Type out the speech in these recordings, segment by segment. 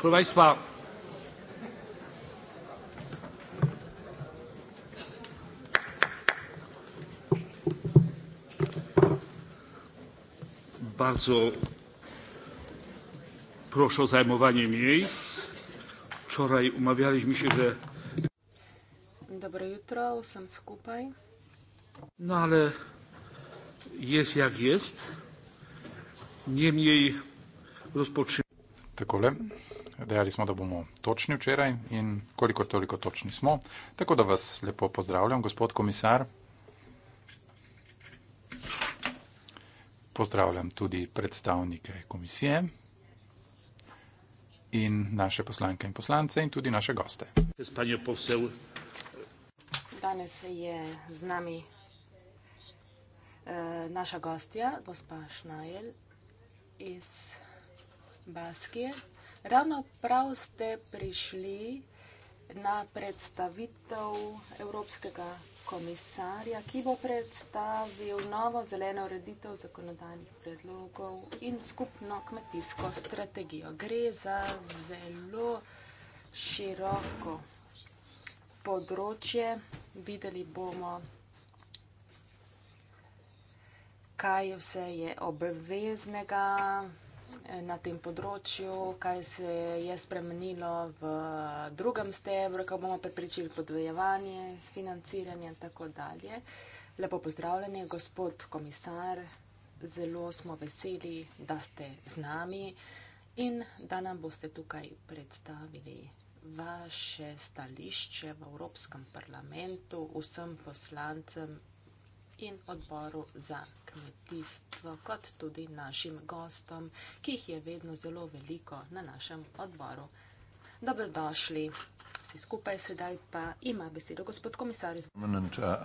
Pwrwais fa. Bardzo proszę o zajmowanie miejsc. Wczoraj umawialiśmy się, że... Dobre jutro, sam skupaj. No ale jest jak jest. Niemniej rozpoczynamy. Tak, Dejali smo, da bomo točni včeraj in kolikor toliko točni smo. Tako da vas lepo pozdravljam, gospod komisar. Pozdravljam tudi predstavnike komisije in naše poslanke in poslance in tudi naše goste. Danes je z nami eh, naša gostja, gospa Šnajel iz Baskije. Ravno prav ste prišli na predstavitev Evropskega komisarja, ki bo predstavil novo zeleno ureditev zakonodajnih predlogov in skupno kmetijsko strategijo. Gre za zelo široko področje. Videli bomo, kaj vse je obveznega, na tem področju, kaj se je spremenilo v drugem stebru, kako bomo prepričali podvojevanje, financiranje in tako dalje. Lepo pozdravljeni, gospod komisar, zelo smo veseli, da ste z nami in da nam boste tukaj predstavili vaše stališče v Evropskem parlamentu vsem poslancem in odboru za kmetijstvo, kot tudi našim gostom, ki jih je vedno zelo veliko na našem odboru. Dobrodošli vsi skupaj, sedaj pa ima besedo gospod komisar iz Mnanča. Uh,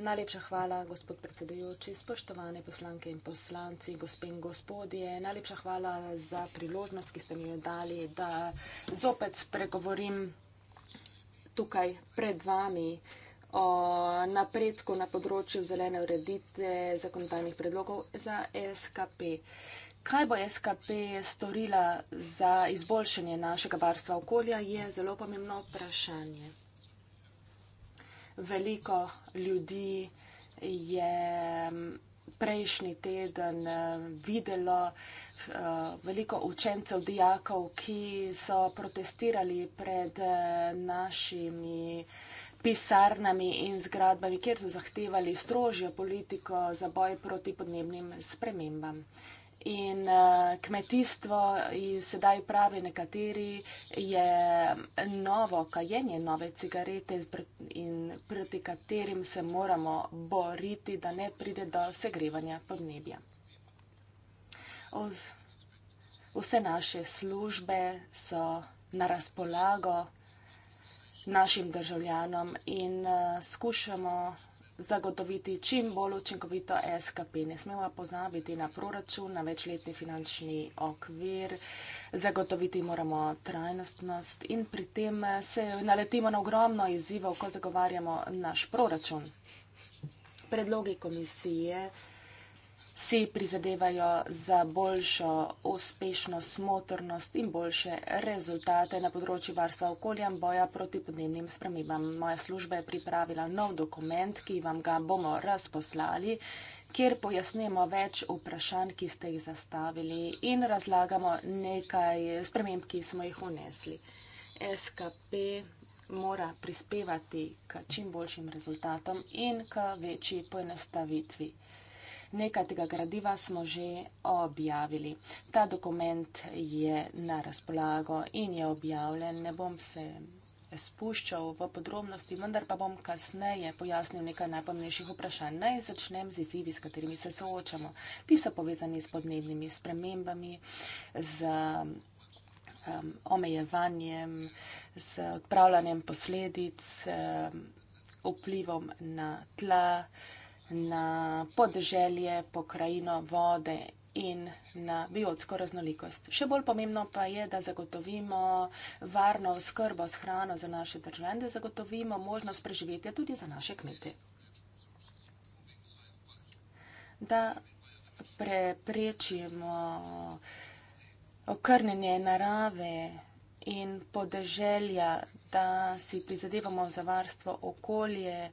Najlepša hvala, gospod predsedujoči, spoštovane poslanke in poslanci, gospe in gospodje. Najlepša hvala za priložnost, ki ste mi jo dali, da zopet spregovorim tukaj pred vami. Uh, o napredku na področju zelene ureditve zakonodajnih predlogov za SKP. Kaj bo SKP storila za izboljšanje našega varstva okolja, je zelo pomembno vprašanje. Veliko ljudi je mm, prejšnji teden mm, videlo eh, veliko učencev, dijakov, ki so protestirali pred eh, našimi vsemi pisarnami in zgradbami, kjer so zahtevali strožjo politiko za boj proti podnebnim spremembam. In uh, kmetijstvo, in sedaj pravi nekateri, je novo kajenje, nove cigarete, in proti katerim se moramo boriti, da ne pride do segrevanja podnebja. Vse naše službe so na razpolago našim državljanom in uh, skušamo zagotoviti čim bolj učinkovito SKP. Ne smemo pozabiti na proračun, na večletni finančni okvir, zagotoviti moramo trajnostnost in pri tem eh, se naletimo na ogromno izzivov, ko zagovarjamo naš proračun. Predlogi komisije uh, si prizadevajo za boljšo uspešnost, motornost in boljše rezultate na področju varstva okolja in boja proti podnebnim spremembam. Moja služba je pripravila nov dokument, ki vam ga bomo razposlali, kjer pojasnimo več vprašanj, ki ste jih zastavili in razlagamo nekaj sprememb, ki smo jih unesli. SKP mora prispevati k čim boljšim rezultatom in k večji poenostavitvi. Nekaj tega gradiva smo že objavili. Ta dokument je na razpolago in je objavljen. Ne bom se spuščal v podrobnosti, vendar pa bom kasneje pojasnil nekaj najpomnejših vprašanj. Naj začnem z izzivi, s katerimi se soočamo. Ti so povezani s podnebnimi spremembami, z um, omejevanjem, z odpravljanjem posledic, um, vplivom na tla, vplivom na tla, na podeželje, pokrajino, vode in na biotsko raznolikost. Še bolj pomembno pa je, da zagotovimo varno skrbo s hrano za naše državljane, da zagotovimo možnost preživetja tudi za naše kmete. Da preprečimo okrnenje narave in podeželja, da si prizadevamo za varstvo okolje,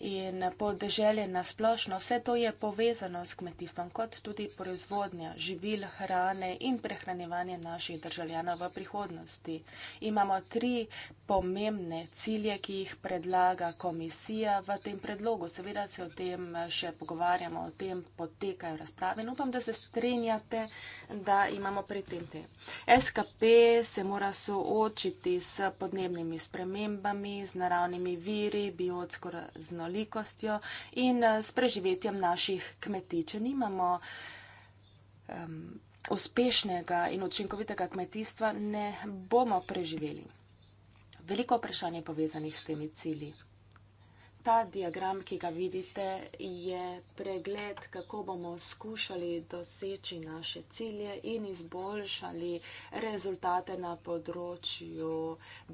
in podeželje na splošno, vse to je povezano s kmetijstvom, kot tudi proizvodnja živil, hrane in prehranjevanje naših državljanov v prihodnosti. Imamo tri pomembne cilje, ki jih predlaga komisija v tem predlogu. Seveda se o tem eh, še pogovarjamo, o tem potekajo razprave in upam, da se strinjate, da imamo pri tem te. SKP se mora soočiti s podnebnimi spremembami, z naravnimi viri, biotsko raznolikostjo in eh, s preživetjem naših kmetičen. Imamo um, uspešnega in učinkovitega kmetijstva, ne bomo preživeli veliko vprašanje povezanih s temi cilji. Ta diagram, ki ga vidite, je pregled, kako bomo skušali doseči naše cilje in izboljšali rezultate na področju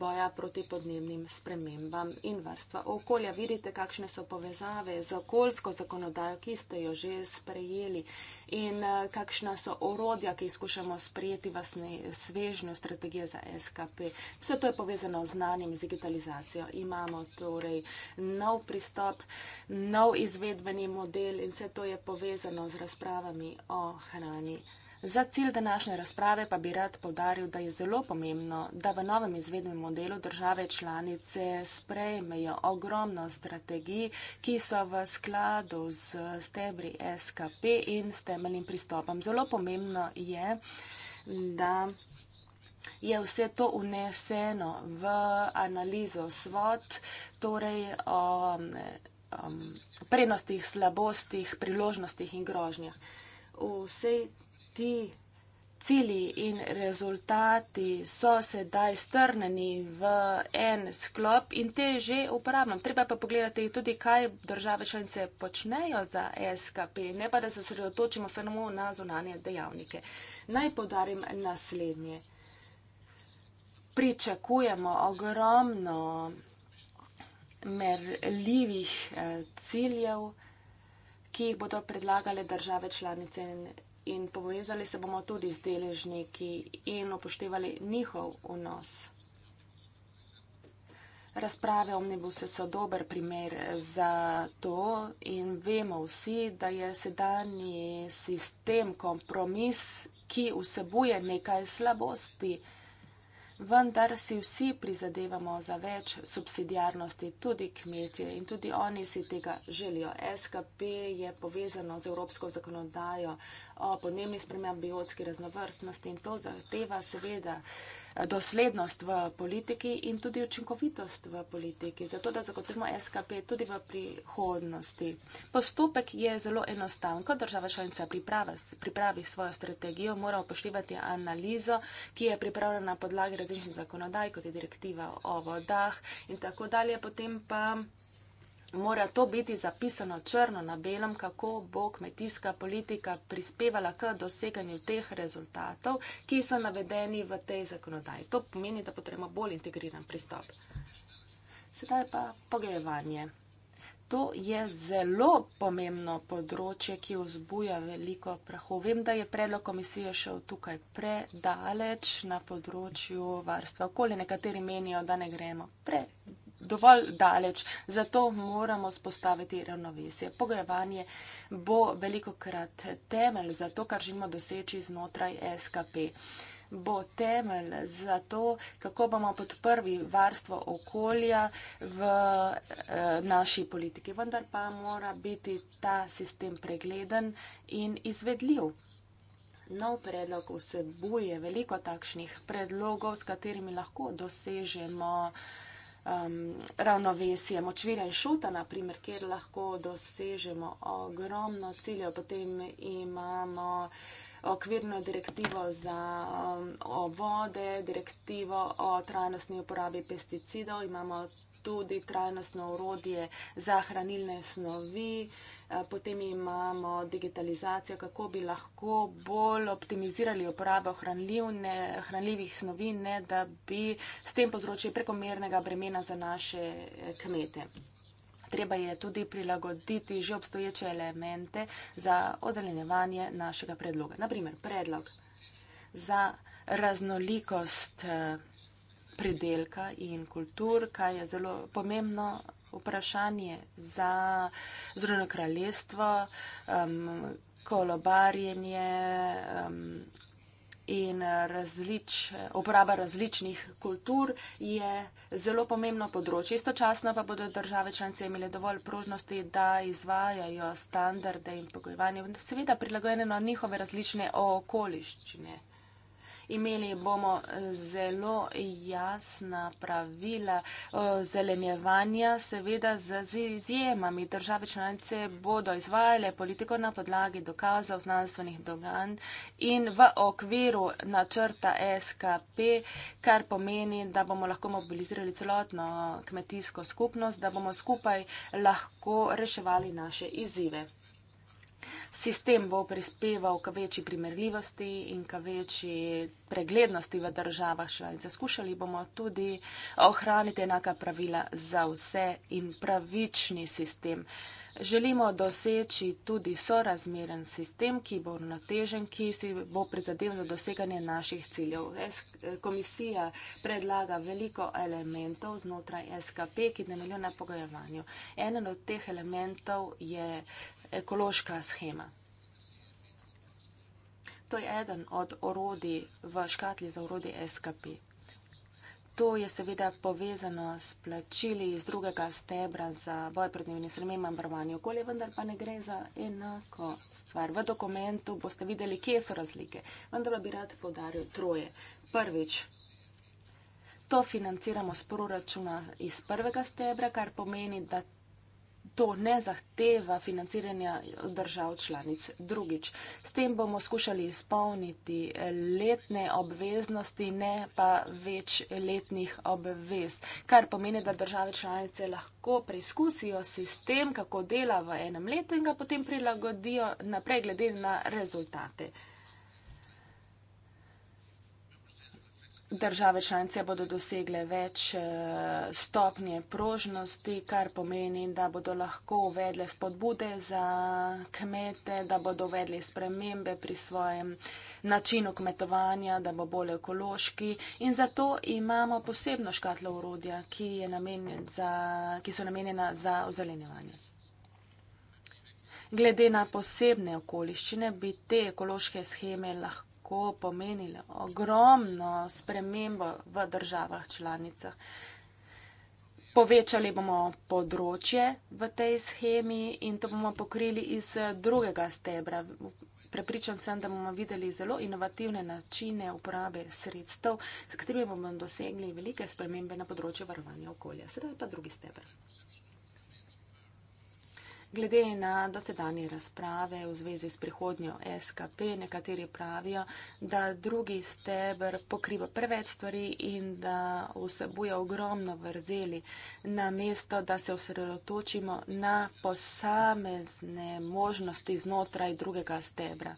boja proti podnebnim spremembam in varstva okolja. Vidite, kakšne so povezave z okoljsko zakonodajo, ki ste jo že sprejeli in uh, kakšna so orodja, ki skušamo sprijeti vasne svežnjo strategije za SKP. Vse to je povezano z znanjem, z digitalizacijo. Imamo torej nov pristop, nov izvedbeni model in vse to je povezano z razpravami o hrani. Za cilj današnje razprave pa bi rad povdaril, da je zelo pomembno, da v novem izvednem modelu države članice sprejmejo ogromno strategij, ki so v skladu z stebri SKP in s tem temeljnim pristopom. Zelo pomembno je, da je vse to uneseno v analizo SWOT, torej o um, prednostih, slabostih, priložnostih in grožnjah. Vse ti cili in rezultati so sedaj strneni v en sklop in te že uporabljam. Treba pa pogledati tudi, kaj države članice počnejo za SKP, ne pa da se sredotočimo samo na zunanje dejavnike. Naj podarim naslednje. Pričakujemo ogromno merljivih eh, ciljev, ki jih bodo predlagale države članice in in povezali se bomo tudi z deležniki in upoštevali njihov vnos. Razprave omnibuse so dober primer za to in vemo vsi, da je sedanji sistem kompromis, ki vsebuje nekaj slabosti, vendar si vsi prizadevamo za več subsidijarnosti, tudi kmetje in tudi oni si tega želijo. SKP je povezano z evropsko zakonodajo, o podnebni sprememb, biotski raznovrstnosti in to zahteva seveda eh, doslednost v politiki in tudi učinkovitost v politiki, zato da zagotovimo SKP tudi v prihodnosti. Postopek je zelo enostaven, ko država članica pripravi, pripravi svojo strategijo, mora upoštevati analizo, ki je pripravljena na podlagi različnih zakonodaj, kot je direktiva o vodah in tako dalje, potem pa mora to biti zapisano črno na belem, kako bo kmetijska politika prispevala k doseganju teh rezultatov, ki so navedeni v tej zakonodaji. To pomeni, da potrebujemo bolj integriran pristop. Sedaj pa pogajevanje. To je zelo pomembno področje, ki vzbuja veliko prahu. Vem, da je predlog komisije šel tukaj predaleč na področju varstva okolja. Nekateri menijo, da ne gremo predaleč dovolj daleč, zato moramo spostaviti ravnovesje. Pogojevanje bo veliko krat temelj za to, kar želimo doseči znotraj SKP. Bo temelj za to, kako bomo podprli varstvo okolja v eh, naši politiki. Vendar pa mora biti ta sistem pregleden in izvedljiv. Nov predlog vsebuje veliko takšnih predlogov, s katerimi lahko dosežemo eh, um, ravnovesje močvirja in šuta, naprimer, kjer lahko dosežemo ogromno ciljev, potem imamo okvirno direktivo za um, vode, direktivo o trajnostni uporabi pesticidov, imamo tudi trajnostno urodje za hranilne snovi, eh, potem imamo digitalizacijo, kako bi lahko bolj optimizirali uporabo hranljivih snovi, ne da bi s tem povzročili prekomernega bremena za naše eh, kmete. Treba je tudi prilagoditi že obstoječe elemente za ozelenjevanje našega predloga. Naprimer, predlog za raznolikost eh, predelka in kultur, kaj je zelo pomembno vprašanje za zrno kraljestvo, um, kolobarjenje um, in različ, uporaba različnih kultur je zelo pomembno področje. Istočasno pa bodo države članice imele dovolj prožnosti, da izvajajo standarde in pogojevanje, seveda prilagojene na njihove različne okoliščine. Imeli bomo zelo jasna pravila eh, zelenjevanja, seveda z izjemami. Države članice bodo izvajale politiko na podlagi dokazov znanstvenih dogan in v okviru načrta SKP, kar pomeni, da bomo lahko mobilizirali celotno kmetijsko skupnost, da bomo skupaj lahko reševali naše izzive. Sistem bo prispeval k večji primerljivosti in k večji preglednosti v državah članic. Zaskušali bomo tudi ohraniti enaka pravila za vse in pravični sistem. Želimo doseči tudi sorazmeren sistem, ki bo natežen, ki si bo prizadev za doseganje naših ciljev. Komisija predlaga veliko elementov znotraj SKP, ki ne melijo na pogojevanju. Enen od teh elementov je ekološka schema. To je eden od orodij v škatli za orodje SKP. To je seveda povezano s plačili iz drugega stebra za boj proti nesremem in varovanju okolja, vendar pa ne gre za enako stvar. V dokumentu boste videli, kje so razlike. Vendar bi rad podaril troje. Prvič, to financiramo z proračuna iz prvega stebra, kar pomeni, da to ne zahteva financiranja držav članic. Drugič, s tem bomo skušali izpolniti letne obveznosti, ne pa več letnih obvez, kar pomeni, da države članice lahko preizkusijo sistem, kako dela v enem letu in ga potem prilagodijo naprej glede na rezultate. države članice bodo dosegle več eh, stopnje prožnosti, kar pomeni, da bodo lahko uvedle spodbude za kmete, da bodo uvedle spremembe pri svojem načinu kmetovanja, da bo bolj ekološki. In zato imamo posebno škatlo urodja, ki, za, ki so namenjena za ozelenjevanje. Glede na posebne okoliščine bi te ekološke scheme lahko lahko pomenile ogromno spremembo v državah članicah. Povečali bomo področje v tej schemi in to bomo pokrili iz drugega stebra. Prepričan sem, da bomo videli zelo inovativne načine uporabe sredstev, s katerimi bomo dosegli velike spremembe na področju varovanja okolja. Sedaj pa drugi stebr. Glede na dosedanje razprave v zvezi s prihodnjo SKP, nekateri pravijo, da drugi stebr pokriva preveč stvari in da vsebuje ogromno vrzeli, namesto da se osredotočimo na posamezne možnosti znotraj drugega stebra.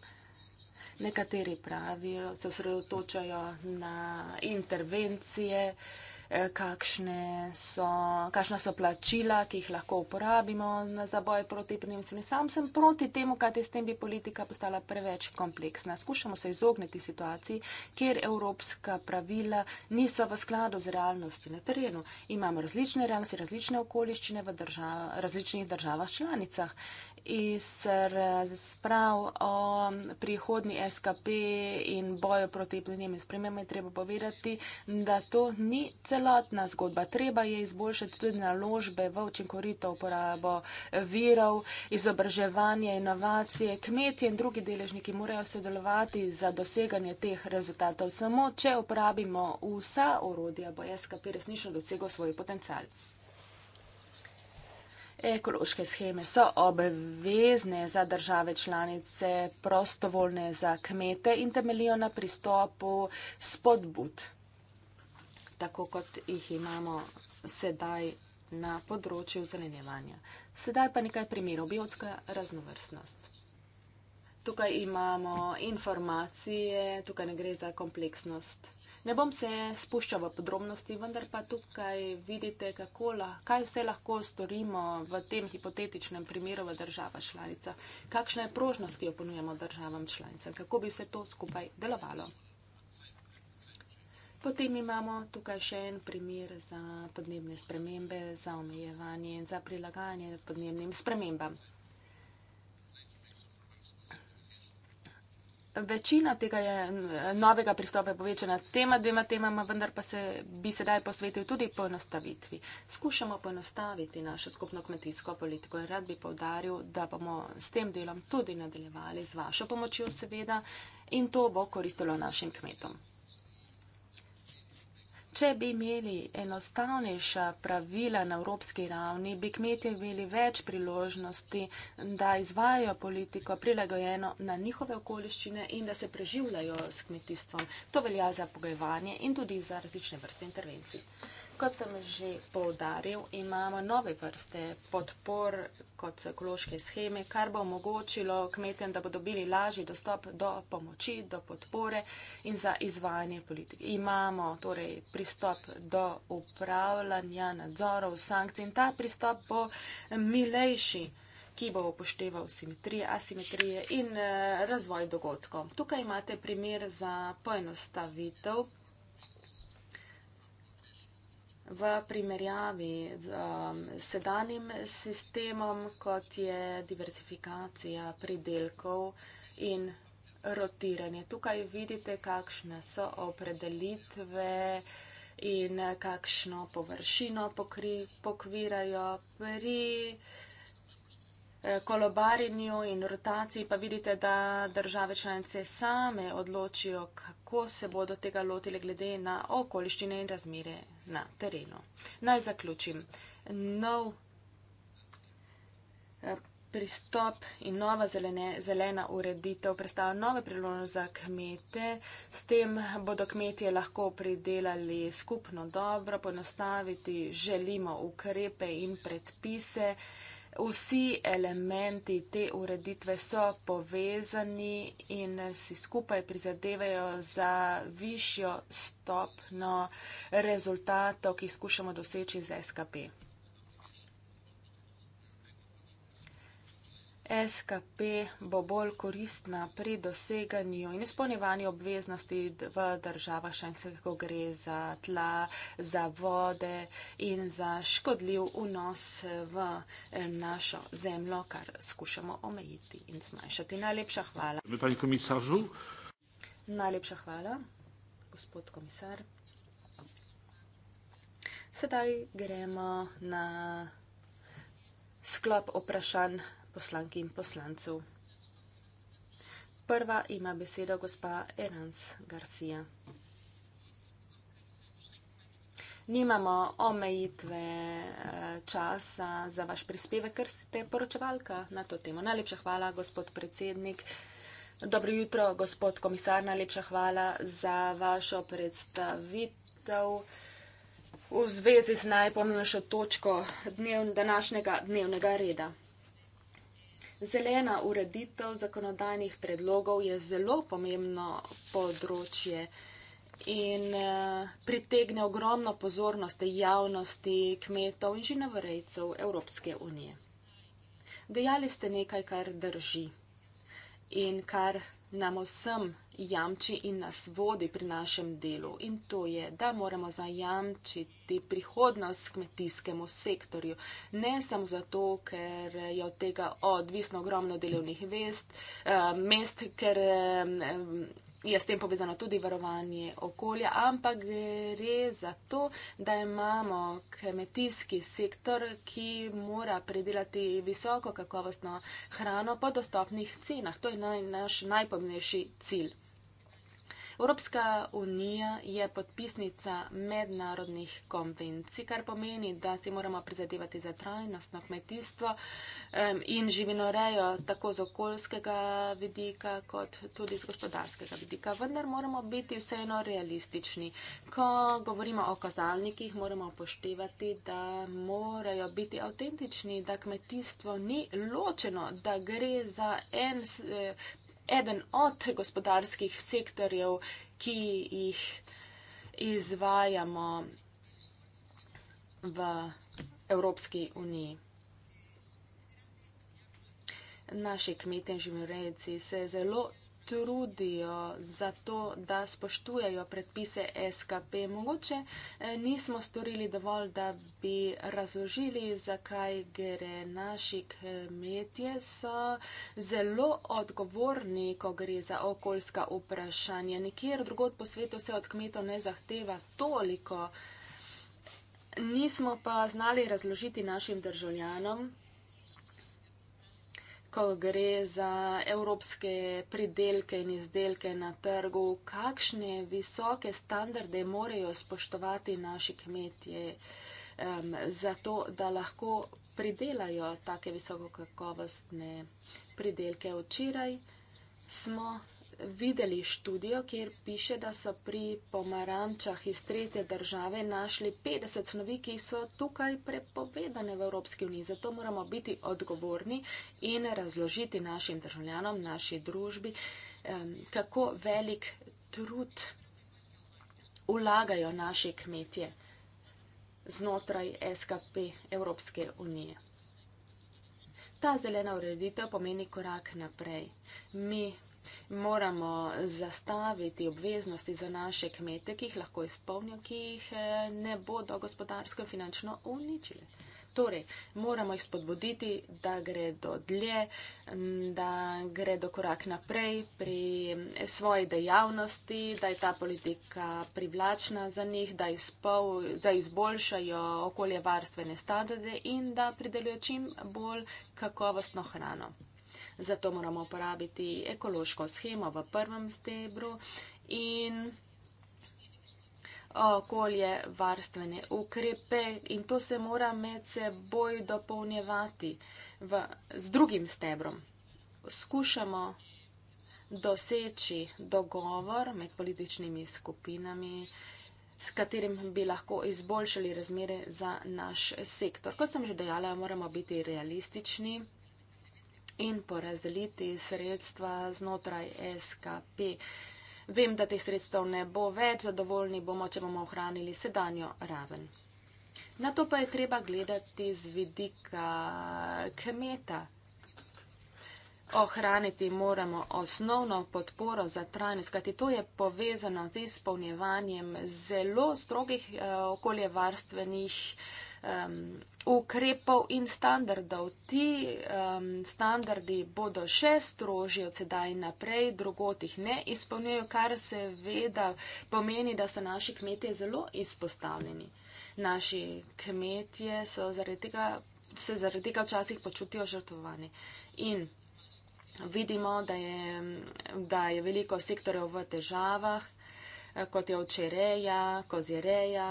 Nekateri pravijo, se osredotočajo na intervencije, Eh, so, kakšna so plačila, ki jih lahko uporabimo za boj proti prenemcem. Sam sem proti temu, kaj s tem bi politika postala preveč kompleksna. Skušamo se izogniti situaciji, kjer evropska pravila niso v skladu z realnosti na terenu. Imamo različne realnosti, različne okoliščine v držav, različnih državah članicah izrazprav eh, o prihodni SKP in boju proti plenjemi spremembe, treba povedati, da to ni celotna zgodba. Treba je izboljšati tudi naložbe v učinkovito uporabo virov, izobraževanje, inovacije. Kmetje in drugi deležniki morajo sodelovati za doseganje teh rezultatov. Samo če uporabimo vsa orodja, bo SKP resnično dosegel svoj potencial. Ekološke scheme so obvezne za države članice, prostovoljne za kmete in temelijo na pristopu spodbud, tako kot jih imamo sedaj na področju zelenjevanja. Sedaj pa nekaj primerov. Biotska raznovrstnost tukaj imamo informacije, tukaj ne gre za kompleksnost. Ne bom se spuščal v podrobnosti, vendar pa tukaj vidite, kako lahko, kaj vse lahko storimo v tem hipotetičnem primeru v država članica, kakšna je prožnost, ki jo ponujemo državam članicam, kako bi vse to skupaj delovalo. Potem imamo tukaj še en primer za podnebne spremembe, za omejevanje in za prilagajanje podnebnim spremembam. večina tega je, novega pristopa je povečana tema dvema temama, vendar pa se bi sedaj posvetil tudi poenostavitvi. Skušamo poenostaviti našo skupno kmetijsko politiko in rad bi povdaril, da bomo s tem delom tudi nadaljevali z vašo pomočjo seveda in to bo koristilo našim kmetom. Če bi imeli enostavnejša pravila na evropski ravni, bi kmetje imeli več priložnosti, da izvajajo politiko prilagojeno na njihove okoliščine in da se preživljajo s kmetijstvom. To velja za pogojevanje in tudi za različne vrste intervencij kot sem že povdaril, imamo nove vrste podpor kot so ekološke scheme, kar bo omogočilo kmetem, da bodo dobili lažji dostop do pomoči, do podpore in za izvajanje politike. Imamo torej pristop do upravljanja nadzorov, sankcij in ta pristop bo milejši ki bo upošteval simetrije, asimetrije in eh, razvoj dogodkov. Tukaj imate primer za poenostavitev v primerjavi z um, sedanjim sistemom, kot je diversifikacija pridelkov in rotiranje. Tukaj vidite, kakšne so opredelitve in kakšno površino pokri, pokvirajo pri eh, kolobarjenju in rotaciji, pa vidite, da države članice same odločijo, kako kako se bodo tega lotile glede na okoliščine in razmire na terenu. Naj zaključim. Nov eh, pristop in nova zelene, zelena ureditev predstavlja nove priložnosti za kmete. S tem bodo kmetje lahko pridelali skupno dobro, ponostaviti želimo ukrepe in predpise vsi elementi te ureditve so povezani in si skupaj prizadevajo za višjo stopno rezultatov, ki skušamo doseči z SKP. SKP bo bolj koristna pri doseganju in izpolnjevanju obveznosti v državah šenskega, ko gre za tla, za vode in za škodljiv unos v našo zemljo, kar skušamo omejiti in zmanjšati. Najlepša hvala. Najlepša hvala, gospod komisar. Sedaj gremo na sklop vprašanj poslanki in poslancev. Prva ima besedo gospa Erans Garcia. Nimamo omejitve eh, časa za vaš prispevek, ker ste poročevalka na to temo. Najlepša hvala, gospod predsednik. Dobro jutro, gospod komisar. Najlepša hvala za vašo predstavitev. V zvezi z najpomembnejšo točko dnev, današnjega dnevnega reda. Zelena ureditev zakonodajnih predlogov je zelo pomembno področje in eh, pritegne ogromno pozornosti javnosti, kmetov in živinorejcev Evropske unije. Dejali ste nekaj, kar drži in kar nam vsem jamči in nas vodi pri našem delu. In to je, da moramo zajamčiti prihodnost kmetijskemu sektorju. Ne samo zato, ker je od tega odvisno ogromno delovnih vest, eh, mest, ker eh, je s tem povezano tudi varovanje okolja, ampak gre za to, da imamo kmetijski sektor, ki mora predelati visoko kakovostno hrano po dostopnih cenah. To je naj, naš najpomembnejši cilj. Evropska unija je podpisnica mednarodnih konvencij, kar pomeni, da si moramo prizadevati za trajnostno kmetijstvo um, in živinorejo tako z okoljskega vidika, kot tudi z gospodarskega vidika. Vendar moramo biti vseeno realistični. Ko govorimo o kazalnikih, moramo upoštevati, da morajo biti avtentični, da kmetijstvo ni ločeno, da gre za en. Eh, eden od gospodarskih sektorjev, ki jih izvajamo v Evropski uniji. Naši kmetje in živorejci se zelo trudijo za to, da spoštujejo predpise SKP. Mogoče eh, nismo storili dovolj, da bi razložili, zakaj gre naši kmetje. So zelo odgovorni, ko gre za okoljska vprašanja. Nikjer drugod po svetu se od kmetov ne zahteva toliko. Nismo pa znali razložiti našim državljanom, ko gre za evropske pridelke in izdelke na trgu, kakšne visoke standarde morajo spoštovati naši kmetje um, za to, da lahko pridelajo take visokokakovostne pridelke včeraj. Smo videli študijo, kjer piše, da so pri pomarančah iz tretje države našli 50 snovi, ki so tukaj prepovedane v Evropski uniji. Zato moramo biti odgovorni in razložiti našim državljanom, naši družbi, kako velik trud ulagajo naši kmetje znotraj SKP Evropske unije. Ta zelena ureditev pomeni korak naprej. Mi Moramo zastaviti obveznosti za naše kmete, ki jih lahko izpolnijo, ki jih eh, ne bodo gospodarsko in finančno uničili. Torej, moramo jih spodbuditi, da gredo dlje, da gredo korak naprej pri eh, svoji dejavnosti, da je ta politika privlačna za njih, da, izpol, da izboljšajo okoljevarstvene standarde in da pridelijo čim bolj kakovostno hrano zato moramo uporabiti ekološko schemo v prvem stebru in okolje varstvene ukrepe in to se mora med seboj dopolnjevati v, z drugim stebrom. Skušamo doseči dogovor med političnimi skupinami, s katerim bi lahko izboljšali razmere za naš sektor. Kot sem že dejala, moramo biti realistični in porazdeliti sredstva znotraj SKP. Vem, da teh sredstev ne bo več, zadovoljni bomo, če bomo ohranili sedanjo raven. Na to pa je treba gledati z vidika kmeta. Ohraniti moramo osnovno podporo za trajnost, kajti to je povezano z izpolnjevanjem zelo strogih eh, okoljevarstvenih um, ukrepov in standardov. Ti um, standardi bodo še strožji od sedaj naprej, drugot jih ne izpolnjujejo, kar seveda pomeni, da so naši kmetje zelo izpostavljeni. Naši kmetje so zaradi tega. Se zaradi tega včasih počutijo žrtvovani. In vidimo, da je, da je veliko sektorjev v težavah, eh, kot je očereja, kozireja,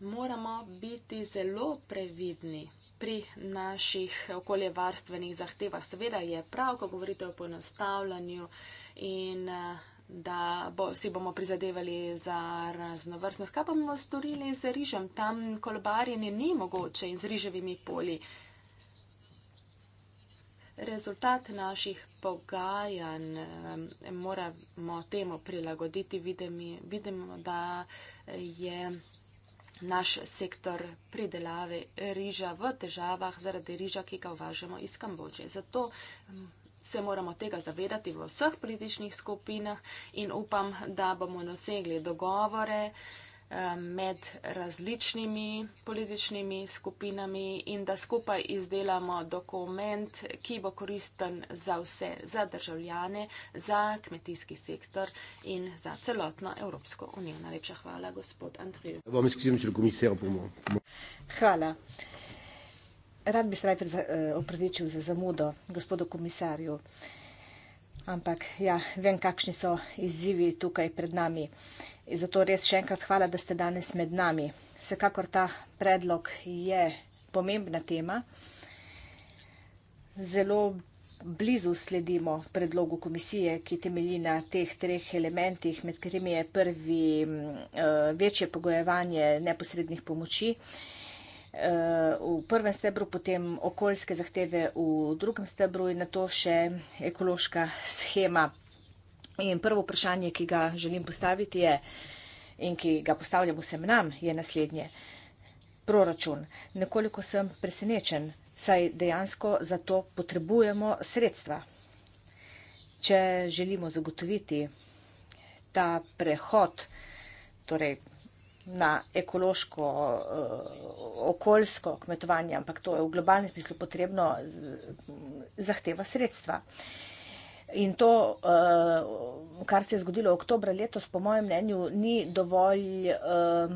moramo biti zelo previdni pri naših okoljevarstvenih zahtevah. Seveda je prav, ko govorite o ponostavljanju in eh, da bo, si bomo prizadevali za raznovrstnost. Kaj bomo storili z rižem? Tam kolbarjenje ni mogoče in z riževimi poli. Rezultat naših pogajanj eh, moramo temu prilagoditi. Vidimo, vidimo da je naš sektor pridelave riža v težavah zaradi riža, ki ga uvažamo iz Kambodže. Zato um, se moramo tega zavedati v vseh političnih skupinah in upam, da bomo dosegli dogovore. Eh, med različnimi političnimi skupinami in da skupaj izdelamo dokument, ki bo koristen za vse, za državljane, za kmetijski sektor in za celotno Evropsko unijo. Najlepša hvala, gospod Andrej. Hvala. Rad bi se najprej eh, opravičil za zamudo gospodu komisarju, ampak ja, vem, kakšni so izzivi tukaj pred nami. Zato res še enkrat hvala, da ste danes med nami. Vsekakor ta predlog je pomembna tema. Zelo blizu sledimo predlogu komisije, ki temelji na teh treh elementih, med katerimi je prvi eh, večje pogojevanje neposrednih pomoči eh, v prvem stebru, potem okoljske zahteve v drugem stebru in na to še ekološka schema. In prvo vprašanje, ki ga želim postaviti, je, in ki ga postavljam vsem nam, je naslednje. Proračun. Nekoliko sem presenečen, saj dejansko za to potrebujemo sredstva. Če želimo zagotoviti ta prehod torej na ekološko, eh, okoljsko kmetovanje, ampak to je v globalnem smislu potrebno, zahteva sredstva. In to, uh, kar se je zgodilo oktober letos, po mojem mnenju, ni dovolj, uh,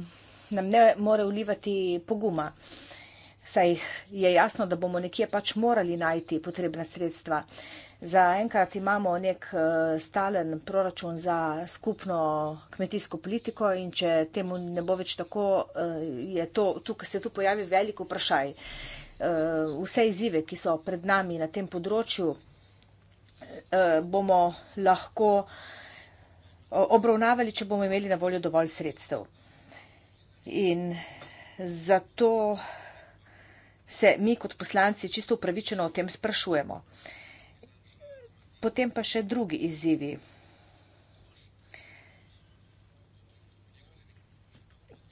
nam ne more vlivati poguma. Saj je jasno, da bomo nekje pač morali najti potrebna sredstva. Za enkrat imamo nek eh, stalen proračun za skupno kmetijsko politiko in če temu ne bo več tako, to, tukaj se tu pojavi veliko vprašaj. Vse izzive, ki so pred nami na tem področju, eh, bomo lahko eh, obravnavali, če bomo imeli na voljo dovolj sredstev. In zato se mi kot poslanci čisto upravičeno o tem sprašujemo. Potem pa še drugi izzivi.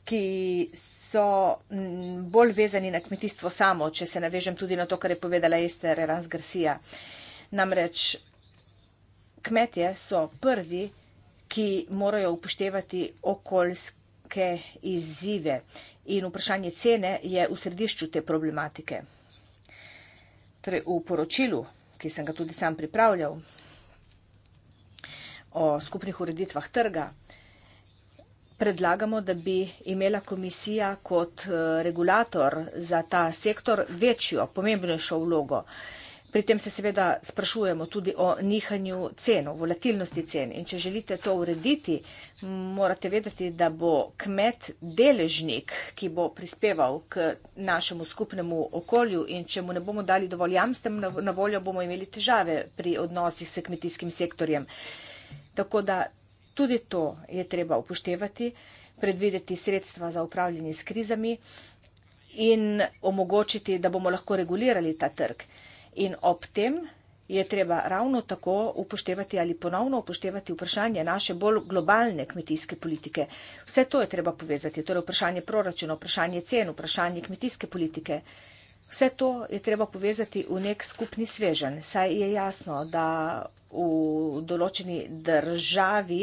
ki so bolj vezani na kmetijstvo samo, če se navežem tudi na to, kar je povedala Ester Rans Garcia. Namreč kmetje so prvi, ki morajo upoštevati okoljske izzive in vprašanje cene je v središču te problematike. Torej, v poročilu, ki sem ga tudi sam pripravljal, o skupnih ureditvah trga, predlagamo, da bi imela komisija kot eh, regulator za ta sektor večjo, pomembnejšo vlogo. Pri tem se seveda sprašujemo tudi o nihanju cen, o volatilnosti cen. In če želite to urediti, morate vedeti, da bo kmet deležnik, ki bo prispeval k našemu skupnemu okolju in če mu ne bomo dali dovolj jamstem na voljo, bomo imeli težave pri odnosih s kmetijskim sektorjem. Tako da tudi to je treba upoštevati, predvideti sredstva za upravljanje s krizami in omogočiti, da bomo lahko regulirali ta trg. In ob tem je treba ravno tako upoštevati ali ponovno upoštevati vprašanje naše bolj globalne kmetijske politike. Vse to je treba povezati, torej vprašanje proračuna, vprašanje cen, vprašanje kmetijske politike. Vse to je treba povezati v nek skupni svežen, saj je jasno, da v določeni državi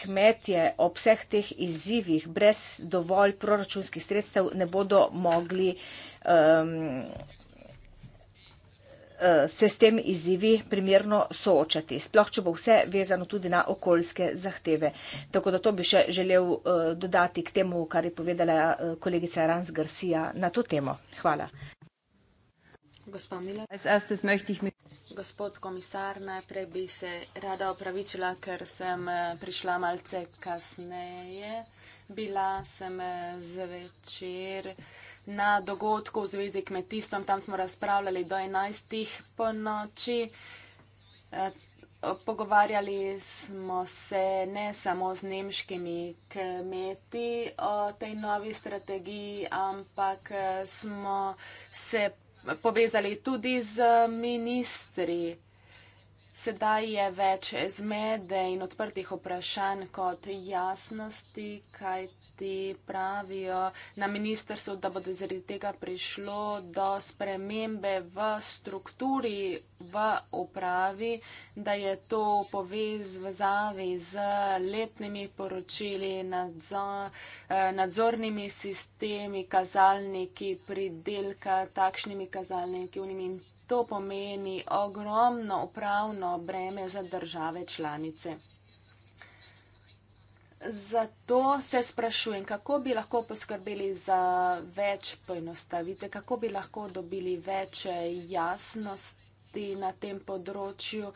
kmetje ob vseh teh izzivih brez dovolj proračunskih sredstev ne bodo mogli um, Eh, se s tem izzivi primerno soočati, sploh če bo vse vezano tudi na okoljske zahteve. Tako da to bi še želel eh, dodati k temu, kar je povedala eh, kolegica Rans Garcia na to temo. Hvala. Gospod komisar, najprej bi se rada opravičila, ker sem prišla malce kasneje. Bila sem zvečer. večer na dogodku v zvezi kmetijstvom. Tam smo razpravljali do 11. po noči. Pogovarjali smo se ne samo z nemškimi kmeti o tej novi strategiji, ampak eh, smo se povezali tudi z ministri. Sedaj je več zmede in odprtih vprašanj kot jasnosti, kaj ti pravijo na ministrstvu, da bodo zaradi tega prišlo do spremembe v strukturi v upravi, da je to povezavi z letnimi poročili, eh, nadzornimi sistemi, kazalniki, pridelka, takšnimi kazalniki unimi in to pomeni ogromno upravno breme za države članice. Zato se sprašujem, kako bi lahko poskrbeli za več poenostavitev, kako bi lahko dobili več jasnosti na tem področju.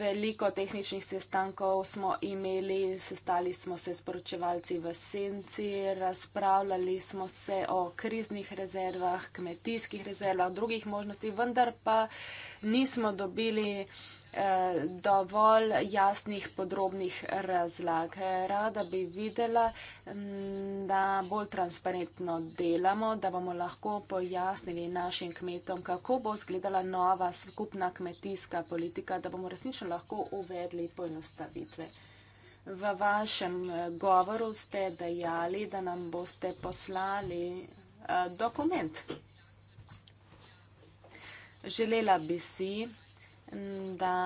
Veliko tehničnih sestankov smo imeli, sestali smo se s poročevalci v senci, razpravljali smo se o kriznih rezervah, kmetijskih rezervah, drugih možnosti, vendar pa nismo dobili. Eh, dovolj jasnih, podrobnih razlag. Rada bi videla, mm, da bolj transparentno delamo, da bomo lahko pojasnili našim kmetom, kako bo izgledala nova skupna kmetijska politika, da bomo resnično lahko uvedli poenostavitve. V vašem eh, govoru ste dejali, da nam boste poslali eh, dokument. Želela bi si, da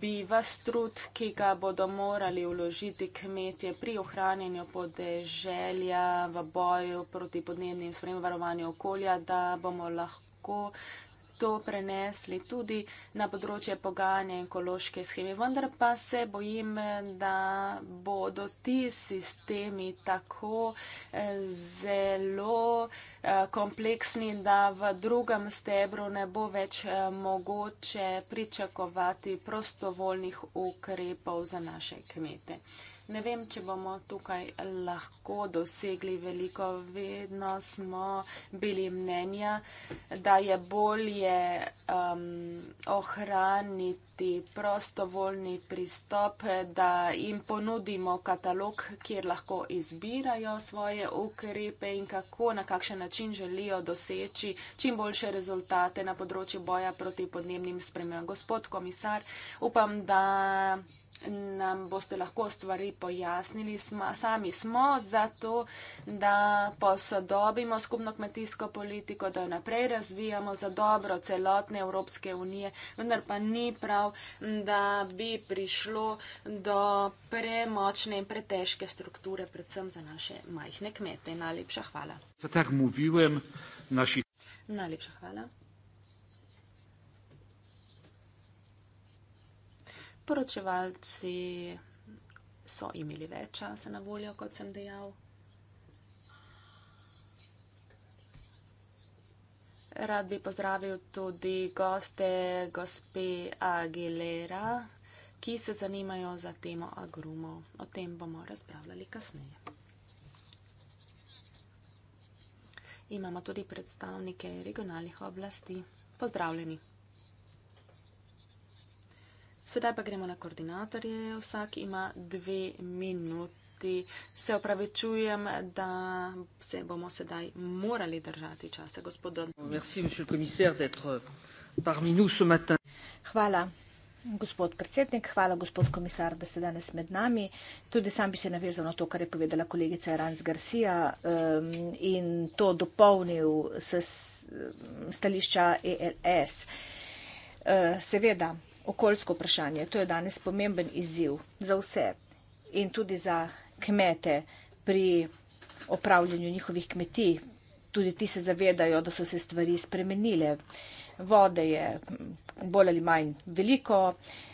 bi vas trud, ki ga bodo morali vložiti kmetje pri ohranjanju podeželja v boju proti podnebnim spremem varovanju okolja, da bomo lahko to prenesli tudi na področje pogajanja in ekološke scheme. Vendar pa se bojim, da bodo ti sistemi tako eh, zelo eh, kompleksni, da v drugem stebru ne bo več eh, mogoče pričakovati prostovoljnih ukrepov za naše kmete. Ne vem, če bomo tukaj lahko dosegli veliko. Vedno smo bili mnenja, da je bolje um, ohraniti prostovoljni pristop, da jim ponudimo katalog, kjer lahko izbirajo svoje ukrepe in kako, na kakšen način želijo doseči čim boljše rezultate na področju boja proti podnebnim spremembam. Gospod komisar, upam, da nam boste lahko stvari pojasnili. Sma, sami smo zato, da posodobimo skupno kmetijsko politiko, da jo naprej razvijamo za dobro celotne Evropske unije, vendar pa ni prav, da bi prišlo do premočne in pretežke strukture, predvsem za naše majhne kmete. Najlepša hvala. Najlepša hvala. poročevalci so imeli več časa na voljo, kot sem dejal. Rad bi pozdravil tudi goste gospe Aguilera, ki se zanimajo za temo agrumov. O tem bomo razpravljali kasneje. Imamo tudi predstavnike regionalnih oblasti. Pozdravljeni. Sedaj pa gremo na koordinatorje. Vsak ima dve minuti. Se opravičujem, da se bomo sedaj morali držati časa, gospod Dodon. Euh, hvala. Gospod predsednik, hvala gospod komisar, da ste danes med nami. Tudi sam bi se navezal na to, kar je povedala kolegica Ranz Garcia um, in to dopolnil s um, stališča ELS. Uh, seveda, okoljsko vprašanje. To je danes pomemben izziv za vse in tudi za kmete pri opravljanju njihovih kmetij. Tudi ti se zavedajo, da so se stvari spremenile. Vode je bolj ali manj veliko,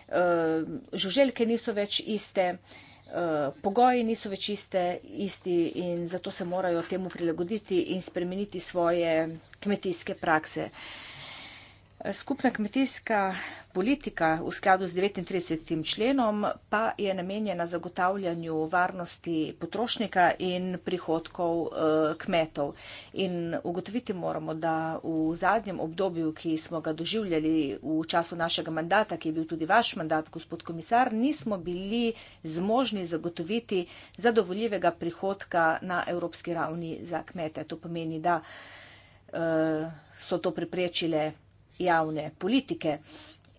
eh, žuželke niso več iste, eh, pogoji niso več iste, isti in zato se morajo temu prilagoditi in spremeniti svoje kmetijske prakse. Skupna kmetijska politika v skladu z 39. členom pa je namenjena zagotavljanju varnosti potrošnika in prihodkov eh, kmetov. In ugotoviti moramo, da v zadnjem obdobju, ki smo ga doživljali v času našega mandata, ki je bil tudi vaš mandat, gospod komisar, nismo bili zmožni zagotoviti zadovoljivega prihodka na evropski ravni za kmete. To pomeni, da eh, so to preprečile javne politike.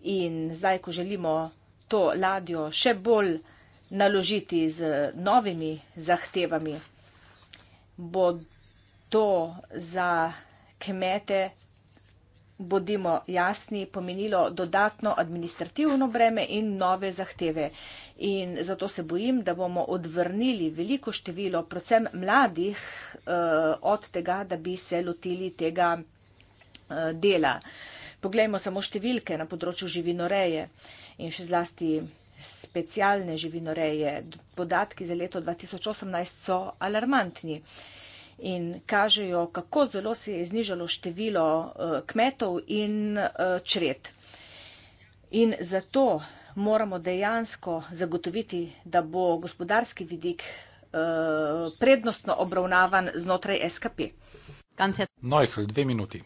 In zdaj, ko želimo to ladjo še bolj naložiti z novimi zahtevami, bo to za kmete, bodimo jasni, pomenilo dodatno administrativno breme in nove zahteve. In zato se bojim, da bomo odvrnili veliko število, predvsem mladih, eh, od tega, da bi se lotili tega eh, dela. Poglejmo samo številke na področju živinoreje in še zlasti specialne živinoreje. Podatki za leto 2018 so alarmantni in kažejo, kako zelo se je znižalo število eh, kmetov in eh, čred. In zato moramo dejansko zagotoviti, da bo gospodarski vidik eh, prednostno obravnavan znotraj SKP. No, je hlj dve minuti.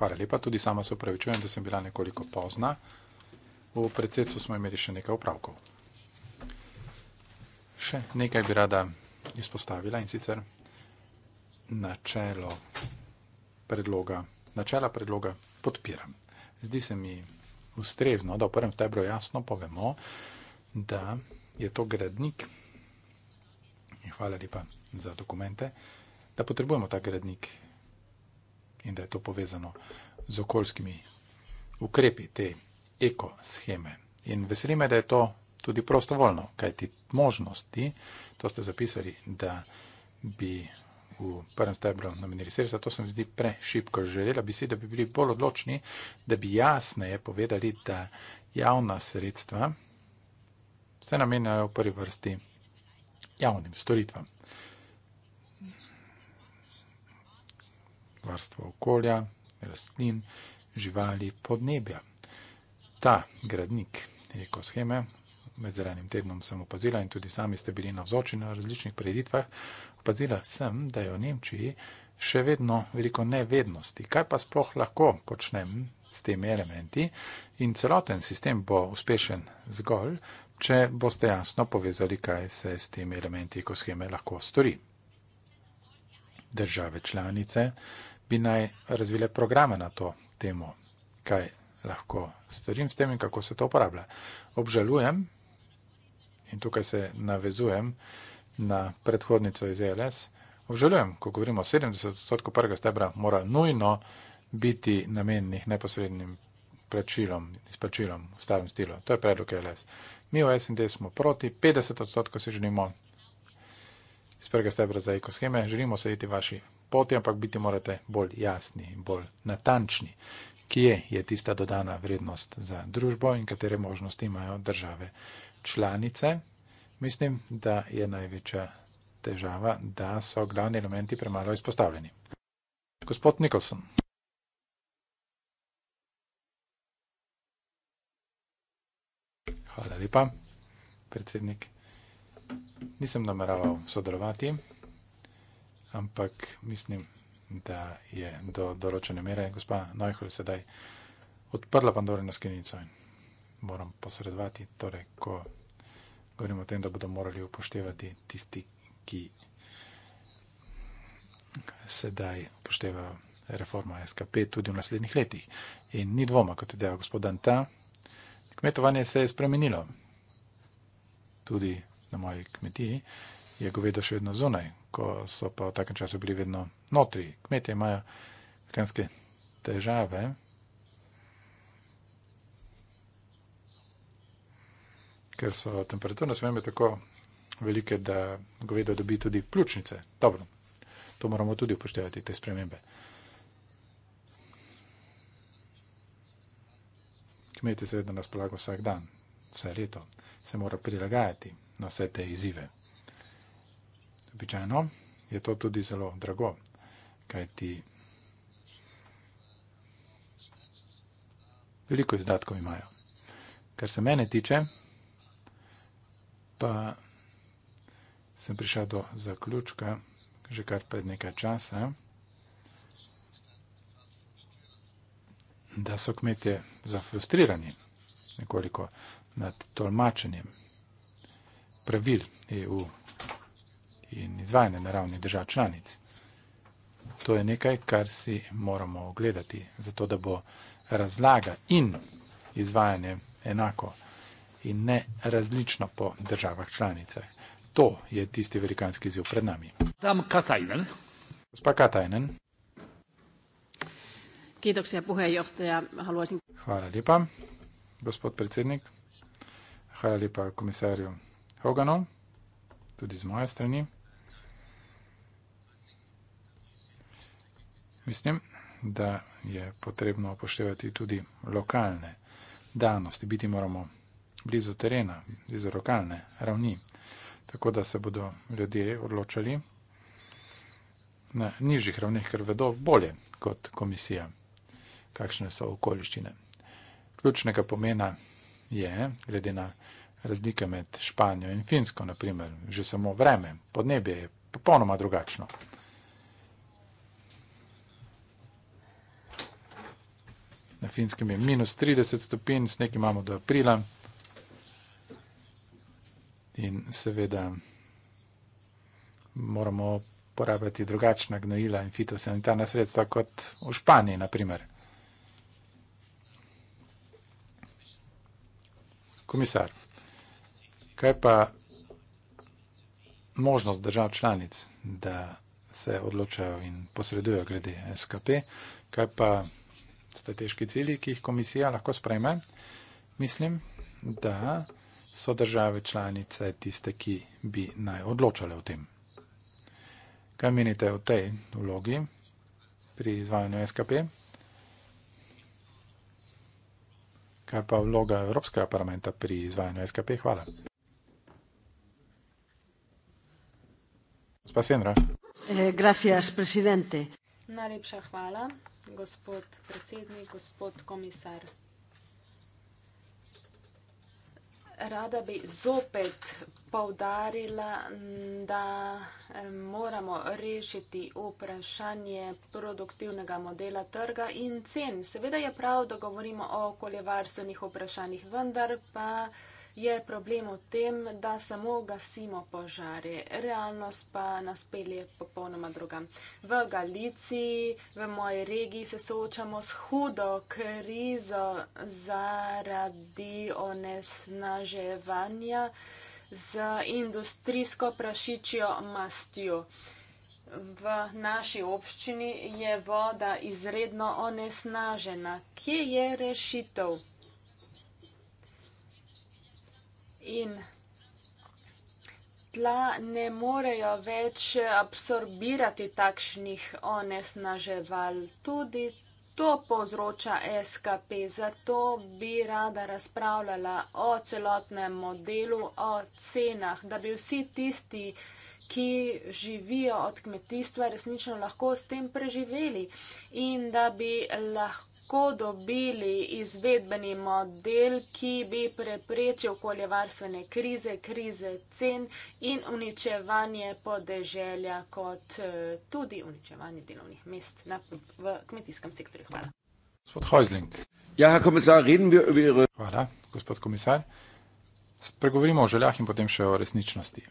Hvala lepa, tudi sama se upravičujem, da sem bila nekoliko pozna. V predsedstvu smo imeli še nekaj opravkov. Še nekaj bi rada izpostavila in sicer načelo predloga, načela predloga podpiram. Zdi se mi ustrezno, da v prvem stebru jasno povemo, da je to gradnik in hvala lepa za dokumente, da potrebujemo ta gradnik in da je to povezano z okoljskimi ukrepi te ekosheme. In veselime, da je to tudi prostovoljno, kajti možnosti, to ste zapisali, da bi v prvem stebru namenili sredstva, to se mi zdi prešipko. Želela bi si, da bi bili bolj odločni, da bi jasneje povedali, da javna sredstva se namenjajo v prvi vrsti javnim storitvam. varstvo okolja, rastlin, živali, podnebja. Ta gradnik ekosheme, med zelenim tednom sem opazila in tudi sami ste bili navzoči na različnih preditvah, opazila sem, da je v Nemčiji še vedno veliko nevednosti. Kaj pa sploh lahko počnem s temi elementi in celoten sistem bo uspešen zgolj, če boste jasno povezali, kaj se s temi elementi ekosheme lahko stori. Države članice, bi naj razvile programe na to temo, kaj lahko storim s tem in kako se to uporablja. Obžalujem, in tukaj se navezujem na predhodnico iz ELS, obžalujem, ko govorimo o 70 odstotkov prvega stebra, mora nujno biti namenjenih neposrednim plačilom, izplačilom v starem stilu. To je predlog ELS. Mi v SND smo proti, 50 odstotkov si želimo iz prvega stebra za ekosheme, želimo sediti vaši poti, ampak biti morate bolj jasni in bolj natančni, kje je tista dodana vrednost za družbo in katere možnosti imajo države članice. Mislim, da je največja težava, da so glavni elementi premalo izpostavljeni. Gospod Nikolson. Hvala lepa, predsednik. Nisem nameraval sodelovati ampak mislim, da je do določene mere gospa Najhol sedaj odprla Pandorino skrinjico in moram posredovati, torej, ko govorimo o tem, da bodo morali upoštevati tisti, ki sedaj upoštevajo reformo SKP tudi v naslednjih letih. In ni dvoma, kot je dejal gospod Danta, kmetovanje se je spremenilo. Tudi na moji kmetiji je govedo še vedno zunaj, ko so pa v takem času bili vedno notri. Kmetje imajo kanske težave. Ker so temperaturne spremembe tako velike, da govedo dobi tudi pljučnice. Dobro, to moramo tudi upoštevati, te spremembe. Kmetje se vedno na spolago vsak dan, vse leto, se mora prilagajati na vse te izzive običajno je to tudi zelo drago, kajti veliko izdatkov imajo. Kar se mene tiče, pa sem prišel do zaključka že kar pred nekaj časa, da so kmetje zafrustrirani nekoliko nad tolmačenjem pravil EU in izvajanje na ravni držav članic. To je nekaj, kar si moramo ogledati, zato da bo razlaga in izvajanje enako in ne različno po državah članicah. To je tisti velikanski ziv pred nami. Tam Katajnen. Gospa Katajnen. Kiitoksia, puheenjohtaja. Haluaisin... Hvala lepa, gospod predsednik. Hvala lepa komisarju Hoganu, tudi z moje strani. mislim, da je potrebno upoštevati tudi lokalne danosti. Biti moramo blizu terena, blizu lokalne ravni, tako da se bodo ljudje odločali na nižjih ravneh, ker vedo bolje kot komisija, kakšne so okoliščine. Ključnega pomena je, glede na razlike med Španijo in Finsko, naprimer, že samo vreme, podnebje je popolnoma drugačno. finskem je minus 30 stopinj, sneg imamo do aprila. In seveda moramo porabiti drugačna gnojila in fitosanitarna sredstva kot v Španiji, naprimer. Komisar, kaj pa možnost držav članic, da se odločajo in posredujo glede SKP, kaj pa strateški cilji, ki jih komisija lahko sprejme. Mislim, da so države članice tiste, ki bi naj odločale o tem. Kaj menite o tej vlogi pri izvajanju SKP? Kaj pa vloga Evropskega parlamenta pri izvajanju SKP? Hvala. Spasenra. Eh, gracias, presidente. Najlepša hvala gospod predsednik, gospod komisar. Rada bi zopet povdarila, da eh, moramo rešiti vprašanje produktivnega modela trga in cen. Seveda je prav, da govorimo o okoljevarstvenih vprašanjih, vendar pa vprašanje, je problem v tem, da samo gasimo požare. Realnost pa nas pelje popolnoma druga. V Galiciji, v moji regiji se soočamo s hudo krizo zaradi onesnaževanja z industrijsko prašičjo mastjo. V naši občini je voda izredno onesnažena. Kje je rešitev? in tla ne morejo več absorbirati takšnih onesnaževal. Tudi to povzroča SKP, zato bi rada razpravljala o celotnem modelu, o cenah, da bi vsi tisti, ki živijo od kmetijstva, resnično lahko s tem preživeli in da bi lahko lahko dobili izvedbeni model, ki bi preprečil okoljevarstvene krize, krize cen in uničevanje podeželja, kot eh, tudi uničevanje delovnih mest na, v kmetijskem sektorju. Hvala. Gospod Hojzling. Ja, komisar, reden bi bil. Hvala, gospod komisar. Spregovorimo o željah in potem še o resničnosti.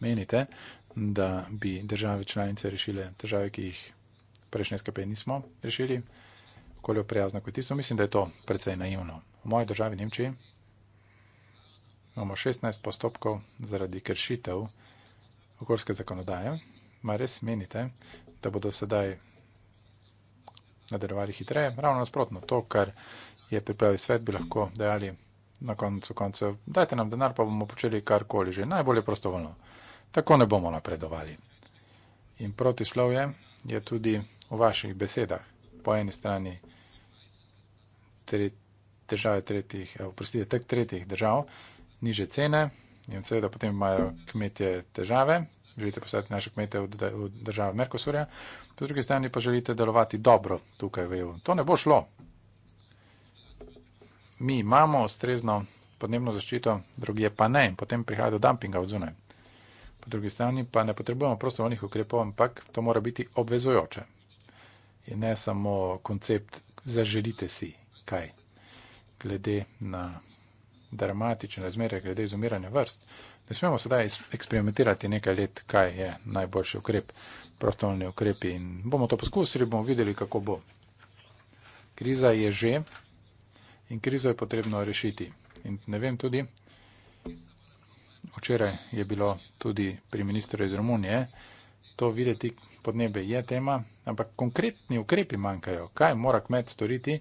Menite, da bi države članice rešile težave, ki jih prejšnje SKP nismo rešili? okolju prijazna kot tisto, mislim, da je to precej naivno. V moji državi Nemčiji imamo 16 postopkov zaradi kršitev okoljske zakonodaje. Ma res menite, da bodo sedaj nadaljevali hitreje? Ravno nasprotno, to, kar je pripravil svet, bi lahko dejali na koncu koncev, dajte nam denar, pa bomo počeli karkoli že, najbolje prostovoljno. Tako ne bomo napredovali. In protislovje je tudi v vaših besedah po eni strani tre, države tretjih, eh, oprostite, tek tretjih držav, niže cene in seveda potem imajo kmetje težave, želite postati naše kmete v, v državi Merkosurja, po drugi strani pa želite delovati dobro tukaj v EU. To ne bo šlo. Mi imamo ustrezno podnebno zaščito, drugi je pa ne in potem prihaja do dumpinga od zunaj. Po drugi strani pa ne potrebujemo prostovoljnih ukrepov, ampak to mora biti obvezojoče in ne samo koncept, zaželite si kaj. Glede na dramatične razmere, glede izumiranja vrst, ne smemo sedaj eksperimentirati nekaj let, kaj je najboljši ukrep, prostovoljni ukrepi in bomo to poskusili, bomo videli, kako bo. Kriza je že in krizo je potrebno rešiti. In ne vem tudi, včeraj je bilo tudi pri ministru iz Romunije to videti, podnebje je tema, ampak konkretni ukrepi manjkajo. Kaj mora kmet storiti,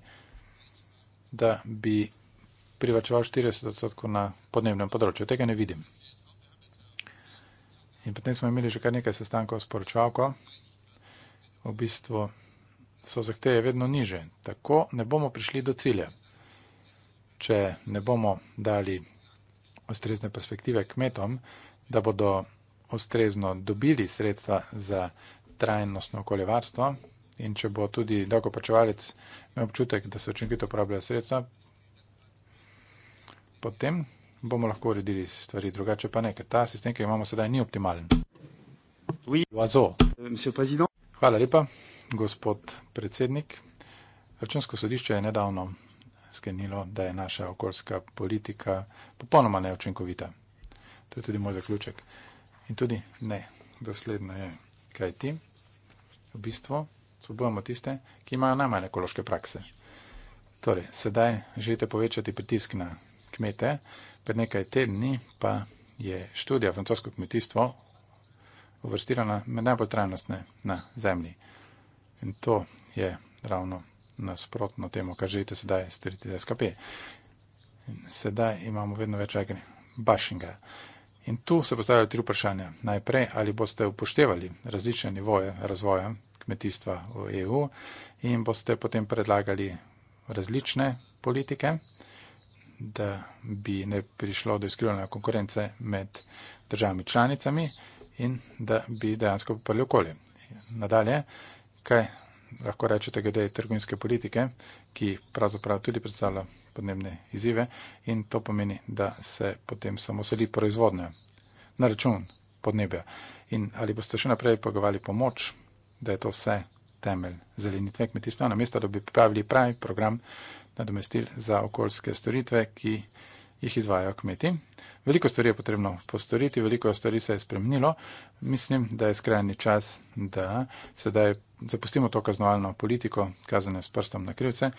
da bi privačeval 40 odstotkov na podnebnem področju? Tega ne vidim. In potem smo imeli že kar nekaj sestankov s poročevalko. V bistvu so zahteje vedno niže. Tako ne bomo prišli do cilja, če ne bomo dali ustrezne perspektive kmetom, da bodo ustrezno dobili sredstva za trajnostno okoljevarstvo in če bo tudi dolgopračevalec imel občutek, da se učinkovito uporabljajo sredstva, potem bomo lahko uredili stvari drugače, pa ne, ker ta sistem, ki ga imamo sedaj, ni optimalen. Euh, Hvala lepa, gospod predsednik. Računsko sodišče je nedavno sklenilo, da je naša okoljska politika popolnoma neučinkovita. To je tudi moj zaključek. In tudi ne, dosledno je, kaj ti v bistvu spodbujamo tiste, ki imajo najmanj ekološke prakse. Torej, sedaj želite povečati pritisk na kmete, pred nekaj tedni pa je študija francosko kmetijstvo uvrstila med najbolj trajnostne na zemlji. In to je ravno nasprotno temu, kar želite sedaj storiti z SKP. In sedaj imamo vedno več agri bashinga. In tu se postavljajo tri vprašanja. Najprej, ali boste upoštevali različne nivoje razvoja kmetijstva v EU in boste potem predlagali različne politike, da bi ne prišlo do izkrivljanja konkurence med državami članicami in da bi dejansko podprli okolje. Nadalje, kaj lahko rečete, glede trgovinske politike, ki pravzaprav tudi predstavlja podnebne izzive in to pomeni, da se potem samo sedi proizvodnja na račun podnebja. In ali boste še naprej pogovali pomoč, da je to vse temelj zelenitve kmetijstva, namesto da bi pripravili pravi program nadomestil za okoljske storitve, ki jih izvajajo kmeti. Veliko stvari je potrebno postoriti, veliko stvari se je spremenilo. Mislim, da je skrajni čas, da sedaj zapustimo to kaznovalno politiko, kazanje s prstom na krivce,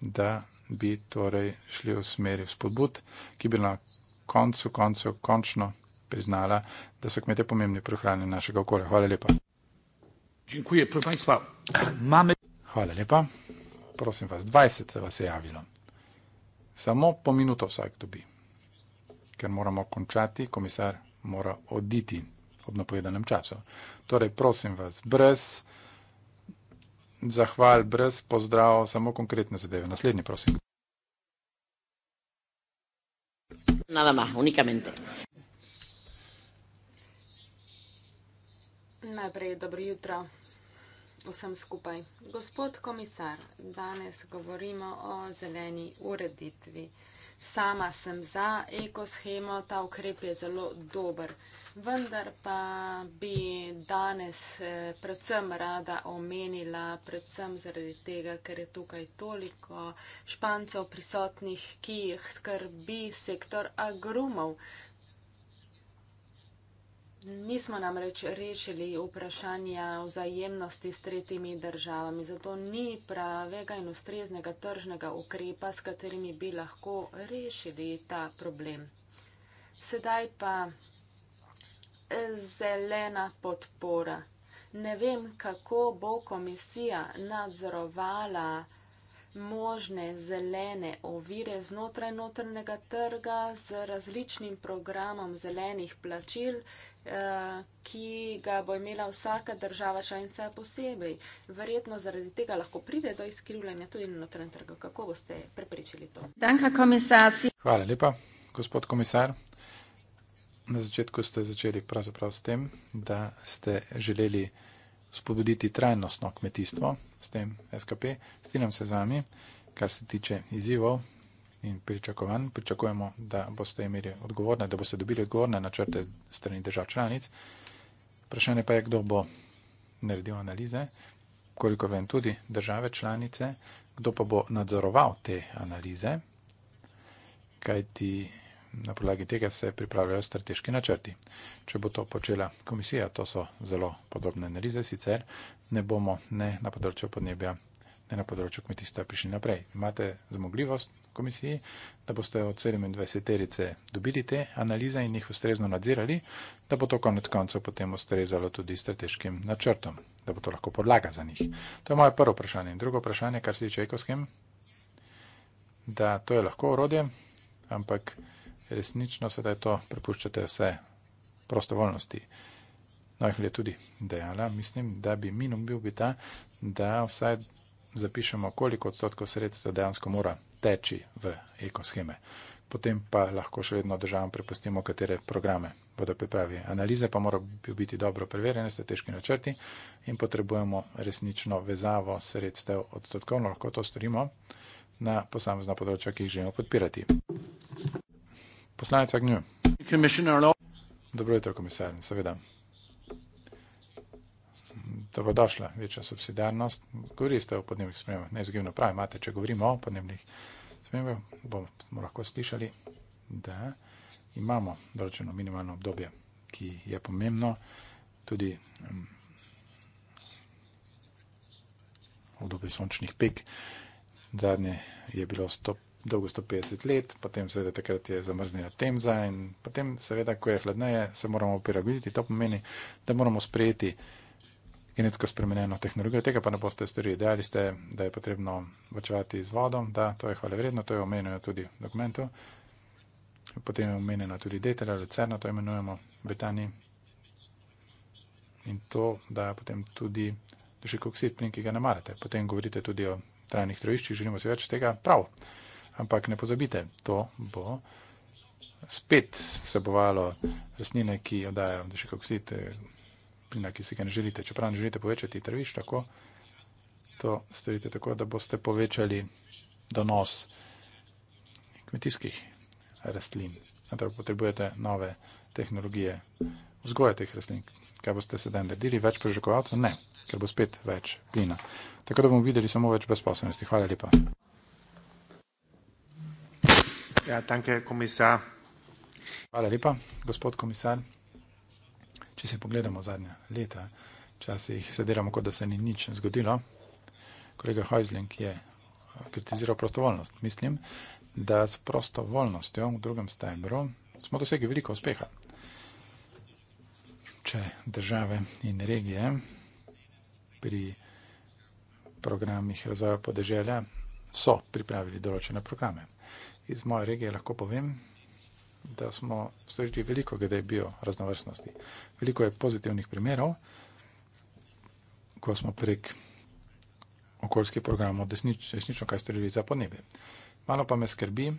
da bi torej šli v smeri spodbud, ki bi na koncu, koncu, končno priznala, da so kmete pomembni pri ohranju našega okolja. Hvala lepa. Hvala lepa. Prosim vas, 20 vas je javilo. Samo po minuto vsak dobi, ker moramo končati, komisar mora oditi ob napovedanem času. Torej, prosim vas, brez zahval, brez pozdrav, samo konkretne zadeve. Naslednji, prosim. Nada más, unikamente. Najprej dobro jutro vsem skupaj. Gospod komisar, danes govorimo o zeleni ureditvi. Sama sem za ekoshemo, ta ukrep je zelo dober vendar pa bi danes eh, predvsem rada omenila, predvsem zaradi tega, ker je tukaj toliko špancev prisotnih, ki jih skrbi sektor agrumov. Nismo nam reč rešili vprašanja vzajemnosti s tretjimi državami, zato ni pravega in ustreznega tržnega ukrepa, s katerimi bi lahko rešili ta problem. Sedaj pa zelena podpora. Ne vem, kako bo komisija nadzorovala možne zelene ovire znotraj notrnega trga z različnim programom zelenih plačil, eh, ki ga bo imela vsaka država članica posebej. Verjetno zaradi tega lahko pride do izkrivljanja tudi na notrnem trgu. Kako boste prepričali to? Danka, komisar. Hvala lepa, gospod komisar na začetku ste začeli pravzaprav s tem, da ste želeli spodbuditi trajnostno kmetijstvo s tem SKP. Strinjam se z vami, kar se tiče izzivov in pričakovanj. Pričakujemo, da boste imeli odgovorne, da boste dobili odgovorne načrte strani držav članic. Vprašanje pa je, kdo bo naredil analize, koliko vem tudi države članice, kdo pa bo nadzoroval te analize, kajti na podlagi tega se pripravljajo strateški načrti. Če bo to počela komisija, to so zelo podrobne analize, sicer ne bomo ne na področju podnebja, ne na področju kmetijstva prišli naprej. Imate zmogljivost komisiji, da boste od 27 terice dobili te analize in jih ustrezno nadzirali, da bo to konec koncev potem ustrezalo tudi strateškim načrtom, da bo to lahko podlaga za njih. To je moje prvo vprašanje. In drugo vprašanje, kar se tiče ekoskem, da to je lahko orodje, ampak resnično sedaj to prepuščate vse prostovoljnosti. Najhlje no, tudi dejala, mislim, da bi minum bil bi ta, da vsaj zapišemo, koliko odstotkov sredstva dejansko mora teči v ekosheme. Potem pa lahko še vedno državam prepustimo, katere programe bodo pripravili. Analize pa mora biti dobro preverjene, strateški načrti in potrebujemo resnično vezavo sredstev odstotkovno. Lahko to storimo na posamezna področja, ki jih želimo podpirati. Poslanec Agnew. Dobro jutro, komisar, seveda. Dobrodošla, večja subsidarnost. Govorili ste o podnebnih spremembah, neizogibno prav imate, če govorimo o podnebnih spremembah, bomo lahko slišali, da imamo določeno minimalno obdobje, ki je pomembno tudi v um, mm, obdobju sončnih pek. Zadnje je bilo 100 dolgo 150 let, potem seveda takrat je zamrznila temza in potem seveda, ko je hladneje, se moramo prilagoditi. To pomeni, da moramo sprejeti genetsko spremenjeno tehnologijo. Tega pa ne boste storili. Dejali ste, da je potrebno vočevati z vodom, da to je hvale vredno, to je omenjeno tudi v dokumentu. Potem je omenjena tudi detelja, lecerna, to imenujemo v Britaniji. In to daje potem tudi dušikoksid, ki ga ne marate. Potem govorite tudi o trajnih trojiščih, želimo si več tega. Prav ampak ne pozabite, to bo spet vsebovalo rastline, ki oddajajo dušik oksid, eh, plina, ki si ga ne želite. Čeprav ne želite povečati trvič, tako to storite tako, da boste povečali donos kmetijskih rastlin. Torej potrebujete nove tehnologije vzgoja teh rastlin. Kaj boste sedaj naredili? Več prežakovalcev? Ne, ker bo spet več plina. Tako da bomo videli samo več brezposobnosti. Hvala lepa. Ja, danke, komisar. Hvala lepa, gospod komisar. Če si pogledamo zadnja leta, včasih se delamo, kot da se ni nič zgodilo. Kolega Heusling je eh, kritiziral prostovoljnost. Mislim, da s prostovoljnostjo v drugem stebru smo dosegli veliko uspeha. Če države in regije pri programih razvoja podeželja so pripravili določene programe iz moje regije lahko povem, da smo storili veliko glede bio raznovrstnosti. Veliko je pozitivnih primerov, ko smo prek okoljskih programov resnično kaj storili za podnebje. Malo pa me skrbi,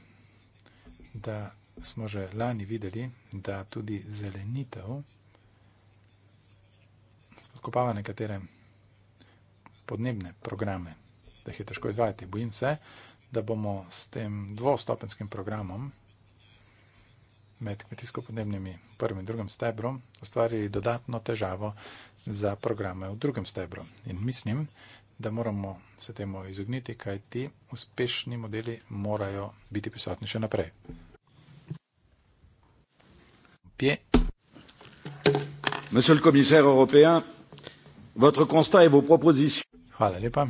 da smo že lani videli, da tudi zelenitev spodkopava nekatere podnebne programe, da jih je težko izvajati. Bojim se, da da bomo s tem dvostopenskim programom med kmetijsko-podnebnimi prvim in drugim stebrom ustvarili dodatno težavo za programe v drugem stebru. In mislim, da moramo se temu izogniti, kaj ti uspešni modeli morajo biti prisotni še naprej. Pje. Monsieur le commissaire européen, votre constat et vos propositions. Hvala lepa.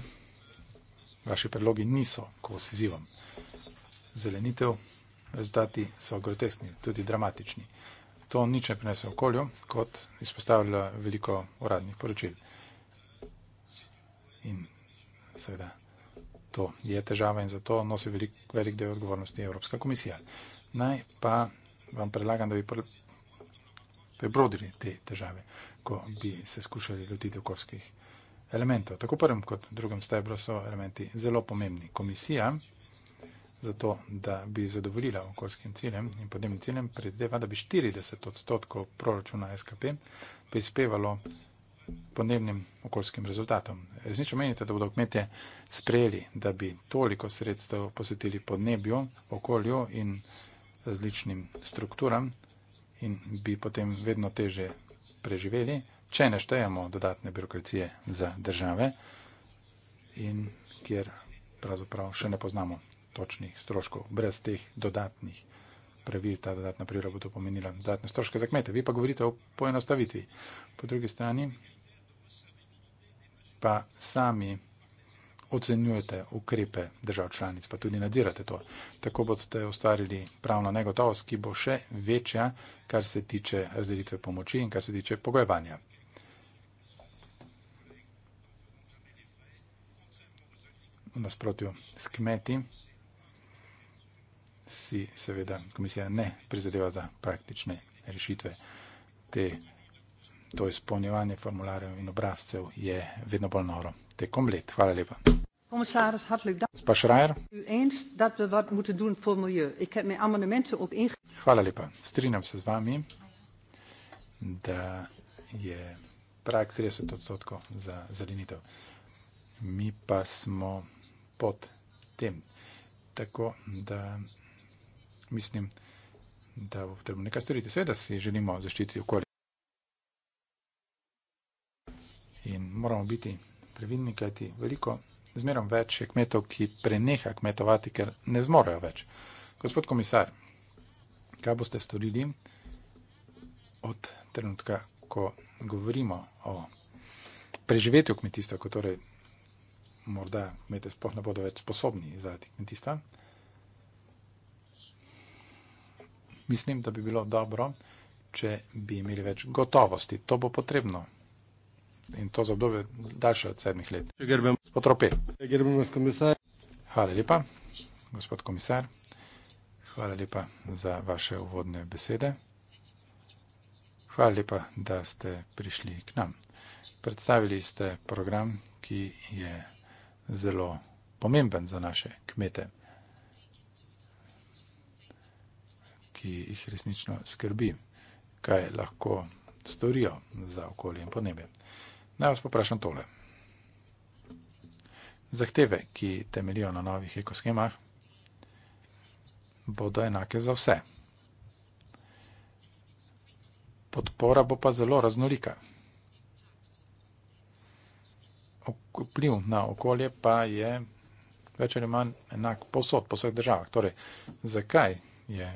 Vaši predlogi niso kos izzivom. Zelenitev, rezultati so grotesni, tudi dramatični. To nič ne prinese okolju, kot izpostavlja veliko uradnih poročil. In seveda to je težava in zato nosi velik, velik del odgovornosti Evropska komisija. Naj pa vam predlagam, da bi prebrodili te težave, ko bi se skušali lotiti okoljskih elementov. Tako v prvem kot drugem stebru so elementi zelo pomembni. Komisija, zato da bi zadovoljila okoljskim ciljem in podnebnim ciljem, predvideva, da bi 40 odstotkov proračuna SKP prispevalo podnebnim okoljskim rezultatom. Resnično menite, da bodo kmetje sprejeli, da bi toliko sredstev posvetili podnebju, okolju in različnim strukturam in bi potem vedno teže preživeli, če ne štejemo dodatne birokracije za države in kjer pravzaprav še ne poznamo točnih stroškov. Brez teh dodatnih pravil, ta dodatna pravila bodo pomenila dodatne stroške za kmete. Vi pa govorite o poenostavitvi. Po drugi strani pa sami ocenjujete ukrepe držav članic, pa tudi nadzirate to. Tako boste ustvarili pravno negotovost, ki bo še večja, kar se tiče razdelitve pomoči in kar se tiče pogojevanja. v nasprotju s kmeti, si seveda komisija ne prizadeva za praktične rešitve. Te, to izpolnjevanje formularjev in obrazcev je vedno bolj noro. Tekom let. Hvala lepa. Gospa Šrajer. Hvala lepa. Strinjam se z vami, da je prak 30 odstotkov za zelenitev. Mi pa smo pod tem. Tako da mislim, da bo potrebno nekaj storiti. Seveda si želimo zaščititi okolje. In moramo biti previdni, kajti veliko, zmerom več je kmetov, ki preneha kmetovati, ker ne zmorejo več. Gospod komisar, kaj boste storili od trenutka, ko govorimo o preživetju kmetijstva, ko torej morda kmete sploh ne bodo več sposobni izvajati kmetijstva. Mislim, da bi bilo dobro, če bi imeli več gotovosti. To bo potrebno. In to za obdobje daljše od sedmih let. Gospod Rope. Hvala lepa, gospod komisar. Hvala lepa za vaše uvodne besede. Hvala lepa, da ste prišli k nam. Predstavili ste program, ki je zelo pomemben za naše kmete, ki jih resnično skrbi, kaj lahko storijo za okolje in podnebje. Naj vas poprašam tole. Zahteve, ki temeljijo na novih ekoschemah, bodo enake za vse. Podpora bo pa zelo raznolika. vpliv na okolje pa je več ali manj enak posod po vseh državah. Torej, zakaj je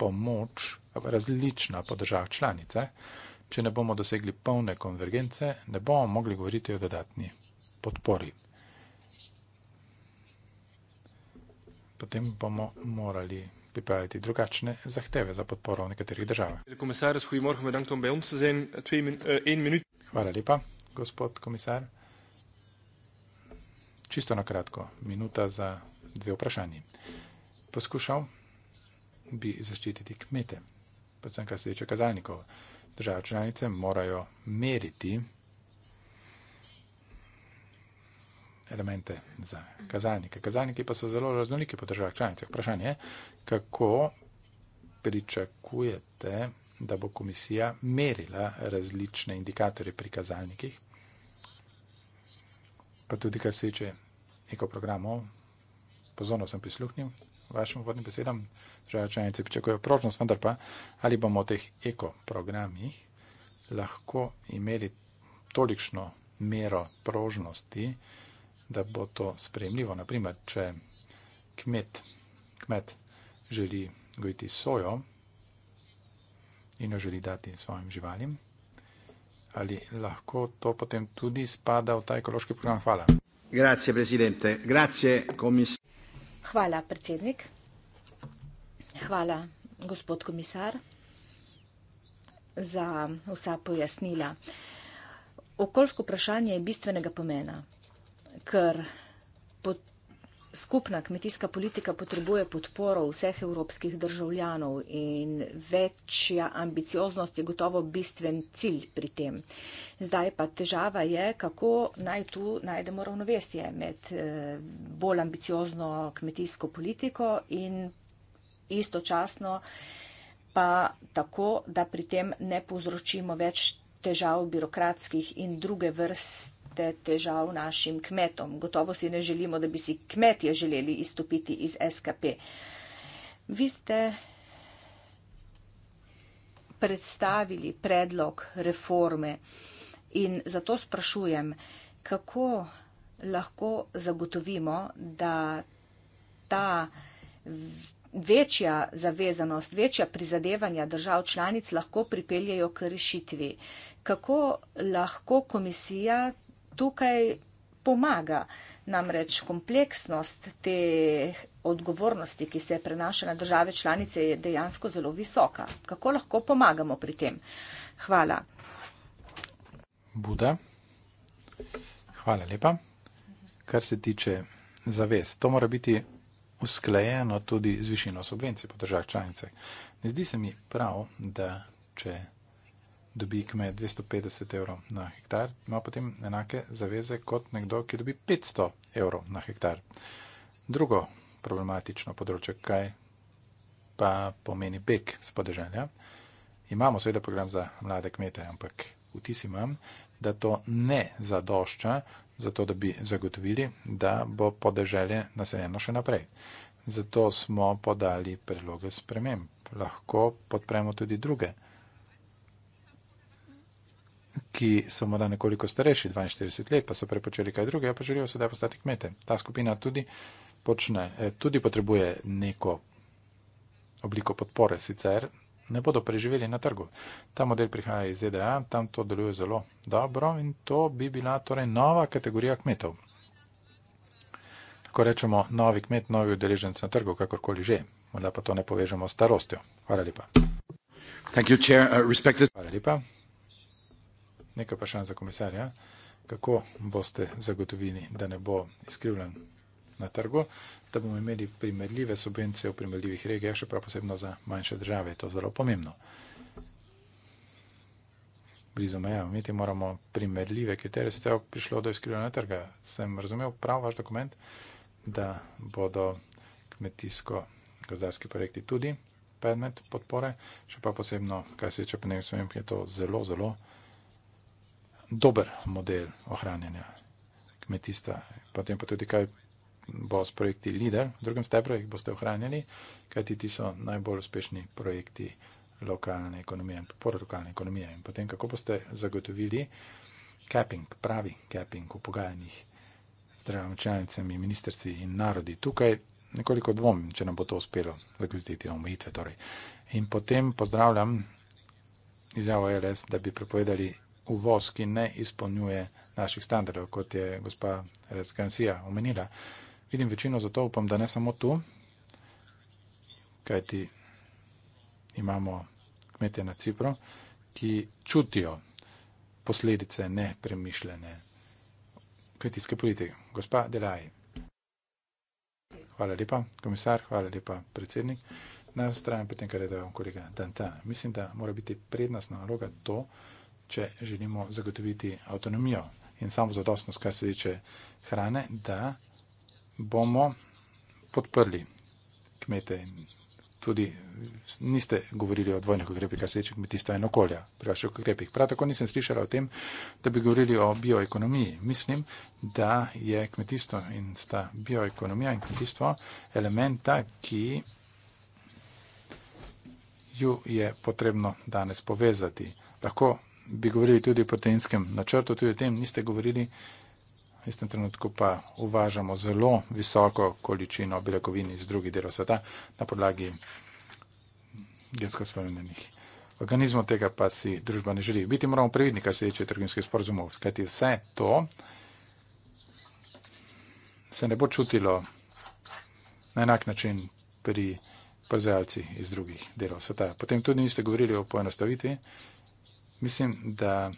pomoč različna po državah članice? Če ne bomo dosegli polne konvergence, ne bomo mogli govoriti o dodatni podpori. Potem bomo morali pripraviti drugačne zahteve za podporo v nekaterih državah. Eh, Hvala lepa, gospod komisar. Čisto na kratko, minuta za dve vprašanji. Poskušal bi zaščititi kmete, predvsem kar se tiče kazalnikov. Države članice morajo meriti elemente za kazalnike. Kazalniki pa so zelo raznoliki po državah članicah. Vprašanje je, kako pričakujete, da bo komisija merila različne indikatorje pri kazalnikih, pa tudi kar se tiče neko programov. Pozorno sem prisluhnil vašim vodnim besedam, že članice pričakujejo prožnost, vendar pa ali bomo v teh ekoprogramih lahko imeli tolikšno mero prožnosti, da bo to spremljivo. Naprimer, če kmet, kmet želi gojiti sojo in jo želi dati svojim živalim, ali lahko to potem tudi spada v ta ekološki program? Hvala. Grazie, presidente. Grazie, Hvala, predsednik. Hvala, gospod komisar, za vsa pojasnila. Okoljsko vprašanje je bistvenega pomena, ker pod skupna kmetijska politika potrebuje podporo vseh evropskih državljanov in večja ambicioznost je gotovo bistven cilj pri tem. Zdaj pa težava je, kako naj tu najdemo ravnovesje med eh, bolj ambiciozno kmetijsko politiko in istočasno pa tako, da pri tem ne povzročimo več težav birokratskih in druge vrste imate težav našim kmetom. Gotovo si ne želimo, da bi si kmetje želeli izstopiti iz SKP. Vi ste predstavili predlog reforme in zato sprašujem, kako lahko zagotovimo, da ta večja zavezanost, večja prizadevanja držav članic lahko pripeljajo k rešitvi. Kako lahko komisija tukaj pomaga. Namreč kompleksnost te odgovornosti, ki se prenaša na države članice, je dejansko zelo visoka. Kako lahko pomagamo pri tem? Hvala. Buda. Hvala lepa. Kar se tiče zavez, to mora biti usklajeno tudi z višino subvencij po državah članice. Ne zdi se mi prav, da če dobi kmet 250 evrov na hektar, ima potem enake zaveze kot nekdo, ki dobi 500 evrov na hektar. Drugo problematično področje, kaj pa pomeni beg s podeželja. Imamo seveda program za mlade kmete, ampak vtis imam, da to ne zadošča, zato da bi zagotovili, da bo podeželje naseljeno še naprej. Zato smo podali predloge sprememb. Lahko podpremo tudi druge ki so morda nekoliko starejši, 42 let, pa so prepočeli kaj druge, pa želijo sedaj postati kmete. Ta skupina tudi, počne, e, tudi potrebuje neko obliko podpore, sicer ne bodo preživeli na trgu. Ta model prihaja iz ZDA, tam to deluje zelo dobro in to bi bila torej nova kategorija kmetov. Ko rečemo novi kmet, novi udeleženc na trgu, kakorkoli že, morda pa to ne povežemo s starostjo. Hvala lepa. Thank you, chair. Uh, respected. Hvala lepa. Nekaj vprašanj za komisarja. Kako boste zagotovili, da ne bo izkrivljen na trgu, da bomo imeli primerljive subvencije v primerljivih regijah, še prav posebno za manjše države? To je zelo pomembno. Blizu meja, mi ti moramo primerljive kriterije, se je prišlo do izkrivljena trga. Sem razumel prav vaš dokument, da bodo kmetijsko-gozdarski projekti tudi predmet podpore, še pa posebno, kaj se tiče pandemije, je to zelo, zelo dober model ohranjanja kmetijstva. Potem pa tudi, kaj bo s projekti LIDER, v drugem stebru jih boste ohranjali, kajti ti so najbolj uspešni projekti lokalne ekonomije in podporo lokalne ekonomije. In potem, kako boste zagotovili capping, pravi capping v pogajanjih z državami članicami, ministrstvi in narodi. Tukaj nekoliko dvomim, če nam bo to uspelo zagotoviti omejitve. Torej. In potem pozdravljam izjavo LS, da bi prepovedali uvoz, ki ne izpolnjuje naših standardov, kot je gospa Rezgansija omenila. Vidim večino zato, upam, da ne samo tu, kajti imamo kmete na Cipru, ki čutijo posledice nepremišljene kmetijske politike. Gospa Delaj. Hvala lepa, komisar, hvala lepa, predsednik. Na stran potem, kar je dejal kolega Danta. Mislim, da mora biti prednostna naloga to, če želimo zagotoviti avtonomijo in samo zadostnost, kar se tiče hrane, da bomo podprli kmete. Tudi niste govorili o dvojnih ukrepih, kar se tiče kmetijstva in okolja pri vaših ukrepih. Prav tako nisem slišala o tem, da bi govorili o bioekonomiji. Mislim, da je kmetijstvo in sta bioekonomija in kmetijstvo elementa, ki ju je potrebno danes povezati. Lahko bi govorili tudi o proteinskem načrtu, tudi o tem niste govorili. V istem trenutku pa uvažamo zelo visoko količino beljakovin iz drugih delov sveta na podlagi gensko spremenjenih organizmov, tega pa si družba ne želi. Biti moramo previdni, kar se tiče trgovinskih sporazumov, skratki vse to se ne bo čutilo na enak način pri prezajalci iz drugih delov sveta. Potem tudi niste govorili o poenostavitvi. Mislim, da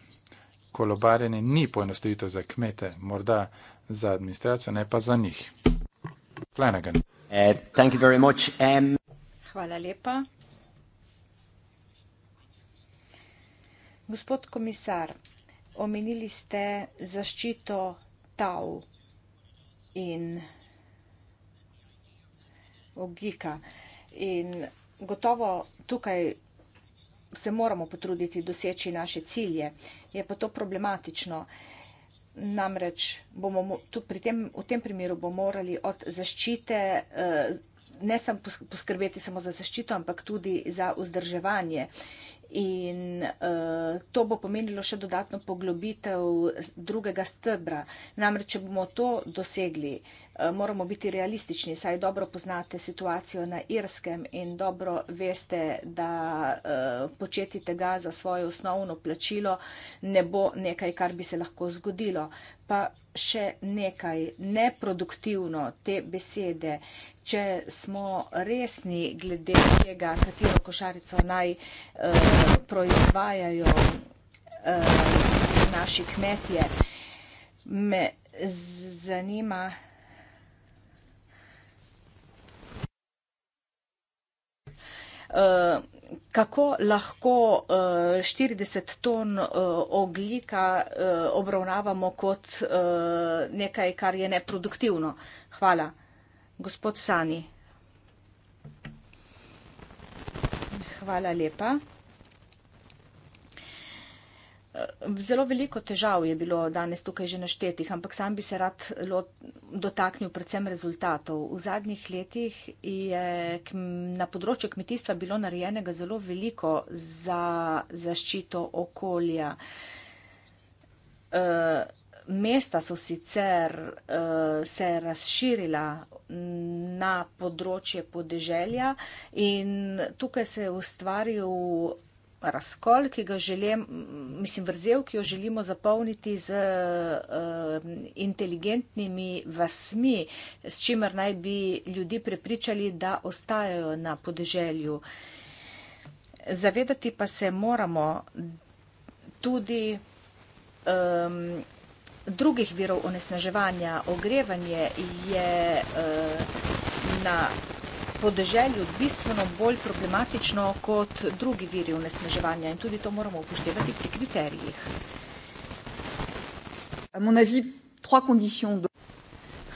kolobarjenje ni poenostavitev za kmete, morda za administracijo, ne pa za njih. Flanagan. Uh, um... Hvala lepa. Gospod komisar, omenili ste zaščito tau in ogljika. In gotovo tukaj se moramo potruditi doseči naše cilje, je pa to problematično. Namreč bomo tu pri tem, v tem primeru bomo morali od zaščite eh, ne samo poskrbeti samo za zaščito, ampak tudi za vzdrževanje. In uh, to bo pomenilo še dodatno poglobitev drugega stebra. Namreč, če bomo to dosegli, Eh, moramo biti realistični, saj dobro poznate situacijo na Irskem in dobro veste, da eh, početi tega za svoje osnovno plačilo ne bo nekaj, kar bi se lahko zgodilo. Pa še nekaj neproduktivno te besede, če smo resni glede tega, katero košarico naj eh, proizvajajo naši kmetje, me zanima, Eh, kako lahko 40 eh, ton eh, oglika obravnavamo kot nekaj, kar je neproduktivno. Hvala. Gospod Sani. Hvala lepa. Zelo veliko težav je bilo danes tukaj že naštetih, ampak sam bi se rad dotaknil predvsem rezultatov. V zadnjih letih je na področju kmetijstva bilo narejenega zelo veliko za zaščito okolja. Eh, mesta so sicer eh, se razširila na področje podeželja in tukaj se je ustvaril razkol, ki ga želim, mislim, vrzel, ki jo želimo zapolniti z uh, inteligentnimi vasmi, s čimer naj bi ljudi prepričali, da ostajajo na podeželju. Zavedati pa se moramo tudi um, drugih virov onesnaževanja. Ogrevanje je uh, na podeželju bistveno bolj problematično kot drugi viri onesnaževanja in tudi to moramo upoštevati pri kriterijih.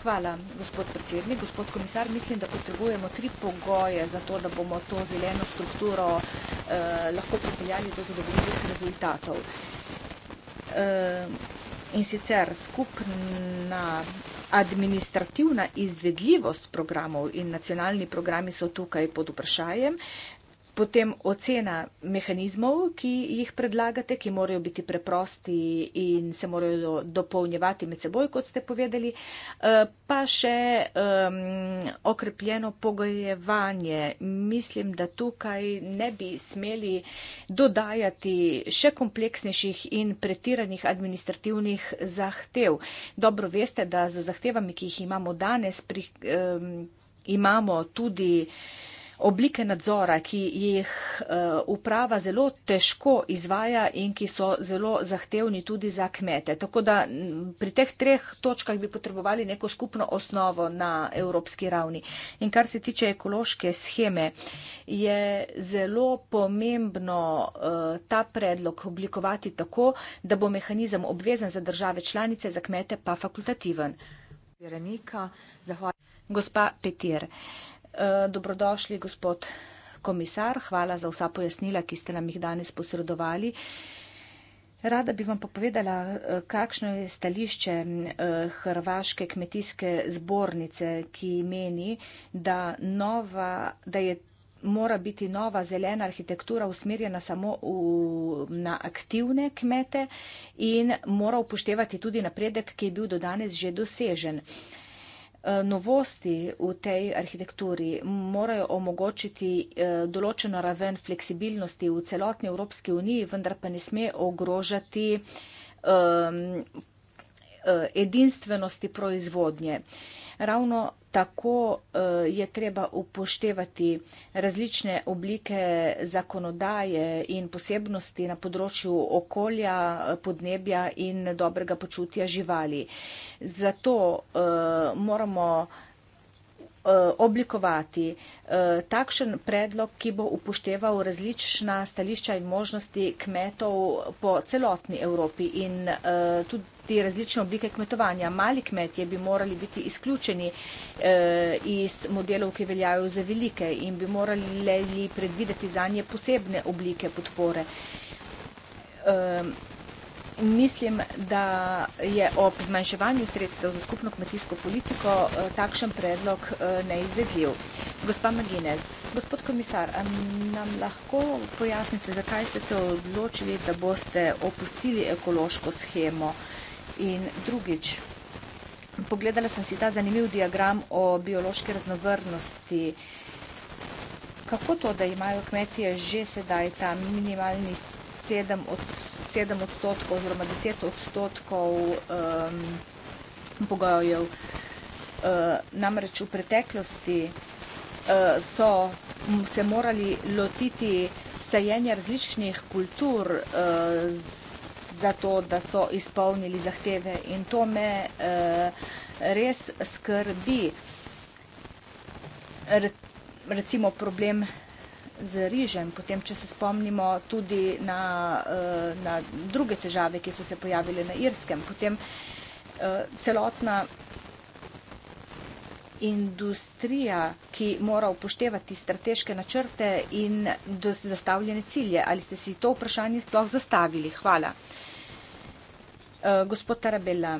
Hvala, gospod predsednik. Gospod komisar, mislim, da potrebujemo tri pogoje za to, da bomo to zeleno strukturo, eh, lahko pripeljali do zadovoljivih rezultatov. Eh, in sicer skupna administrativna izvedljivost programov in nacionalni programi so tukaj pod vprašanjem. Potem ocena mehanizmov, ki jih predlagate, ki morajo biti preprosti in se morajo dopolnjevati med seboj, kot ste povedali, eh, pa še um, okrepljeno pogojevanje. Mislim, da tukaj ne bi smeli dodajati še kompleksnejših in pretiranih administrativnih zahtev. Dobro veste, da za zahtevami, ki jih imamo danes, pri, um, imamo tudi oblike nadzora, ki jih eh, uprava zelo težko izvaja in ki so zelo zahtevni tudi za kmete. Tako da pri teh treh točkah bi potrebovali neko skupno osnovo na evropski ravni. In kar se tiče ekološke scheme, je zelo pomembno eh, ta predlog oblikovati tako, da bo mehanizem obvezen za države članice, za kmete pa fakultativen. Gospa Petir. Eh, dobrodošli, gospod komisar. Hvala za vsa pojasnila, ki ste nam jih danes posredovali. Rada bi vam pa povedala, eh, kakšno je stališče eh, Hrvaške kmetijske zbornice, ki meni, da, nova, da je, mora biti nova zelena arhitektura usmerjena samo v, na aktivne kmete in mora upoštevati tudi napredek, ki je bil do danes že dosežen. Eh, novosti v tej arhitekturi morajo omogočiti eh, določeno raven fleksibilnosti v celotni Evropski uniji, vendar pa ne sme ogrožati ehm, eh, edinstvenosti proizvodnje. Ravno tako eh, je treba upoštevati različne oblike zakonodaje in posebnosti na področju okolja, podnebja in dobrega počutja živali. Zato eh, moramo Eh, oblikovati eh, takšen predlog, ki bo upošteval različna stališča in možnosti kmetov po celotni Evropi in eh, tudi te različne oblike kmetovanja. Mali kmetje bi morali biti izključeni eh, iz modelov, ki veljajo za velike in bi morali predvideti za nje posebne oblike podpore. Eh, mislim, da je ob zmanjševanju sredstev za skupno kmetijsko politiko eh, takšen predlog eh, neizvedljiv. Gospa Maginez, gospod komisar, nam lahko pojasnite, zakaj ste se odločili, da boste opustili ekološko schemo in drugič. Pogledala sem si ta zanimiv diagram o biološki raznovrnosti. Kako to, da imajo kmetje že sedaj ta minimalni sedem, od, sedem odstotkov oziroma deset odstotkov um, pogojev. Uh, namreč v preteklosti uh, so se morali lotiti sajenja različnih kultur uh, e, za to, da so izpolnili zahteve in to me uh, res skrbi. Re, recimo problem z rižem, potem če se spomnimo tudi na, eh, na druge težave, ki so se pojavile na Irskem, potem eh, celotna industrija, ki mora upoštevati strateške načrte in zastavljene cilje. Ali ste si to vprašanje sploh zastavili? Hvala. Eh, gospod Tarabela,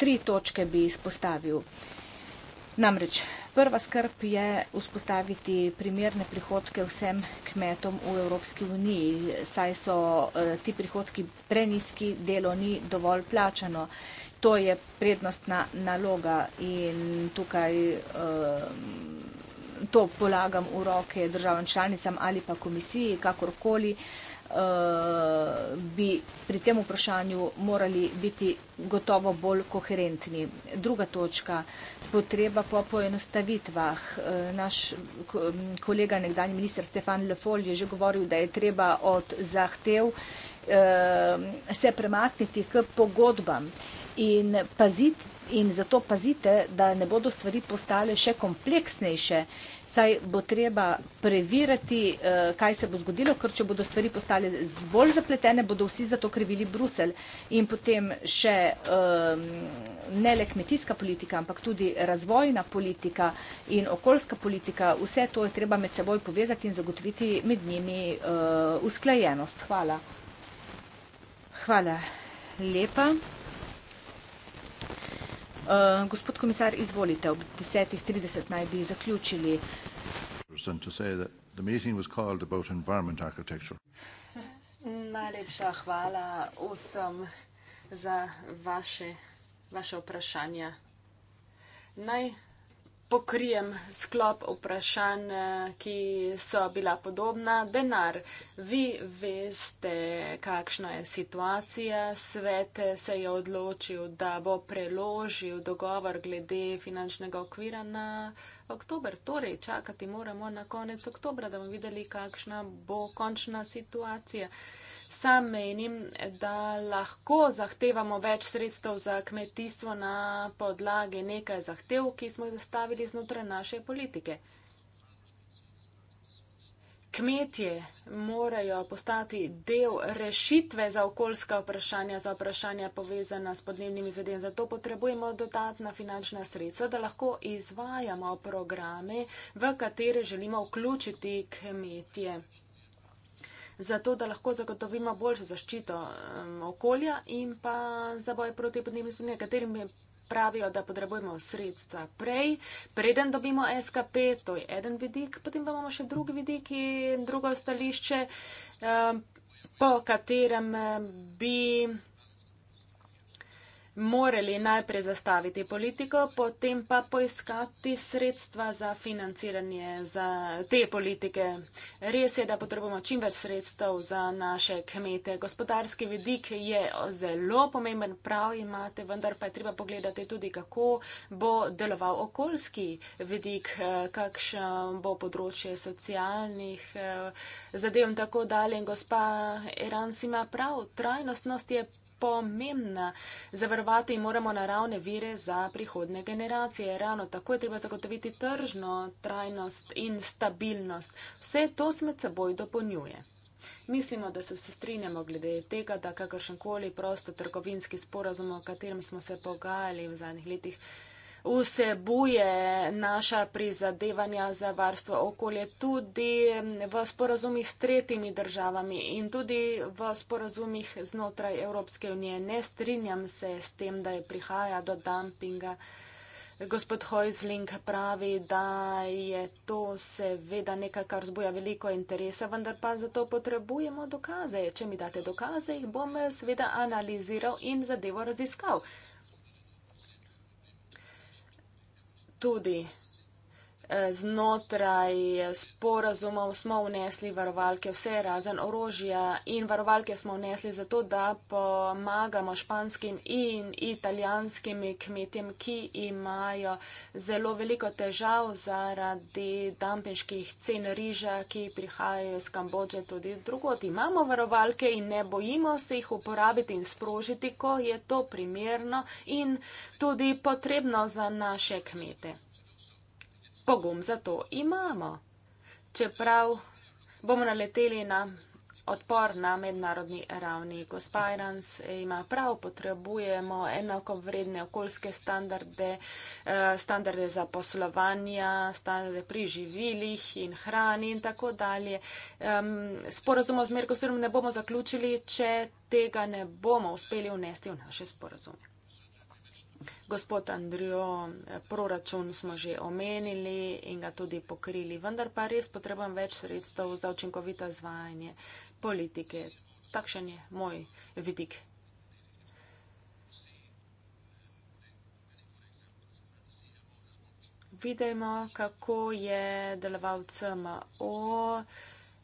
tri točke bi izpostavil. Namreč prva skrb je vzpostaviti primerne prihodke vsem kmetom v Evropski uniji, saj so eh, ti prihodki preniski, delo ni dovolj plačano. To je prednostna naloga in tukaj eh, to polagam v roke državam članicam ali pa komisiji, kakorkoli. Eh, bi pri tem vprašanju morali biti gotovo bolj koherentni. Druga točka, potreba po poenostavitvah. Eh, naš kolega, nekdani minister Stefan Lefol je že govoril, da je treba od zahtev eh, se premakniti k pogodbam in paziti, in zato pazite, da ne bodo stvari postale še kompleksnejše saj bo treba previrati, eh, kaj se bo zgodilo, ker če bodo stvari postale bolj zapletene, bodo vsi za to krivili Brusel. In potem še ehm, ne le kmetijska politika, ampak tudi razvojna politika in okoljska politika, vse to je treba med seboj povezati in zagotoviti med njimi eh, usklajenost. Hvala. Hvala lepa. Eh, gospod komisar, izvolite, ob 10.30 naj bi zaključili. Najlepša hvala vsem za vaše, vaše vprašanja. Naj pokrijem sklop vprašanj, ki so bila podobna. Denar, vi veste, kakšna je situacija. Svet se je odločil, da bo preložil dogovor glede finančnega okvira na oktober. Torej, čakati moramo na konec oktobra, da bomo videli, kakšna bo končna situacija. Sam menim, da lahko zahtevamo več sredstev za kmetijstvo na podlagi nekaj zahtev, ki smo jih zastavili znotraj naše politike. Kmetje morajo postati del rešitve za okoljska vprašanja, za vprašanja povezana s podnebnimi zadevami. Zato potrebujemo dodatna finančna sredstva, da lahko izvajamo programe, v katere želimo vključiti kmetje zato da lahko zagotovimo boljšo zaščito um, okolja in pa za boje proti podnebnim spremembam, katerim je. Pravijo, da potrebujemo sredstva prej, preden dobimo SKP, to je eden vidik, potem pa imamo še drugi vidik in drugo stališče, um, po katerem bi morali najprej zastaviti politiko, potem pa poiskati sredstva za financiranje za te politike. Res je, da potrebujemo čim več sredstev za naše kmete. Gospodarski vidik je zelo pomemben, prav imate, vendar pa je treba pogledati tudi, kako bo deloval okoljski vidik, kakšen bo področje socialnih eh, zadev in tako dalje. In gospa Erans ima prav, trajnostnost je pomembna. Zavarovati moramo naravne vire za prihodne generacije. Ravno tako je treba zagotoviti tržno trajnost in stabilnost. Vse to se med seboj dopolnjuje. Mislimo, da se vsi strinjamo glede tega, da kakršenkoli prosto trgovinski sporazum, o katerem smo se pogajali v zadnjih letih, vsebuje naša prizadevanja za varstvo okolje tudi v sporazumih s tretjimi državami in tudi v sporazumih znotraj Evropske unije. Ne strinjam se s tem, da je prihaja do dumpinga. Gospod Hojzling pravi, da je to seveda nekaj, kar zbuja veliko interesa, vendar pa zato potrebujemo dokaze. Če mi date dokaze, jih bom seveda analiziral in zadevo raziskal. tudi znotraj sporazumov smo vnesli varovalke, vse razen orožja in varovalke smo vnesli zato, da pomagamo španskim in italijanskim kmetjem, ki imajo zelo veliko težav zaradi dampinških cen riža, ki prihajajo iz Kambodže tudi drugot. Imamo varovalke in ne bojimo se jih uporabiti in sprožiti, ko je to primerno in tudi potrebno za naše kmete pogum za to imamo. Čeprav bomo naleteli na odpor na mednarodni ravni. Gospajrans ima prav, potrebujemo enako vredne okoljske standarde, eh, standarde za poslovanja, standarde pri živilih in hrani in tako dalje. Sporozumov z Merkosurom ne bomo zaključili, če tega ne bomo uspeli vnesti v naše sporozume. Gospod Andrijo, eh, proračun smo že omenili in ga tudi pokrili, vendar pa res potrebujem več sredstev za učinkovito izvajanje politike. Takšen je moj vidik. Vidimo, kako je deloval CMO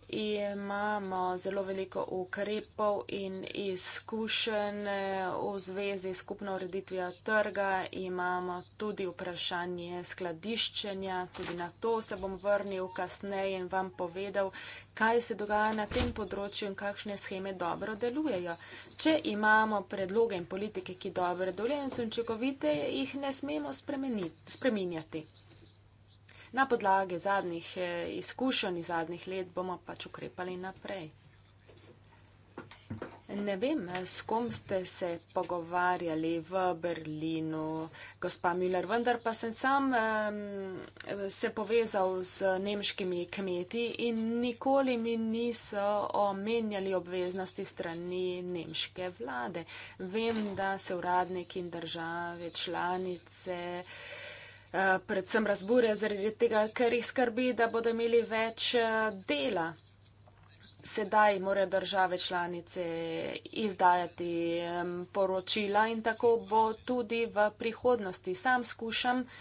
imamo zelo veliko ukrepov in izkušenj eh, v zvezi s skupno ureditvijo trga, imamo tudi vprašanje skladiščenja, tudi na to se bom vrnil kasneje in vam povedal, kaj se dogaja na tem področju in kakšne scheme dobro delujejo. Če imamo predloge in politike, ki dobro delujejo in so učinkovite, jih ne smemo spremeniti na podlagi zadnjih eh, izkušenj iz zadnjih let bomo pač ukrepali naprej. Ne vem, eh, s kom ste se pogovarjali v Berlinu, gospa Müller, vendar pa sem sam um, se povezal z nemškimi kmeti in nikoli mi niso omenjali obveznosti strani nemške vlade. Vem, da se uradniki in države članice. Eh, predvsem razburja zaradi tega, ker jih skrbi, da bodo imeli več eh, dela. Sedaj morajo države članice izdajati poročila in tako bo tudi v prihodnosti. Sam skušam uh,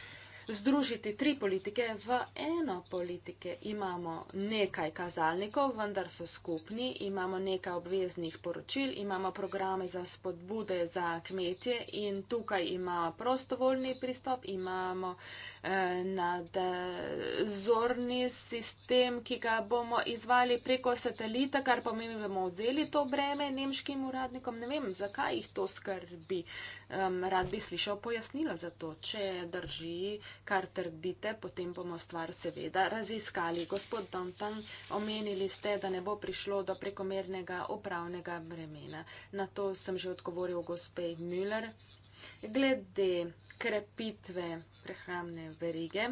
združiti tri politike v eno politike. Imamo nekaj kazalnikov, vendar so skupni, imamo nekaj obveznih poročil, imamo programe za spodbude za kmetje in tukaj imamo prostovoljni pristop, imamo eh, nadzorni sistem, ki ga bomo izvali preko satelita, kar pomeni, da bomo odzeli to breme nemškim uradnikom. Ne vem, zakaj jih to skrbi. Eh, Um, rad bi slišal pojasnila za to. Če drži, kar trdite, potem bomo stvar seveda raziskali. Gospod Dantan, omenili ste, da ne bo prišlo do prekomernega upravnega bremena. Na to sem že odgovoril gospej Müller. Glede krepitve prehramne verige,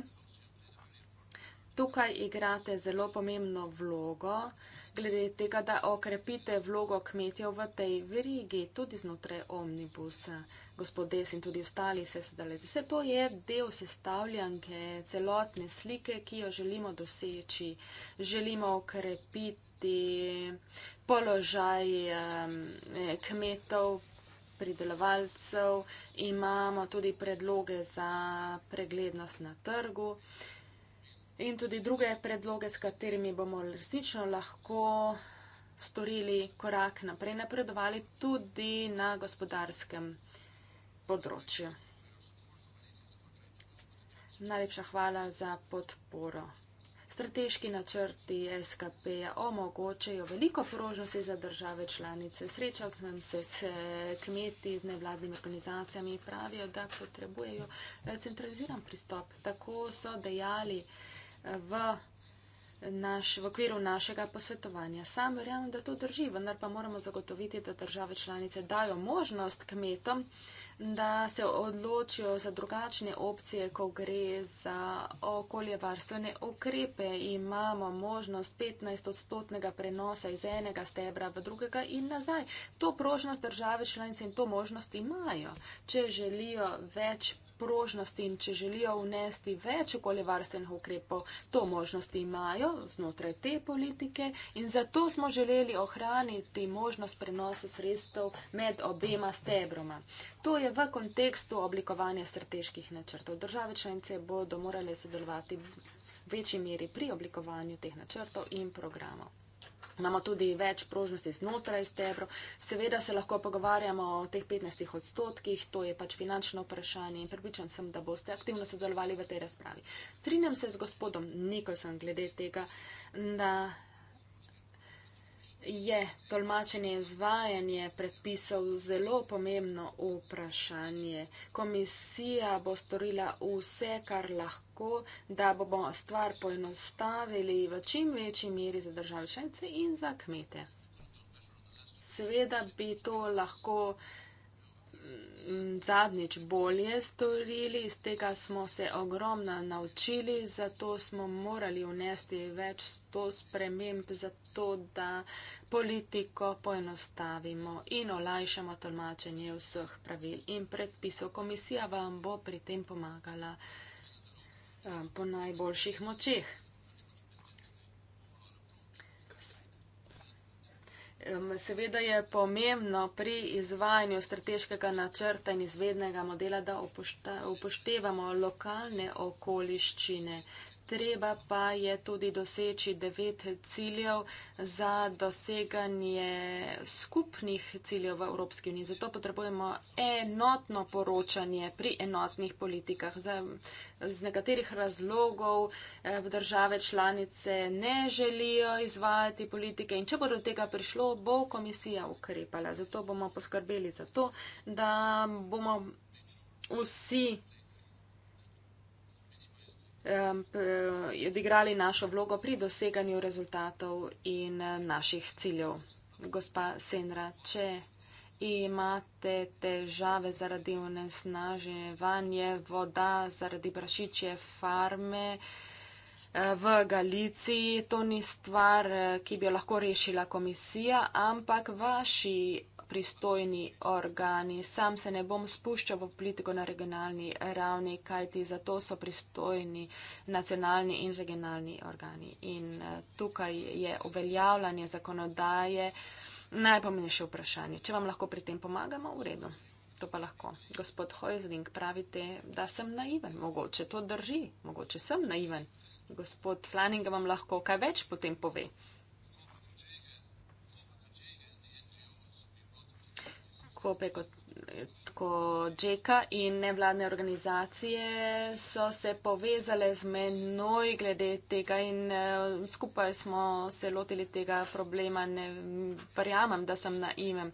tukaj igrate zelo pomembno vlogo glede tega, da okrepite vlogo kmetijev v tej verigi, tudi znotraj omnibusa, gospod Des in tudi ostali se sedalec. Vse to je del sestavljanke celotne slike, ki jo želimo doseči. Želimo okrepiti položaj kmetov. Pridelovalcev imamo tudi predloge za preglednost na trgu in tudi druge predloge, s katerimi bomo resnično lahko storili korak naprej, napredovali tudi na gospodarskem področju. Najlepša hvala za podporo. Strateški načrti SKP omogočajo veliko prožnosti za države članice. Srečal sem se s kmeti, z nevladnimi organizacijami, pravijo, da potrebujejo eh, centraliziran pristop. Tako so dejali v, naš, v okviru našega posvetovanja. Sam verjamem, da to drži, vendar pa moramo zagotoviti, da države članice dajo možnost kmetom, da se odločijo za drugačne opcije, ko gre za okoljevarstvene ukrepe. Imamo možnost 15-odstotnega prenosa iz enega stebra v drugega in nazaj. To prožnost države članice in to možnost imajo, če želijo več prožnost in če želijo vnesti več okoljevarstvenih ukrepov, to možnost imajo znotraj te politike in zato smo želeli ohraniti možnost prenosa sredstev med obema stebroma. To je v kontekstu oblikovanja strateških načrtov. Države članice bodo morale sodelovati v večji meri pri oblikovanju teh načrtov in programov imamo tudi več prožnosti znotraj stebrov. Seveda se lahko pogovarjamo o teh 15 odstotkih, to je pač finančno vprašanje in pripričan sem, da boste aktivno sodelovali v tej razpravi. Trinjam se z gospodom Nikolsen glede tega, da je tolmačenje in zvajanje predpisov zelo pomembno vprašanje. Komisija bo storila vse, kar lahko, da bomo stvar poenostavili v čim večji meri za državšence in za kmete. Seveda bi to lahko vprašanje zadnjič bolje storili, iz tega smo se ogromno naučili, zato smo morali vnesti več sto sprememb, zato da politiko poenostavimo in olajšamo tolmačenje vseh pravil in predpisov. Komisija vam bo pri tem pomagala eh, po najboljših močeh. Seveda je pomembno pri izvajanju strateškega načrta in izvednega modela, da upoštevamo lokalne okoliščine, treba pa je tudi doseči devet ciljev za doseganje skupnih ciljev v Evropski uniji. Zato potrebujemo enotno poročanje pri enotnih politikah. Za, z nekaterih razlogov eh, države članice ne želijo izvajati politike in če bo do tega prišlo, bo komisija ukrepala. Zato bomo poskrbeli za to, da bomo vsi odigrali našo vlogo pri doseganju rezultatov in naših ciljev. Gospa Senra, če imate težave zaradi onesnaževanja voda, zaradi prašičje farme eh, v Galiciji, to ni stvar, eh, ki bi jo lahko rešila komisija, ampak vaši pristojni organi. Sam se ne bom spuščal v politiko na regionalni ravni, kajti za to so pristojni nacionalni in regionalni organi. In eh, tukaj je uveljavljanje zakonodaje najpomenejše vprašanje. Če vam lahko pri tem pomagamo, v redu. To pa lahko. Gospod Hojzling, pravite, da sem naiven. Mogoče to drži, mogoče sem naiven. Gospod Flaninga vam lahko kaj več potem pove. skupaj kot tako Džeka in nevladne organizacije so se povezale z menoj glede tega in uh, skupaj smo se lotili tega problema. Ne verjamem, da sem na imem.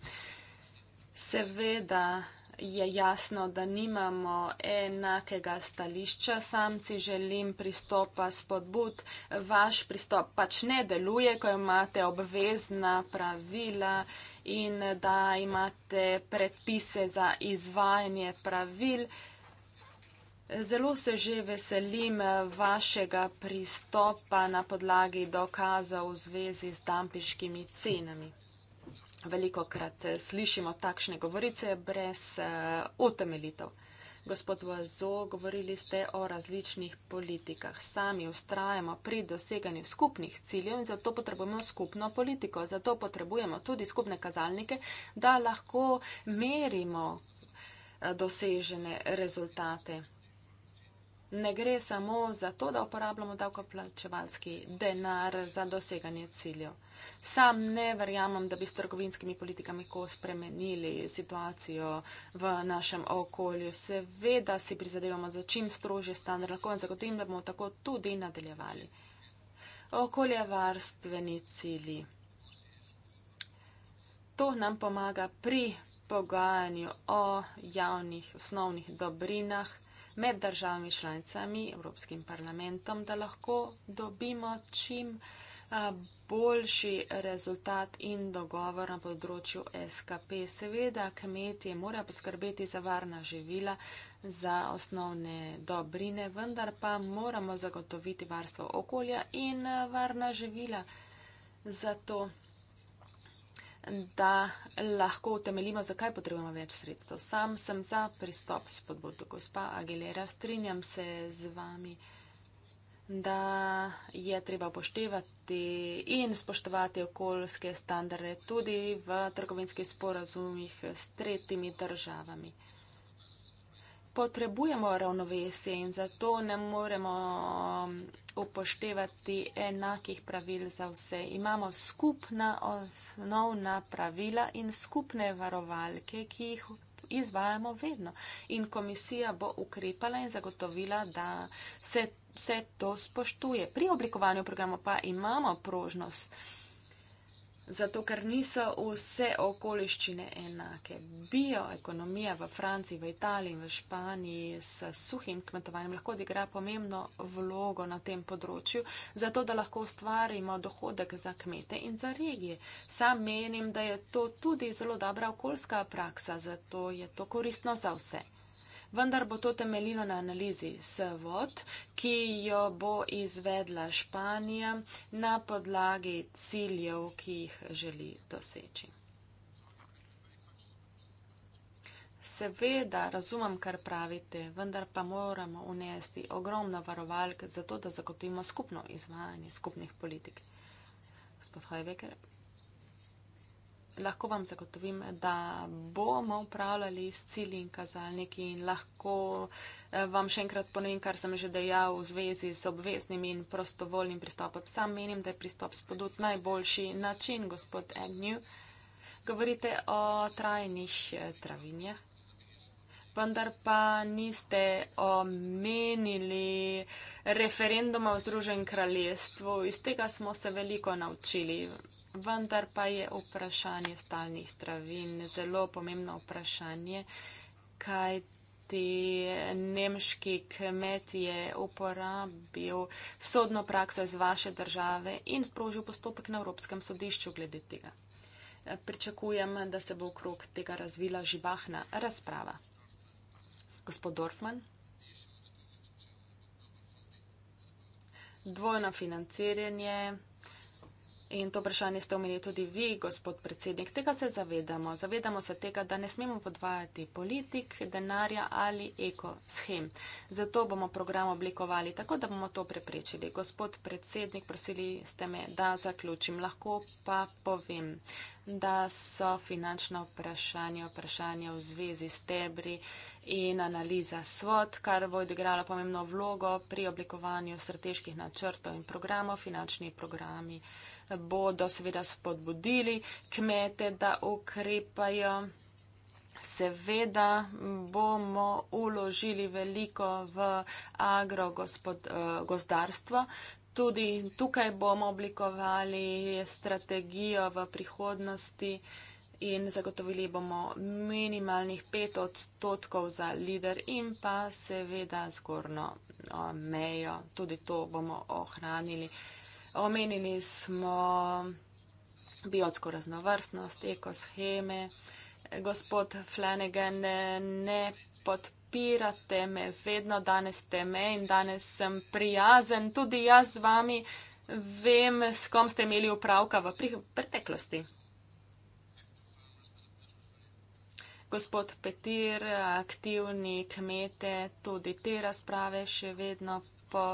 Seveda je jasno, da nimamo enakega stališča. Sam si želim pristopa spodbud. Vaš pristop pač ne deluje, ko imate obvezna pravila in da imate predpise za izvajanje pravil. Zelo se že veselim vašega pristopa na podlagi dokazov v zvezi s dampiškimi cenami veliko krat eh, slišimo takšne govorice brez uh, eh, utemelitev. Gospod Vazo, govorili ste o različnih politikah. Sami ustrajamo pri doseganju skupnih ciljev in zato potrebujemo skupno politiko. Zato potrebujemo tudi skupne kazalnike, da lahko merimo eh, dosežene rezultate ne gre samo za to, da uporabljamo davkoplačevalski denar za doseganje ciljev. Sam ne verjamem, da bi s trgovinskimi politikami ko spremenili situacijo v našem okolju. Seveda si prizadevamo za čim strožje standard, lahko vam zagotovim, da bomo tako tudi nadaljevali. Okoljevarstveni cilji. To nam pomaga pri pogajanju o javnih osnovnih dobrinah med državami članicami, Evropskim parlamentom, da lahko dobimo čim boljši rezultat in dogovor na področju SKP. Seveda, kmetje morajo poskrbeti za varna živila, za osnovne dobrine, vendar pa moramo zagotoviti varstvo okolja in varna živila. Zato da lahko utemeljimo, zakaj potrebujemo več sredstev. Sam sem za pristop spodbud do gospa Agilera, strinjam se z vami, da je treba poštevati in spoštovati okoljske standarde tudi v trgovinskih sporazumih s tretjimi državami. Potrebujemo ravnovesje in zato ne moremo upoštevati enakih pravil za vse. Imamo skupna osnovna pravila in skupne varovalke, ki jih izvajamo vedno. In komisija bo ukrepala in zagotovila, da se vse to spoštuje. Pri oblikovanju programa pa imamo prožnost zato ker niso vse okoliščine enake. Bioekonomija v Franciji, v Italiji in v Španiji s suhim kmetovanjem lahko odigra pomembno vlogo na tem področju, zato da lahko ustvarimo dohodek za kmete in za regije. Sam menim, da je to tudi zelo dobra okoljska praksa, zato je to koristno za vse vendar bo to temeljilo na analizi SWOT, ki jo bo izvedla Španija na podlagi ciljev, ki jih želi doseči. Seveda razumem, kar pravite, vendar pa moramo unesti ogromno varovalk za to, da zagotovimo skupno izvajanje skupnih politik. Gospod Hojveker, lahko vam zagotovim, da bomo upravljali s cilji in kazalniki in lahko eh, vam še enkrat ponovim, kar sem že dejal v zvezi z obveznim in prostovoljnim pristopom. Sam menim, da je pristop spodut najboljši način, gospod Agnew. Govorite o trajnih eh, travinjah, vendar pa niste omenili referenduma v Združen kraljestvu. Iz tega smo se veliko naučili vendar pa je vprašanje stalnih travin zelo pomembno vprašanje, kaj ti nemški kmet je uporabil sodno prakso iz vaše države in sprožil postopek na Evropskem sodišču glede tega. Pričakujem, da se bo okrog tega razvila živahna razprava. Gospod Dorfman. Dvojno financiranje. In to vprašanje ste omenili tudi vi, gospod predsednik. Tega se zavedamo. Zavedamo se tega, da ne smemo podvajati politik, denarja ali ekoshem. Zato bomo program oblikovali tako, da bomo to preprečili. Gospod predsednik, prosili ste me, da zaključim. Lahko pa povem, da so finančna vprašanja, vprašanja v zvezi s tebri in analiza SWOT, kar bo odigralo pomembno vlogo pri oblikovanju strateških načrtov in programov, finančni programi bodo seveda spodbudili kmete, da ukrepajo. Seveda bomo uložili veliko v agrogozdarstvo. Eh, Tudi tukaj bomo oblikovali strategijo v prihodnosti in zagotovili bomo minimalnih pet odstotkov za lider in pa seveda zgornjo eh, mejo. Tudi to bomo ohranili. Omenili smo biotsko raznovrstnost, ekosheme. Gospod Flanagan, ne, ne podpirate me, vedno danes ste me in danes sem prijazen, tudi jaz z vami vem, s kom ste imeli upravka v preteklosti. Gospod Petir, aktivni kmete, tudi te razprave še vedno po,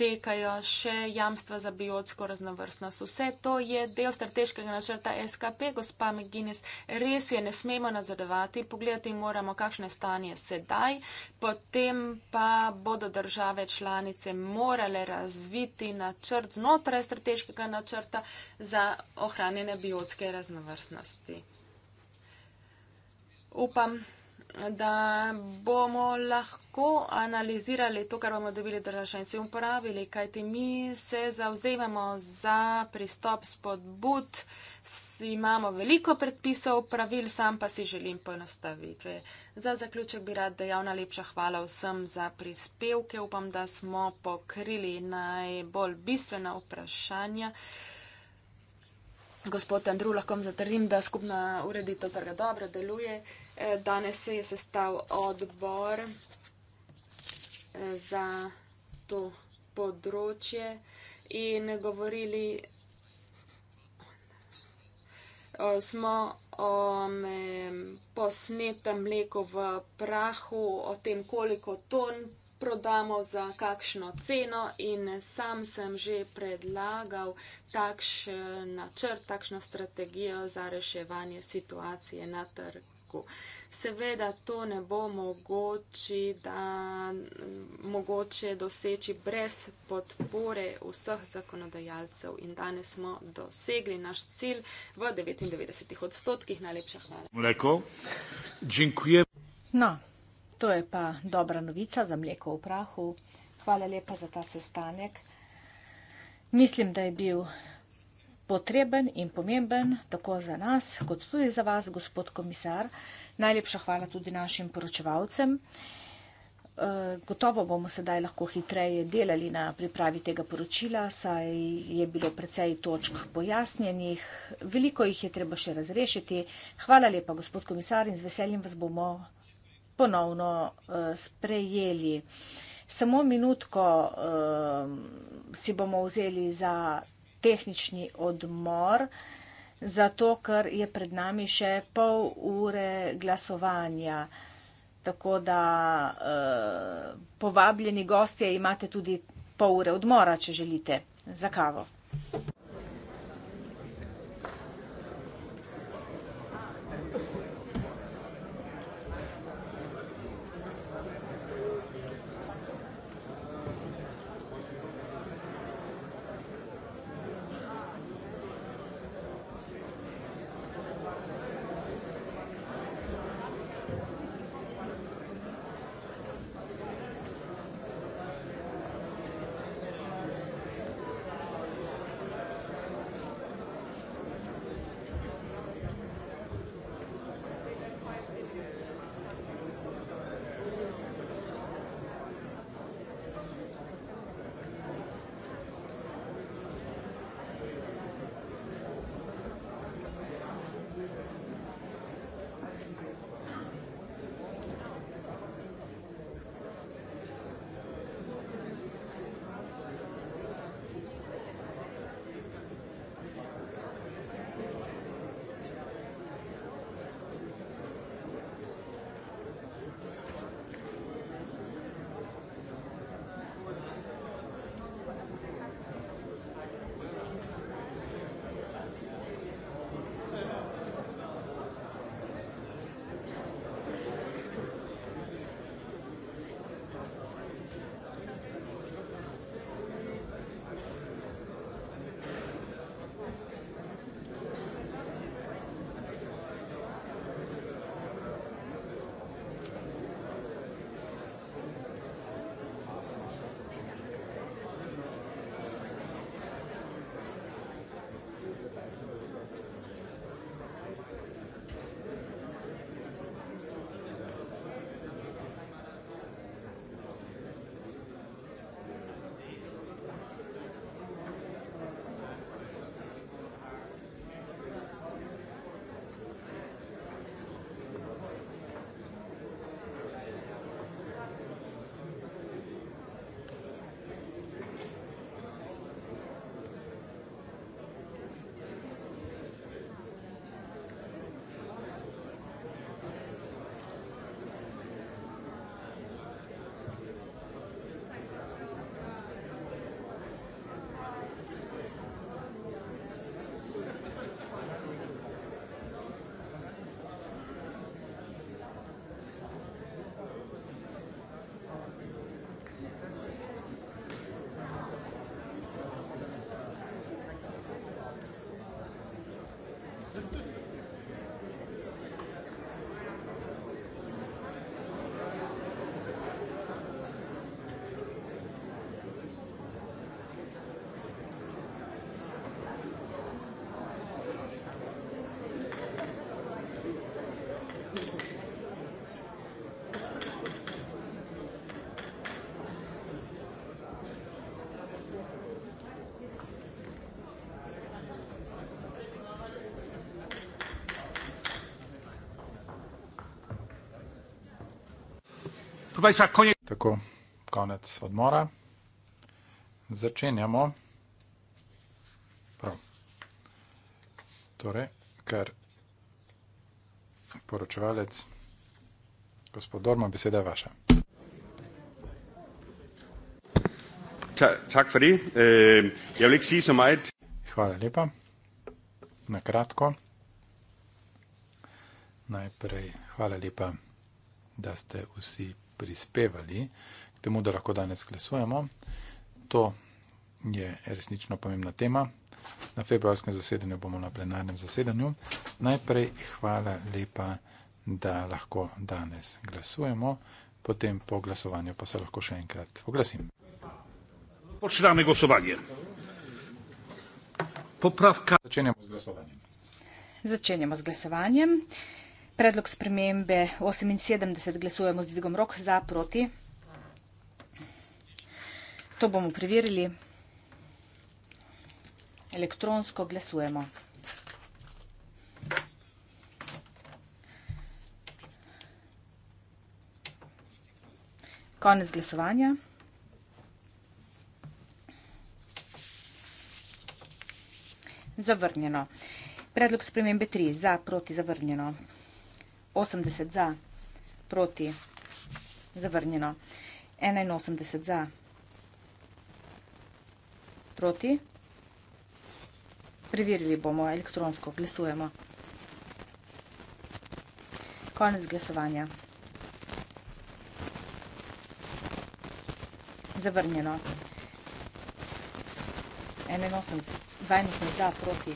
tekajo še jamstva za biotsko raznovrstnost. Vse to je del strateškega načrta SKP. Gospa McGuinness, res je, ne smemo nadzadovati, pogledati moramo, kakšno je stanje sedaj, potem pa bodo države članice morale razviti načrt znotraj strateškega načrta za ohranjene biotske raznovrstnosti. Upam, da bomo lahko analizirali to, kar bomo dobili državšenci in uporabili, kajti mi se zauzemamo za pristop spodbud, imamo veliko predpisov, pravil sam pa si želim poenostavitve. Za zaključek bi rad dejal najlepša hvala vsem za prispevke, upam, da smo pokrili najbolj bistvena vprašanja. Gospod Andru, lahko vam zatrdim, da skupna ureditev trga dobro deluje. Danes se je sestal odbor eh, za to področje in govorili. Smo o posnetem mleku v prahu, o tem, koliko ton prodamo, za kakšno ceno, in sam sem že predlagal takšen eh, načrt, takšno strategijo za reševanje situacije na trgu jeziku. Seveda to ne bo mogoče, da mogoče doseči brez podpore vseh zakonodajalcev in danes smo dosegli naš cilj v 99 odstotkih. Najlepša hvala. Mleko. Džinkuje. No, to je pa dobra novica za mleko v prahu. Hvala lepa za ta sestanek. Mislim, da je bil potreben in pomemben tako za nas, kot tudi za vas, gospod komisar. Najlepša hvala tudi našim poročevalcem. Eh, gotovo bomo sedaj lahko hitreje delali na pripravi tega poročila, saj je bilo precej točk pojasnjenih, veliko jih je treba še razrešiti. Hvala lepa, gospod komisar, in z veseljem vas bomo ponovno eh, sprejeli. Samo minutko eh, si bomo vzeli za tehnični odmor, zato ker je pred nami še pol ure glasovanja. Tako da eh, povabljeni gostje imate tudi pol ure odmora, če želite, za kavo. konje. Tako, konec odmora. Začenjamo. Prav. Torej, ker poročevalec, gospod Dorma, beseda je vaša. Tak, tak e, so Hvala lepa. Na kratko. Najprej hvala lepa, da ste vsi prispevali k temu, da lahko danes glasujemo. To je resnično pomembna tema. Na februarskem zasedanju bomo na plenarnem zasedanju. Najprej hvala lepa, da lahko danes glasujemo, potem po glasovanju pa se lahko še enkrat oglasim. Počnemo glasovanje. Popravka. Začenjamo z glasovanjem. Začenjamo z glasovanjem. Predlog spremembe 78 glasujemo z dvigom rok za proti. To bomo preverili. Elektronsko glasujemo. Konec glasovanja. Zavrnjeno. Predlog spremembe 3. Za proti zavrnjeno. 80 za, proti, zavrnjeno. 81 za, proti. Preverili bomo elektronsko, glasujemo. Konec glasovanja. Zavrnjeno. 81, 82 za, proti.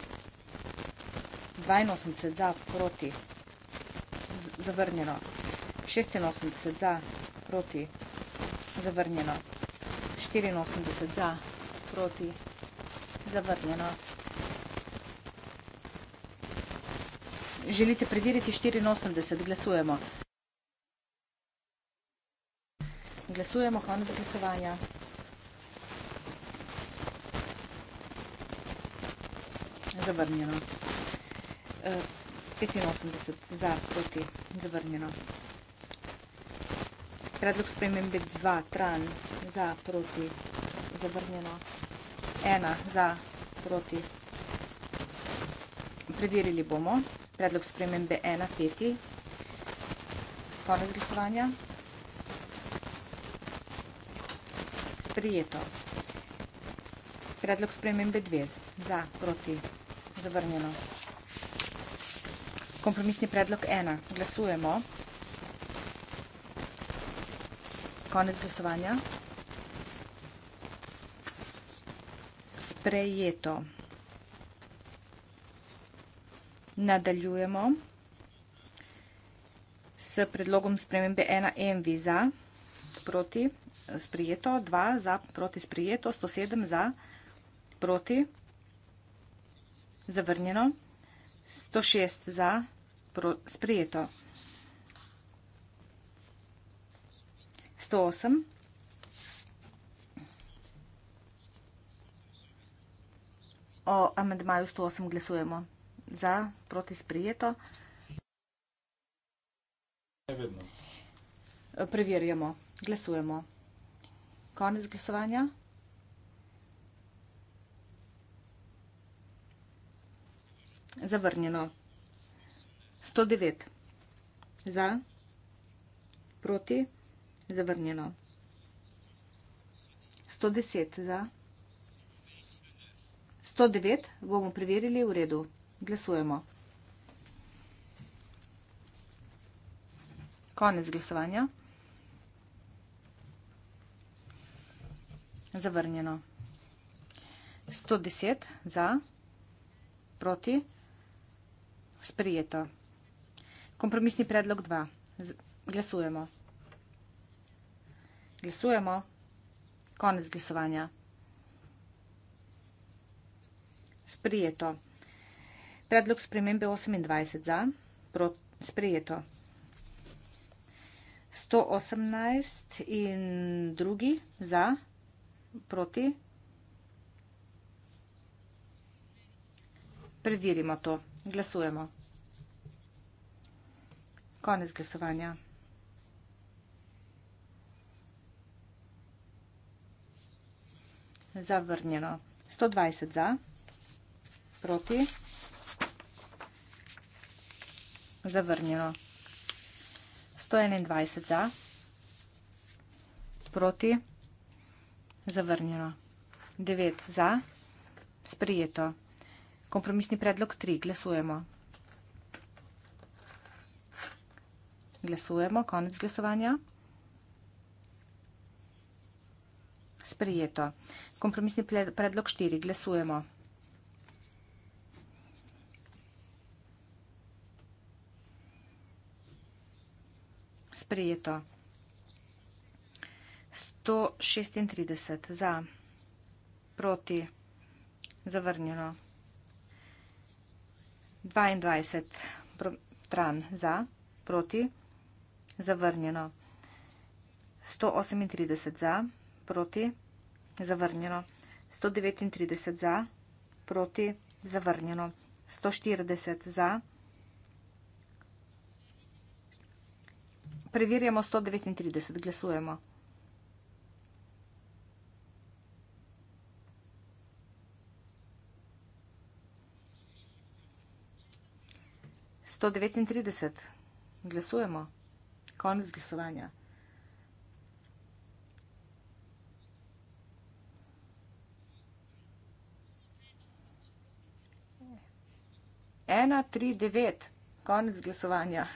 82 za, proti zavrnjeno. 86 za, proti, zavrnjeno. 84 za, proti, zavrnjeno. Želite preveriti 84, glasujemo. Glasujemo, konec glasovanja. Zavrnjeno. Zavrnjeno. 85 za proti zavrnjeno. Predlog spremembe 2, tran za proti zavrnjeno. 1 za proti. Preverili bomo. Predlog spremembe 1, 5. Konec glasovanja. Sprijeto. Predlog spremembe 2, za proti zavrnjeno. 1 kompromisni predlog ena. Glasujemo. Konec glasovanja. Sprejeto. Nadaljujemo s predlogom spremembe 1M viza proti sprejeto, 2 za proti sprejeto, 107 za proti zavrnjeno, 106 za proti sprejeto. 108. O amedmaju 108 glasujemo. Za, proti sprejeto. Preverjamo. Glasujemo. Konec glasovanja. Zavrnjeno. Zavrnjeno. 109. Za, proti, zavrnjeno. 110 za. 109 bomo preverili v redu. Glasujemo. Konec glasovanja. Zavrnjeno. 110 za, proti, sprijeto. 110 za. Kompromisni predlog 2. Glasujemo. Glasujemo. Konec glasovanja. Sprijeto. Predlog spremembe 28 za. Sprijeto. 118 in drugi za. Proti. Preverimo to. Glasujemo. 118. Konec glasovanja. Zavrnjeno. 120 za, proti, zavrnjeno. 121 za, proti, zavrnjeno. 9 za, sprijeto. Kompromisni predlog 3. Glasujemo. Glasujemo. Konec glasovanja. Sprijeto. Kompromisni predlog 4. Glasujemo. Sprijeto. 136 za, proti, zavrnjeno. 22 tran za, proti, zavrnjeno. Zavrnjeno. 138 za, proti, zavrnjeno. 139 za, proti, zavrnjeno. 140 za. Preverjamo 139, glasujemo. Sto devetintrideset. Glasujemo konec glasovanja. Ena, tri, devet, konec glasovanja.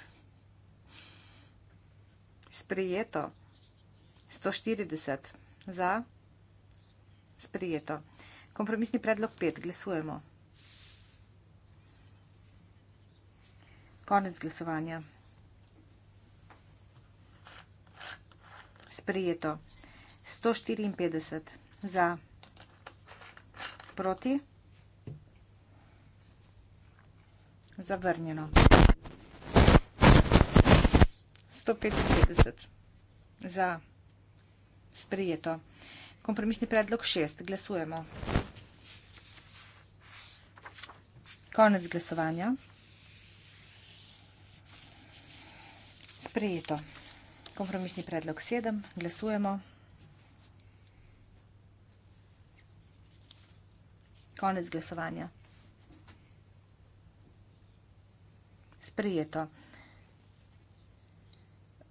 Sprijeto. 140 za. Sprijeto. Kompromisni predlog 5. Glasujemo. Konec glasovanja. sprejeto 154 za proti zavrnjeno 155 za sprejeto kompromisni predlog 6 glasujemo konec glasovanja sprejeto Kompromisni predlog 7. Glasujemo. Konec glasovanja. Sprijeto.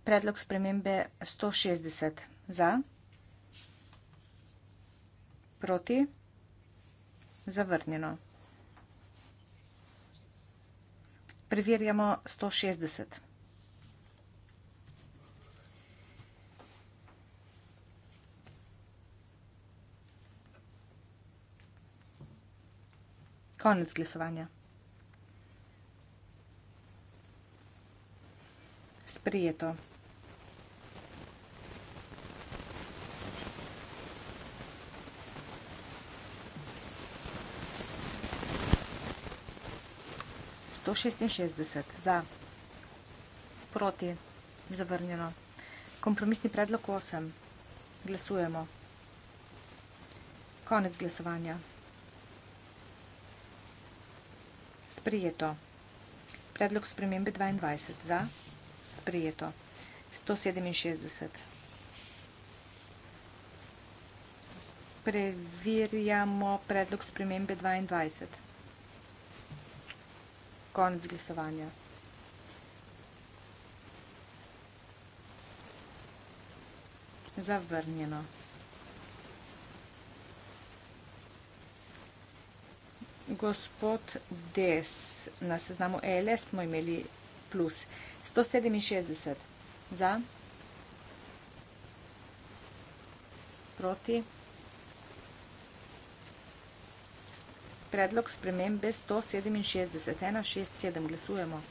Predlog spremembe 160. Za. Proti. Zavrnjeno. Preverjamo 160. 160. Konec glasovanja. Sprijeto. Sto šestinšestdeset za, proti, zavrnjeno. Kompromisni predlog osem. Glasujemo. Konec glasovanja. sprejeto. Predlog spremembe 22 za sprejeto. 167. Preverjamo predlog spremembe 22. Konec glasovanja. Zavrnjeno. gospod Des, na seznamu e LS smo imeli plus. 167 za, proti, predlog spremembe 167, 1, 6, 7, glasujemo.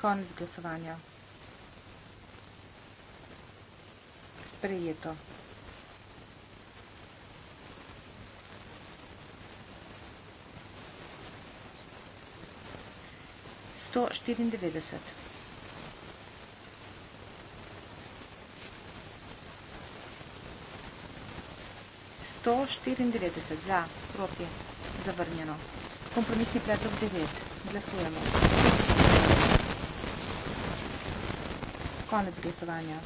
Konec glasovanja. Sprejeto. sto štiriindevetdeset. Sto štiriindevetdeset za, proti, zavrnjeno. Kompromisni predlog devet. Glasujemo. Konec glasovanja.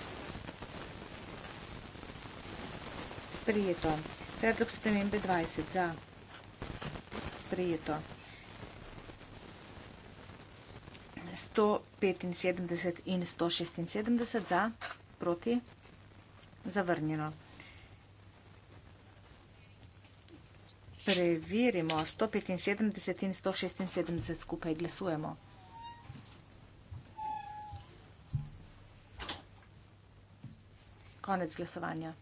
Sprejeto. Predlog spremembe dvajset za. Sprejeto. 75 in 176 za, proti, zavrnjeno. Preverimo, 175 in 176 skupaj glasujemo. Konec glasovanja.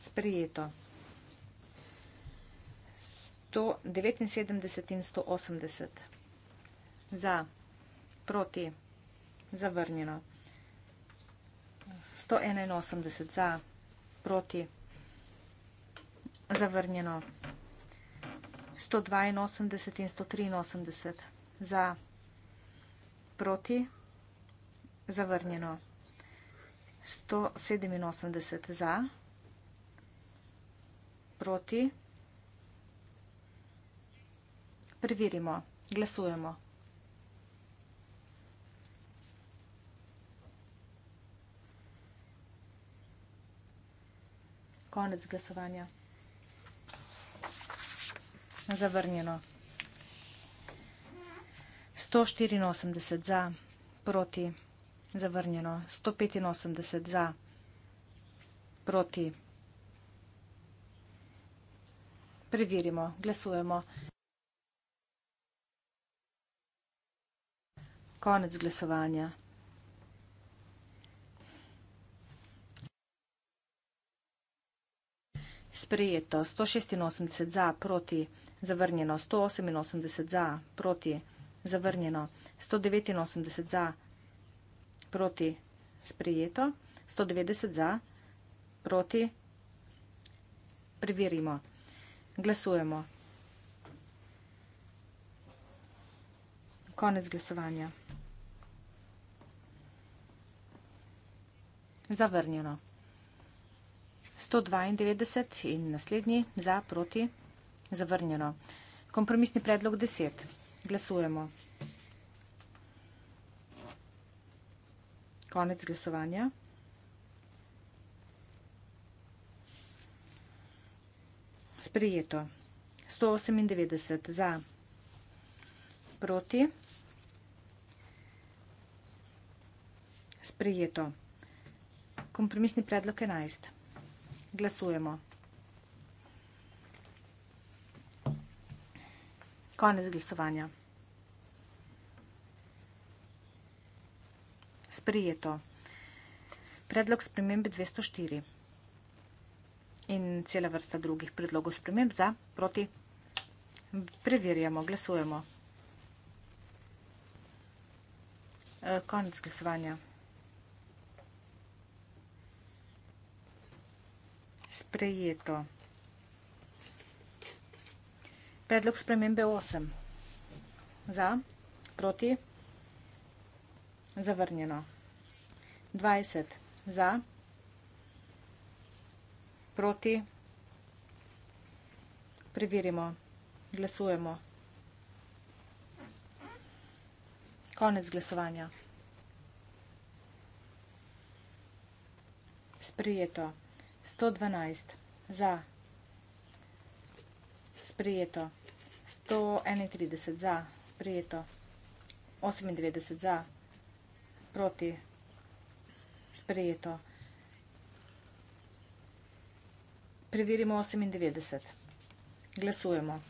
Sprijeto. 179 in 180. Za, proti, zavrnjeno. 181 za, proti, zavrnjeno. 182 in 183 za, proti, zavrnjeno. 187 za, proti, zavrnjeno. Preverimo. Glasujemo. Konec glasovanja. Zavrnjeno. 184 za, proti, zavrnjeno. 185 za, proti. Preverimo, glasujemo. konec glasovanja. Sprejeto 186 za, proti, zavrnjeno 188 za, proti, zavrnjeno 189 za, proti, sprejeto 190 za, proti, preverimo, glasujemo. Konec glasovanja. zavrnjeno. 192 in naslednji za proti zavrnjeno. Kompromisni predlog 10. Glasujemo. Konec glasovanja. Sprejeto. 198 za proti. Sprejeto kompromisni predlog 11. Glasujemo. Konec glasovanja. Sprijeto. Predlog spremembe 204 in cela vrsta drugih predlogov sprememb za, proti, preverjamo, glasujemo. E, konec glasovanja. Konec glasovanja. sprejeto. Predlog spremembe 8. Za, proti, zavrnjeno. 20. Za, proti, preverimo, glasujemo. Konec glasovanja. Sprijeto. 112 za, sprejeto. 131 za, sprejeto. 98 za, proti, sprejeto. Preverimo 98. Glasujemo.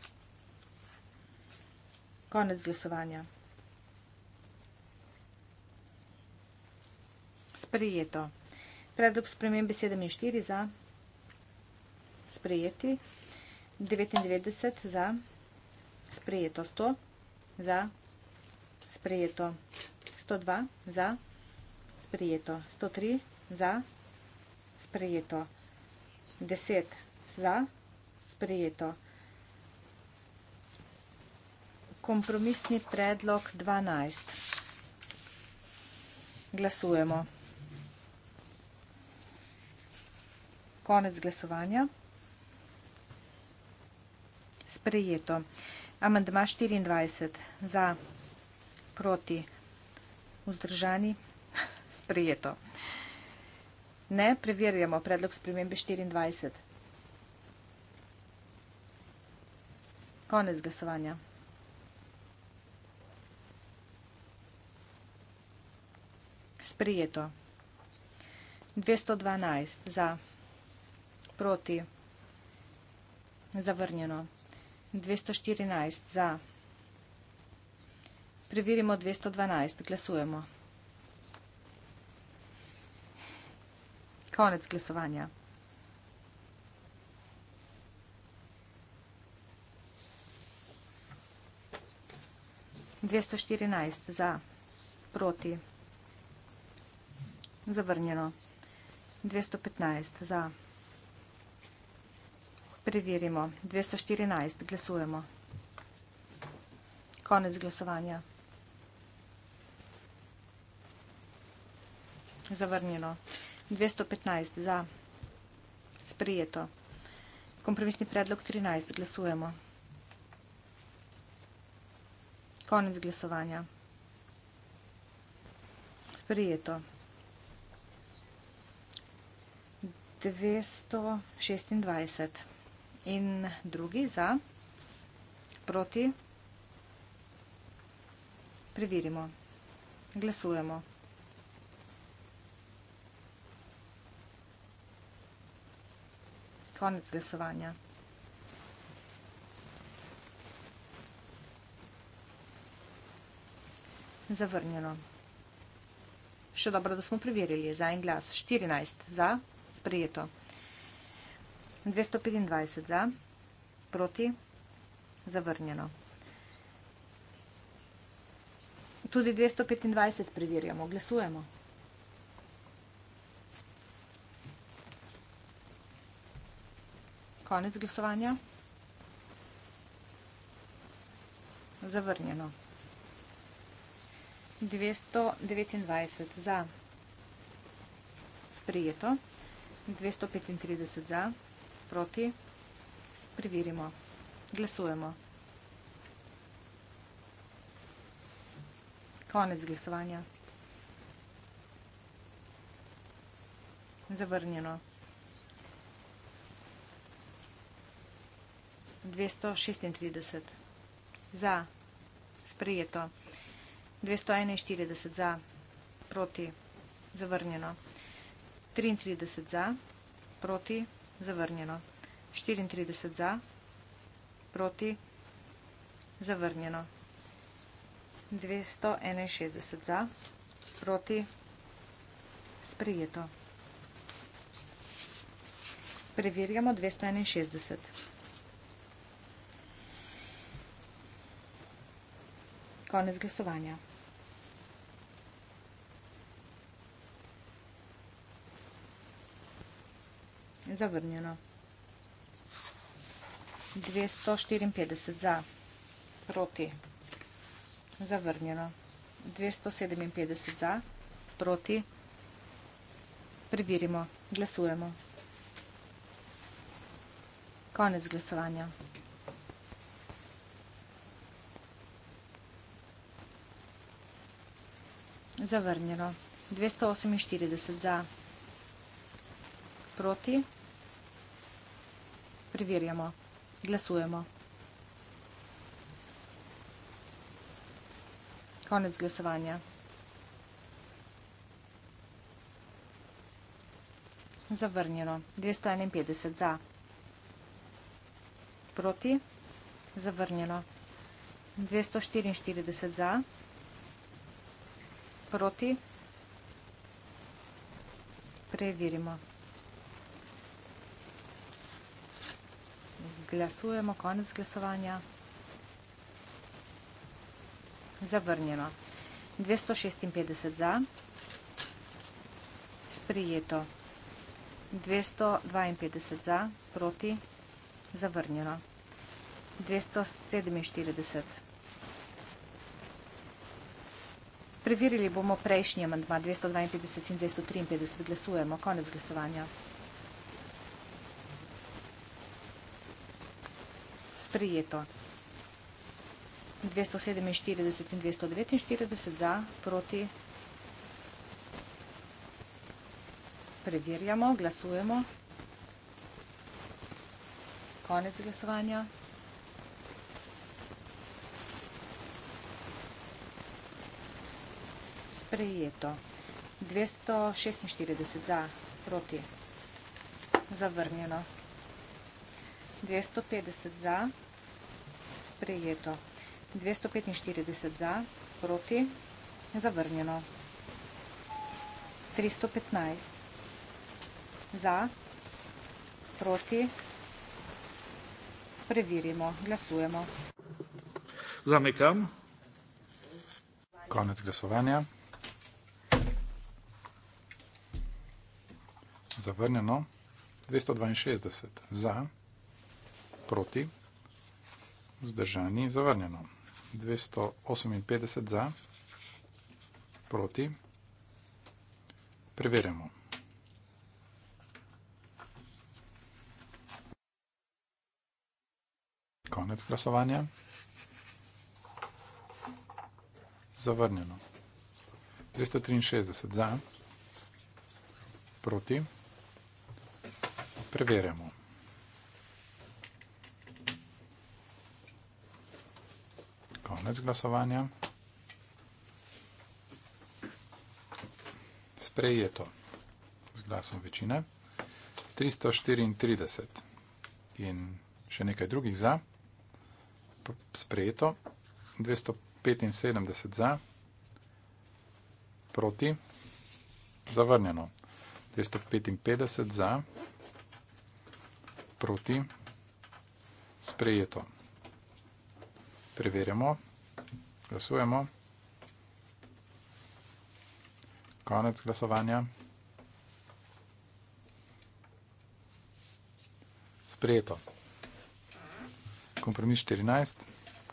Konec glasovanja. Sprejeto predlog spremembe 7 in 4 za sprejeti, 99 za sprejeto 100, za sprejeto 102, za sprejeto 103, za sprejeto 10, za sprejeto kompromisni predlog 12. Glasujemo. konec glasovanja. Sprejeto. Amandma 24 za proti vzdržani. Sprejeto. Ne, preverjamo predlog spremembe 24. Konec glasovanja. Sprejeto. 212 za proti vzdržani proti. Zavrnjeno. 214 za. Preverimo 212. Glasujemo. Konec glasovanja. Dvesto štirinajst za, proti, zavrnjeno, dvesto petnajst za, proti. Preverimo. 214. Glasujemo. Konec glasovanja. Zavrnjeno. 215. Za. Sprijeto. Kompromisni predlog 13. Glasujemo. Konec glasovanja. Sprijeto. 226. 226 in drugi za, proti, preverimo, glasujemo. Konec glasovanja. Zavrnjeno. Še dobro, da smo preverili. Za en glas 14 za sprejeto. 225 za, proti, zavrnjeno. Tudi 225 preverjamo, glasujemo. Konec glasovanja. Zavrnjeno. 229 za, sprijeto. 235 za, sprijeto proti? Preverimo. Glasujemo. Konec glasovanja. Zavrnjeno. 236 za. Sprejeto. 241 za. Proti. Zavrnjeno. 33 za. Proti zavrnjeno. 34 za, proti, zavrnjeno. 261 za, proti, sprejeto. Preverjamo 261. Konec glasovanja. zavrnjeno. 254 za, proti, zavrnjeno. 257 za, proti, preverimo, glasujemo. Konec glasovanja. Zavrnjeno. 248 za, proti, zavrnjeno preverjamo. Glasujemo. Konec glasovanja. Zavrnjeno. 251 za. Proti. Zavrnjeno. 244 za. Proti. Preverimo. glasujemo, konec glasovanja. Zavrnjeno. 256 za. Sprijeto. 252 za, proti, zavrnjeno. 247. Preverili bomo prejšnji amandma 252 in 253. Glasujemo. Konec glasovanja. sprejeto. 247 in 249 za, proti. Preverjamo, glasujemo. Konec glasovanja. Sprejeto. 246 za, proti. Zavrnjeno. 250 za, sprejeto. 245 za, proti, zavrnjeno. 315 za, proti, preverimo, glasujemo. Zamekam. Konec glasovanja. Zavrnjeno. 262 za proti, vzdržani, zavrnjeno. 258 za, proti, preverjamo. Konec glasovanja. Zavrnjeno. 263 za, proti, preverjamo. konec glasovanja. Sprejeto z glasom večine. 334 in še nekaj drugih za. Sprejeto. 275 za. Proti. Zavrnjeno. 255 za. Proti. Sprejeto. Preverjamo. Glasujemo. Konec glasovanja. Sprejeto. Kompromis 14.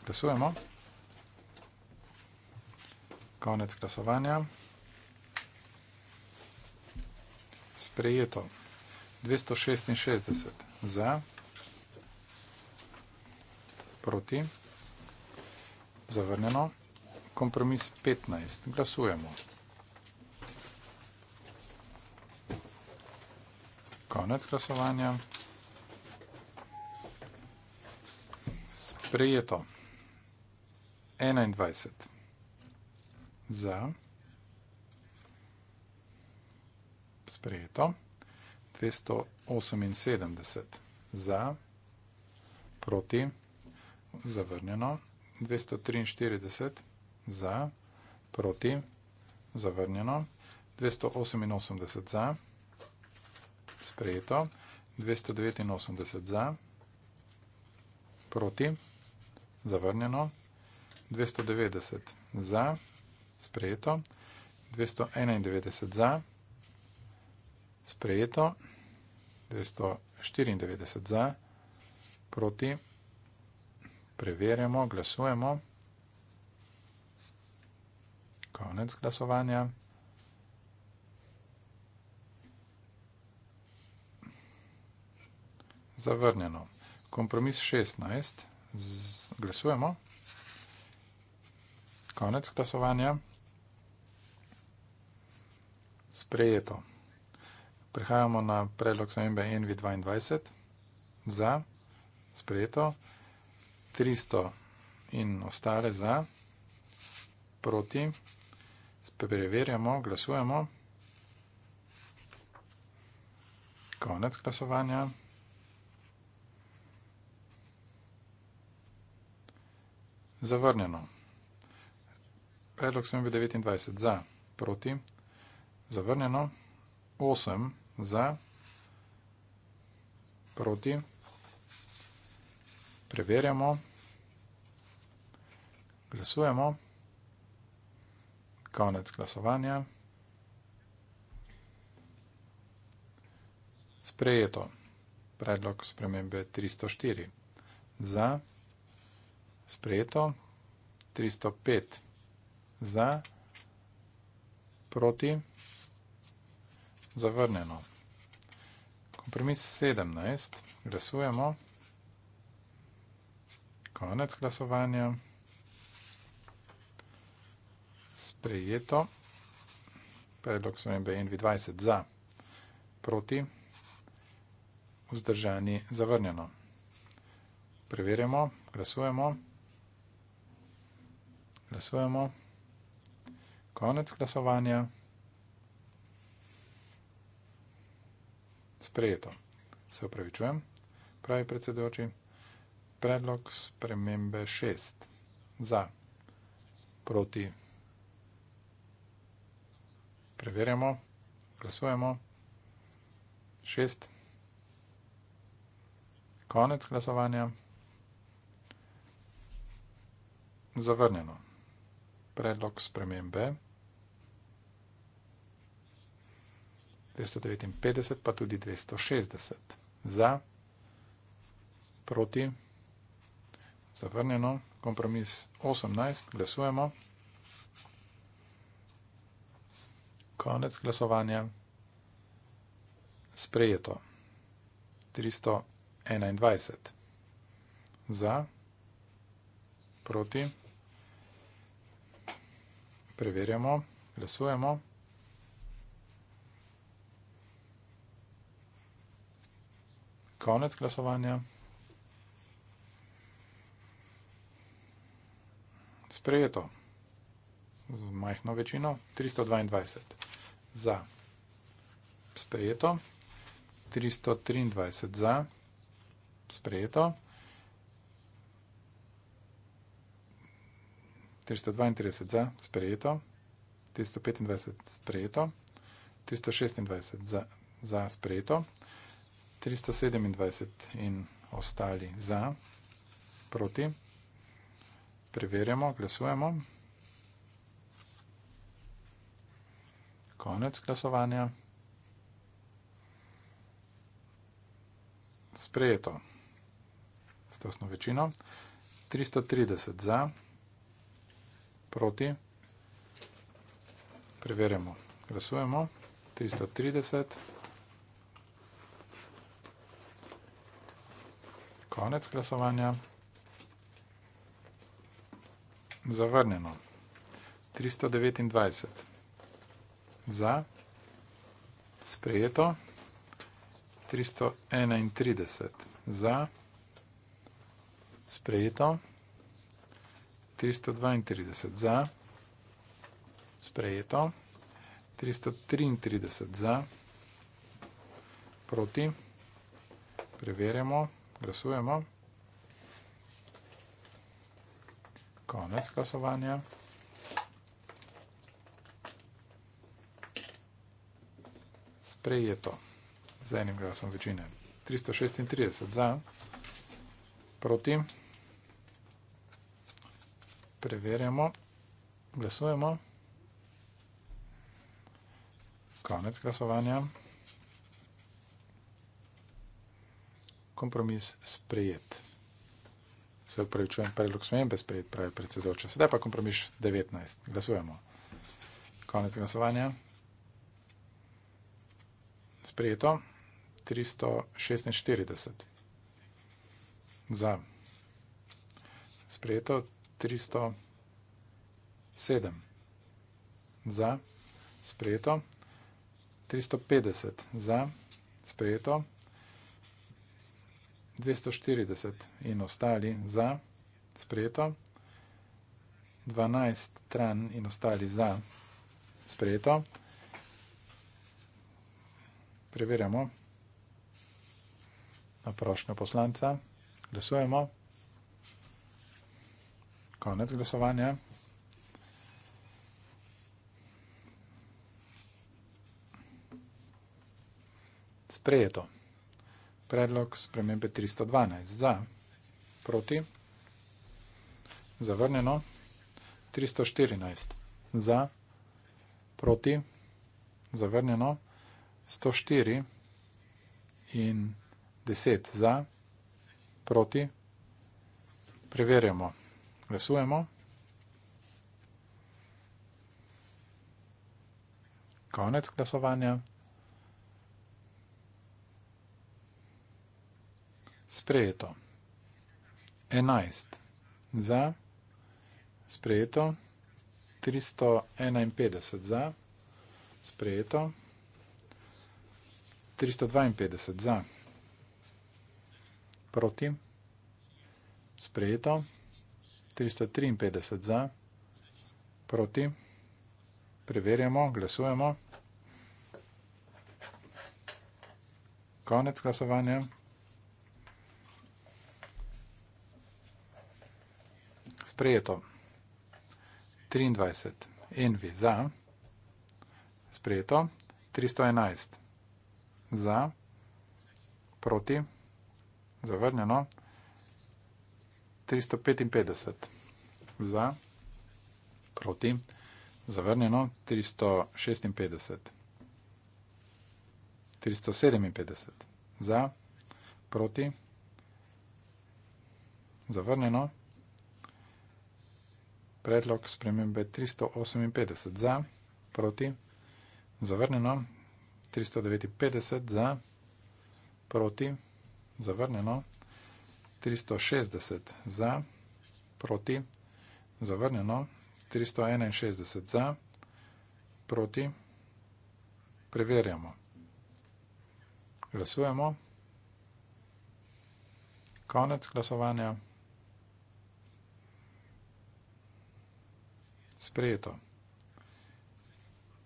Glasujemo. Konec glasovanja. Sprejeto. 266 za. Proti. Zavrnjeno. Kompromis 15. Glasujemo. Konec glasovanja. Sprejeto. 21. Za. Sprejeto. 278. Za. Proti. Zavrnjeno. 243 za, proti, zavrnjeno, 288 za, sprejeto, 289 za, proti, zavrnjeno, 290 za, sprejeto, 291 za, sprejeto, 294 za, proti, zavrnjeno, preverjamo, glasujemo. Konec glasovanja. Zavrnjeno. Kompromis 16. Glasujemo. Konec glasovanja. Sprejeto. Prehajamo na predlog zamembe NV22. Za. Sprejeto. 300 in ostale za, proti, preverjamo, glasujemo. Konec glasovanja. Zavrnjeno. Predlog smo bili 29 za, proti, zavrnjeno, 8 za, proti, proti, Preverjamo, glasujemo, konec glasovanja. Sprejeto predlog spremembe 304. Za, sprejeto 305. Za, proti, zavrnjeno. Kompromis 17. Glasujemo konec glasovanja. Sprejeto. Predlog spremembe NV20 za, proti, vzdržani, zavrnjeno. Preverjamo, glasujemo. Glasujemo. Konec glasovanja. Sprejeto. Se upravičujem, pravi predsedujoči predlog spremembe šest. Za. Proti. Preverjamo. Glasujemo. Šest. Konec glasovanja. Zavrnjeno. Predlog spremembe. 259 pa tudi 260. Za. Proti. Zavrnjeno. Kompromis 18. Glasujemo. Konec glasovanja. Sprejeto. 321. Za. Proti. Preverjamo. Glasujemo. Konec glasovanja. sprejeto z majhno večino 322 za sprejeto 323 za sprejeto 332 za sprejeto 325 sprejeto 326 za, za sprejeto 327 in ostali za proti Preverjamo, glasujemo. Konec glasovanja. Sprejeto. Stosno večino. 330 za, proti. Preverjamo, glasujemo. 330. Konec glasovanja. Zavrnjeno. 329. Za. Sprejeto. 331. Za. Sprejeto. 332. Za. Sprejeto. 333. Za. Proti. Preverjamo. Glasujemo. Glasujemo. konec glasovanja. Sprejeto z enim glasom večine. 336 za, proti. Preverjamo, glasujemo. Konec glasovanja. Kompromis sprejet se upravičujem, predlog smembe sprejeti, pravi predsedoča. Sedaj pa kompromiš 19. Glasujemo. Konec glasovanja. Sprejeto. 346. Za. Sprejeto. 307. Za. Sprejeto. 350. Za. Sprejeto. 240 in ostali za, sprejeto. 12 stran in ostali za, sprejeto. Preverjamo na prošnjo poslanca. Glasujemo. Konec glasovanja. Sprejeto. Predlog spremembe 312 za, proti, zavrnjeno, 314 za, proti, zavrnjeno, 104 in 10 za, proti, preverjamo, glasujemo. Konec glasovanja. sprejeto. Enajst za, sprejeto. 351 za, sprejeto. 352 za, proti, sprejeto. 353 za, proti. Preverjamo, glasujemo. Konec glasovanja. sprejeto. 23. Envi za. Sprejeto. 311. Za. Proti. Zavrnjeno. 355. Za. Proti. Zavrnjeno. 356. 357. Za. Proti. Zavrnjeno predlog spremembe 358 za, proti, zavrnjeno, 359 za, proti, zavrnjeno, 360 za, proti, zavrnjeno, 361 za, proti, preverjamo. Glasujemo. Konec glasovanja. Sprejeto.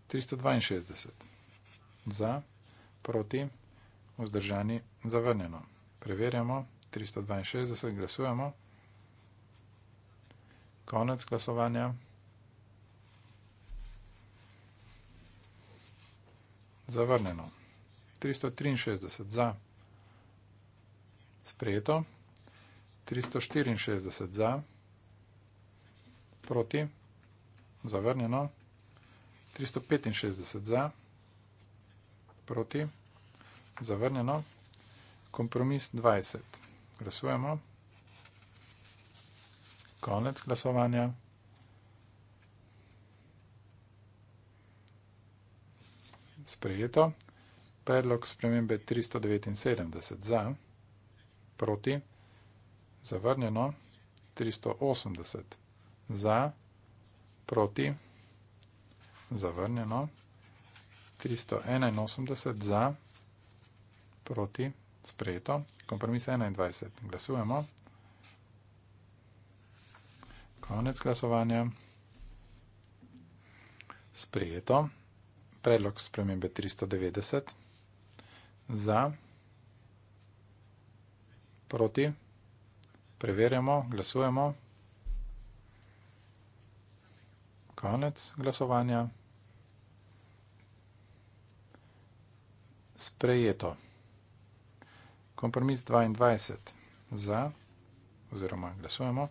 362. Za, proti, vzdržani, zavrnjeno. Preverjamo. 362 glasujemo. Konec glasovanja. Zavrnjeno. 363 za. Sprejeto. 364 za. Proti zavrnjeno, 365 za, proti, zavrnjeno, kompromis 20. Glasujemo. Konec glasovanja. Sprejeto. Predlog spremembe 379 za, proti, zavrnjeno, 380 za, proti, proti, zavrnjeno, 381 za, proti, sprejeto, kompromis 21, glasujemo, konec glasovanja, sprejeto, predlog spremembe 390 za, proti, preverjamo, glasujemo, glasujemo, konec glasovanja. Sprejeto. Kompromis 22 za, oziroma glasujemo.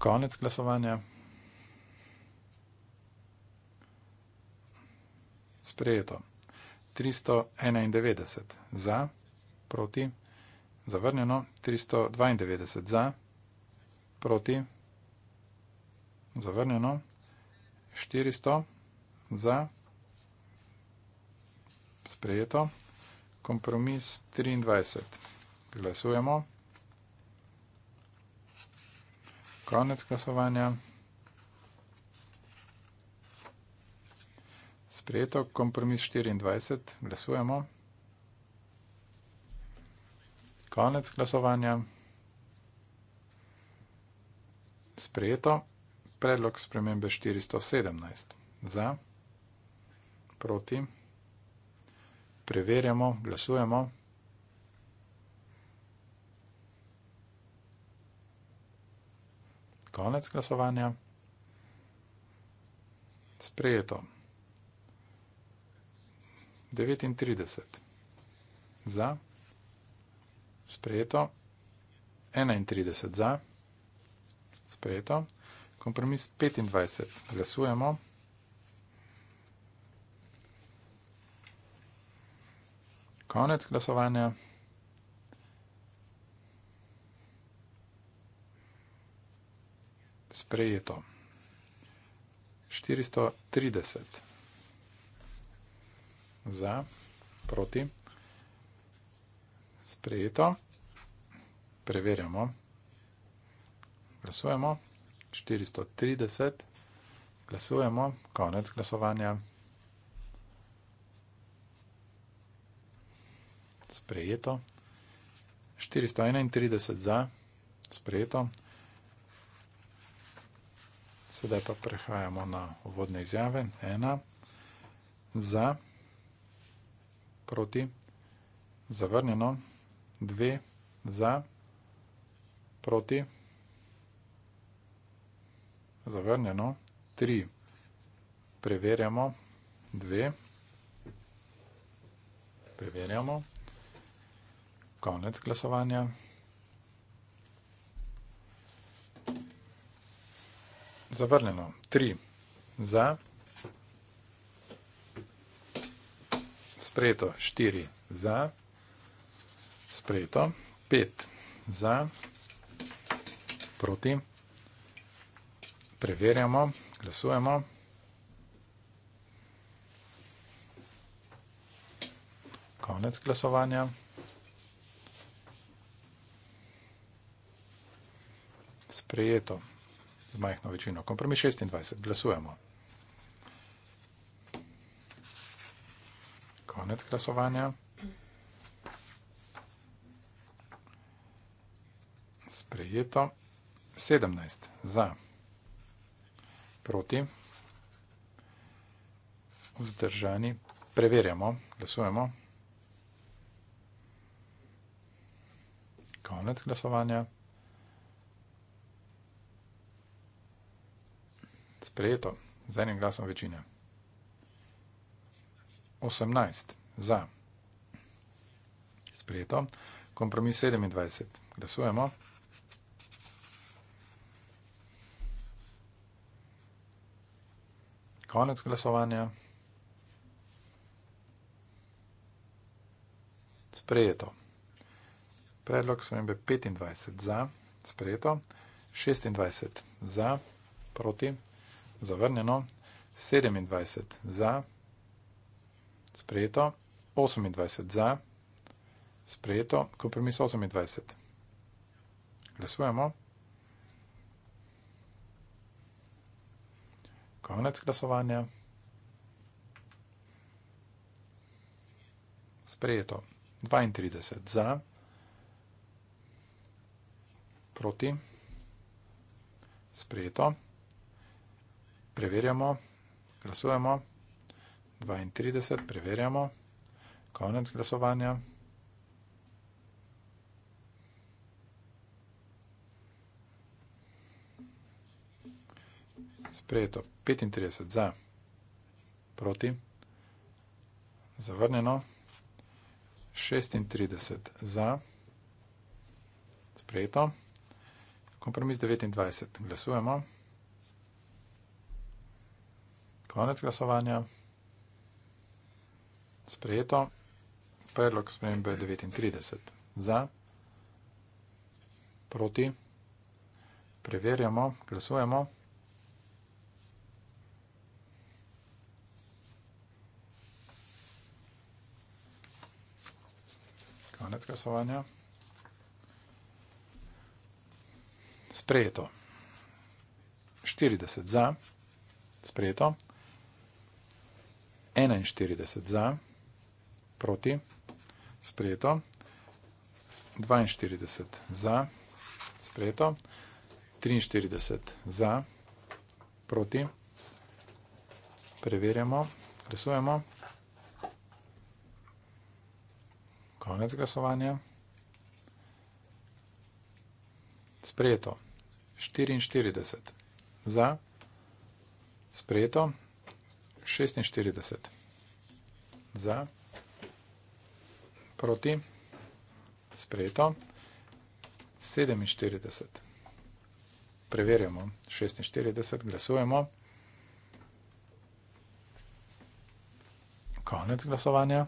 Konec glasovanja. Sprejeto. 391 za, proti, zavrnjeno. 392 za, proti, zavrnjeno zavrnjeno, 400 za, sprejeto, kompromis 23, glasujemo, konec glasovanja, sprejeto, kompromis 24, glasujemo, konec glasovanja, sprejeto, glasujemo, predlog spremembe 417. Za, proti, preverjamo, glasujemo. Konec glasovanja. Sprejeto. 39. Za. Sprejeto. 31. Za. Sprejeto. Kompromis 25. Glasujemo. Konec glasovanja. Sprejeto. 430. Za. Proti. Sprejeto. Preverjamo. Glasujemo. Glasujemo. 430, glasujemo, konec glasovanja. Sprejeto. 431 za, sprejeto. Sedaj pa prehajamo na uvodne izjave. Ena za, proti, zavrnjeno. Dve za, proti, zavrnjeno zavrnjeno, 3 preverjamo, 2 preverjamo, konec glasovanja. Zavrnjeno, 3 za, sprejeto, 4 za, sprejeto, 5 za, proti, 5 za, preverjamo, glasujemo. Konec glasovanja. Sprejeto z majhno večino. Kompromis 26. Glasujemo. Konec glasovanja. Sprejeto. 17. Za proti, vzdržani, preverjamo, glasujemo. Konec glasovanja. Sprejeto z enim glasom večine. 18 za. Sprejeto. Kompromis 27. Glasujemo. konec glasovanja. Sprejeto. Predlog spremembe 25 za, sprejeto, 26 za, proti, zavrnjeno, 27 za, sprejeto, 28 za, sprejeto, kompromis 28. Glasujemo. Konec glasovanja. Sprejeto 32 za, proti, sprejeto, preverjamo, glasujemo, 32, preverjamo, konec glasovanja. Prijeto 35 za, proti, zavrnjeno, 36 za, sprejeto, kompromis 29, glasujemo, konec glasovanja, sprejeto, predlog spremembe 39 za, proti, preverjamo, glasujemo, glasujemo, konec glasovanja. Sprejeto. 40 za. Sprejeto. 41 za. Proti. Sprejeto. 42 za. Sprejeto. 43 za. Proti. Preverjamo. Glasujemo. konec glasovanja. Sprejeto 44 za, sprejeto 46 za, proti, sprejeto 47. Preverjamo 46, glasujemo. Konec glasovanja.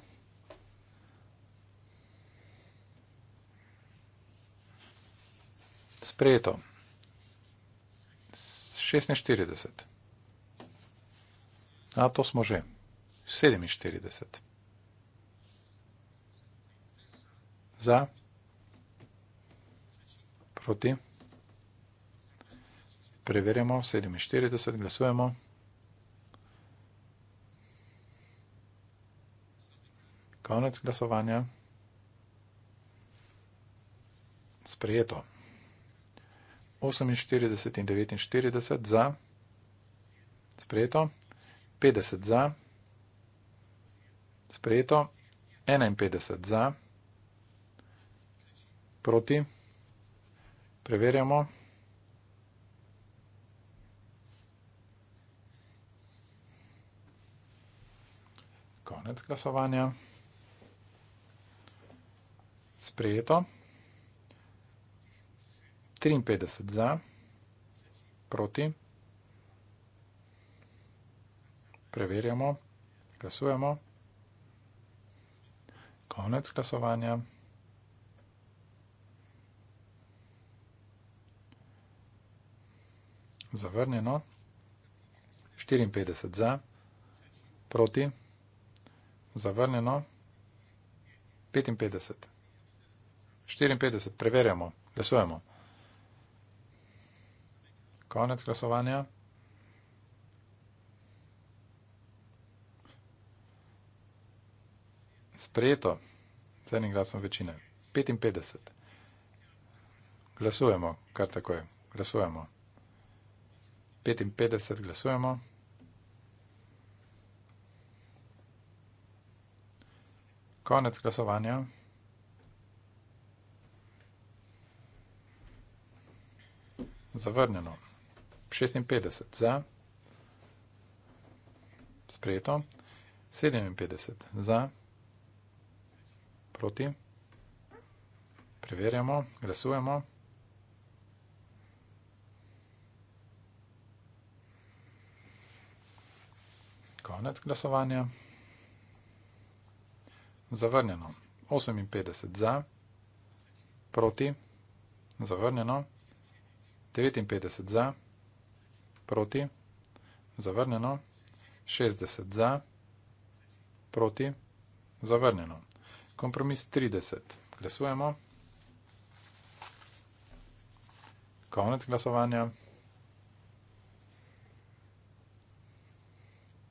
sprejeto. 46. A to smo že. 47. Za. Proti. Preverjamo. 47. Glasujemo. Konec glasovanja. Sprejeto. 48 in 49 za, sprejeto, 50 za, sprejeto, 51 za, proti, preverjamo. Konec glasovanja. Sprejeto. 53 za, proti. Preverjamo, glasujemo. Konec glasovanja. Zavrnjeno. 54 za, proti. Zavrnjeno. 55. 54, preverjamo, glasujemo. Konec glasovanja. Sprejeto, cenim glasom večine. 55. Glasujemo, kar tako je. Glasujemo. 55 glasujemo. Konec glasovanja. Zavrnjeno. 56 za, sprejeto, 57 za, proti, preverjamo, glasujemo. Konec glasovanja. Zavrnjeno. 58 za, proti, zavrnjeno, 59 za, proti proti, zavrnjeno, 60 za, proti, zavrnjeno. Kompromis 30, glasujemo. Konec glasovanja.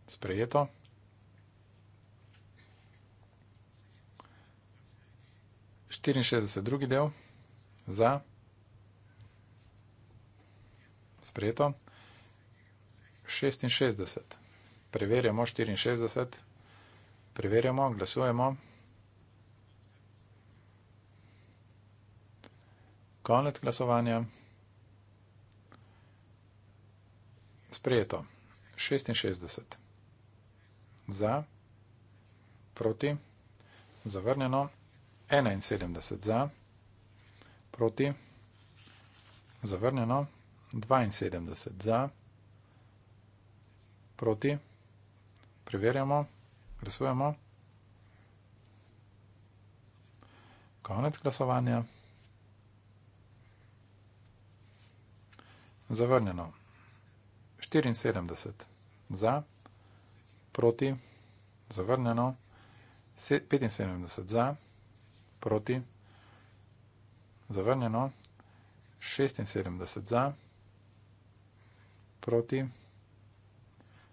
Sprejeto. Štirinšestdeset drugi del, za, sprejeto. 66. Preverjamo 64. Preverjamo, glasujemo. Konec glasovanja. Sprejeto. 66. Za. Proti. Zavrnjeno. 71. Za. Proti. Zavrnjeno. 72. Za proti, preverjamo, glasujemo. Konec glasovanja. Zavrnjeno. 74 za, proti, zavrnjeno. 75 za, proti, zavrnjeno. 76 za, proti.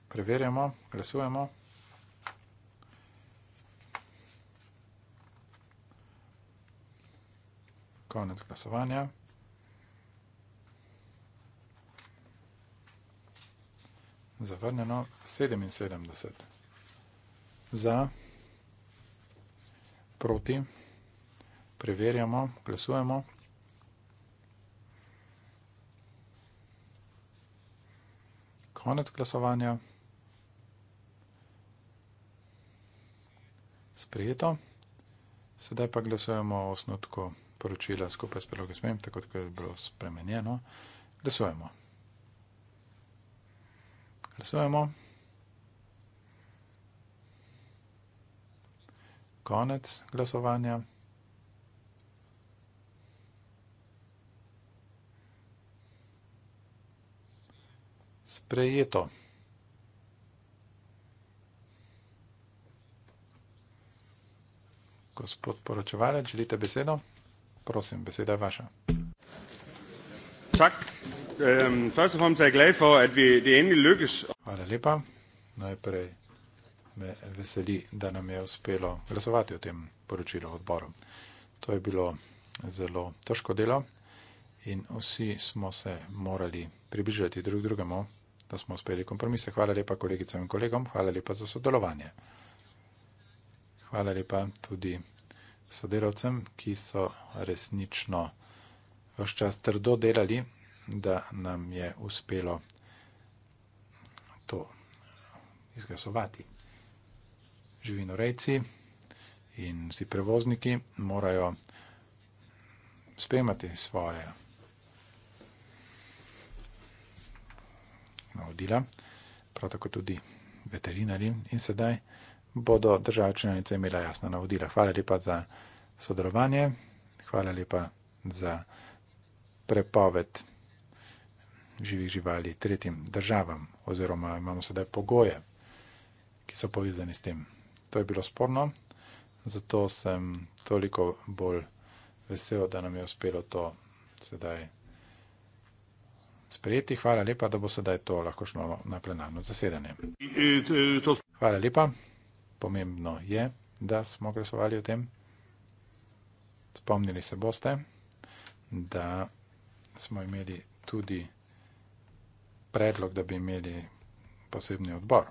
Preverjamo, glasujemo. Konec glasovanja. Zavrnjeno 77. Za, proti, preverjamo, glasujemo. Konec glasovanja. sprejeto. Sedaj pa glasujemo o osnutku poročila skupaj s prilogo smem, tako kot je bilo spremenjeno. Glasujemo. Glasujemo. Konec glasovanja. Sprejeto. Gospod poročevalec, želite besedo? Prosim, beseda je vaša. Er hvala lepa. Najprej me veseli, da nam je uspelo glasovati o tem poročilu odboru. To je bilo zelo težko delo in vsi smo se morali približati drug drugemu, da smo uspeli kompromise. Hvala lepa kolegicam in kolegom, hvala lepa za sodelovanje. Hvala lepa tudi sodelavcem, ki so resnično vse čas trdo delali, da nam je uspelo to izglasovati. Živinorejci in vsi prevozniki morajo spremati svoje navodila, prav tako tudi veterinari in sedaj bodo države članice imele jasna navodila. Hvala lepa za sodelovanje, hvala lepa za prepoved živih živali tretjim državam, oziroma imamo sedaj pogoje, ki so povezani s tem. To je bilo sporno, zato sem toliko bolj vesel, da nam je uspelo to sedaj sprejeti. Hvala lepa, da bo sedaj to lahko šlo na plenarno zasedanje. E, e, hvala lepa pomembno je, da smo glasovali o tem. Spomnili se boste, da smo imeli tudi predlog, da bi imeli posebni odbor.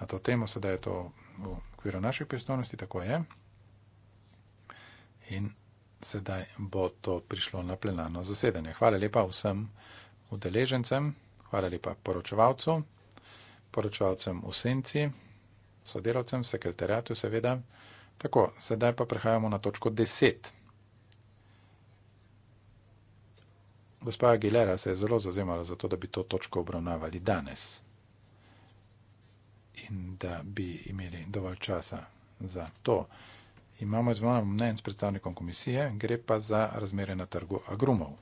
Na to temo sedaj je to v okviru naših pristojnosti, tako je. In sedaj bo to prišlo na plenarno zasedanje. Hvala lepa vsem udeležencem, hvala lepa poročevalcu, poročevalcem v senci sodelavcem, sekretarjatu seveda. Tako, sedaj pa prehajamo na točko 10. Gospa Aguilera se je zelo zazemala za to, da bi to točko obravnavali danes in da bi imeli dovolj časa za to. Imamo izmenjavo mnen s predstavnikom komisije, gre pa za razmere na trgu agrumov.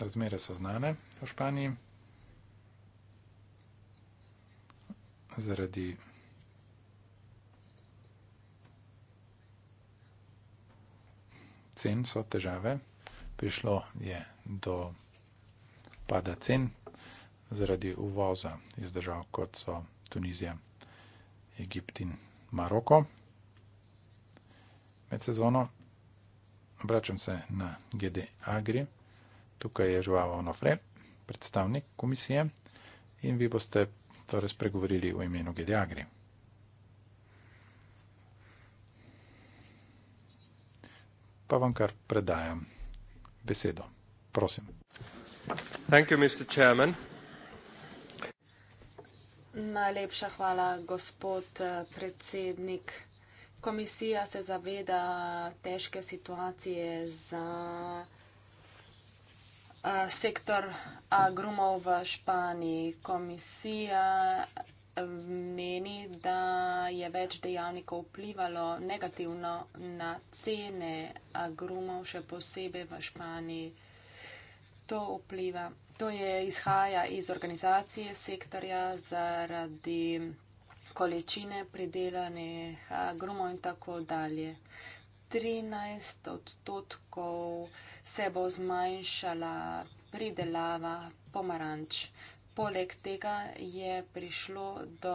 Razmere so znane v Španiji. Zaradi cen so težave. Prišlo je do pada cen zaradi uvoza iz držav, kot so Tunizija, Egipt in Maroko. Med sezono obračam se na GD Agri. Tukaj je Žuava Onofre, predstavnik komisije in vi boste torej spregovorili v imenu Gediagri. Pa vam kar predajam besedo. Prosim. Thank you, Mr. Chairman. Najlepša hvala, gospod eh, predsednik. Komisija se zaveda težke situacije za Eh, sektor agrumov v Španiji. Komisija eh, meni, da je več dejavnikov vplivalo negativno na cene agrumov, še posebej v Španiji. To vpliva. To je izhaja iz organizacije sektorja zaradi količine pridelane agrumov in tako dalje. 13 odstotkov se bo zmanjšala pridelava pomaranč. Poleg tega je prišlo do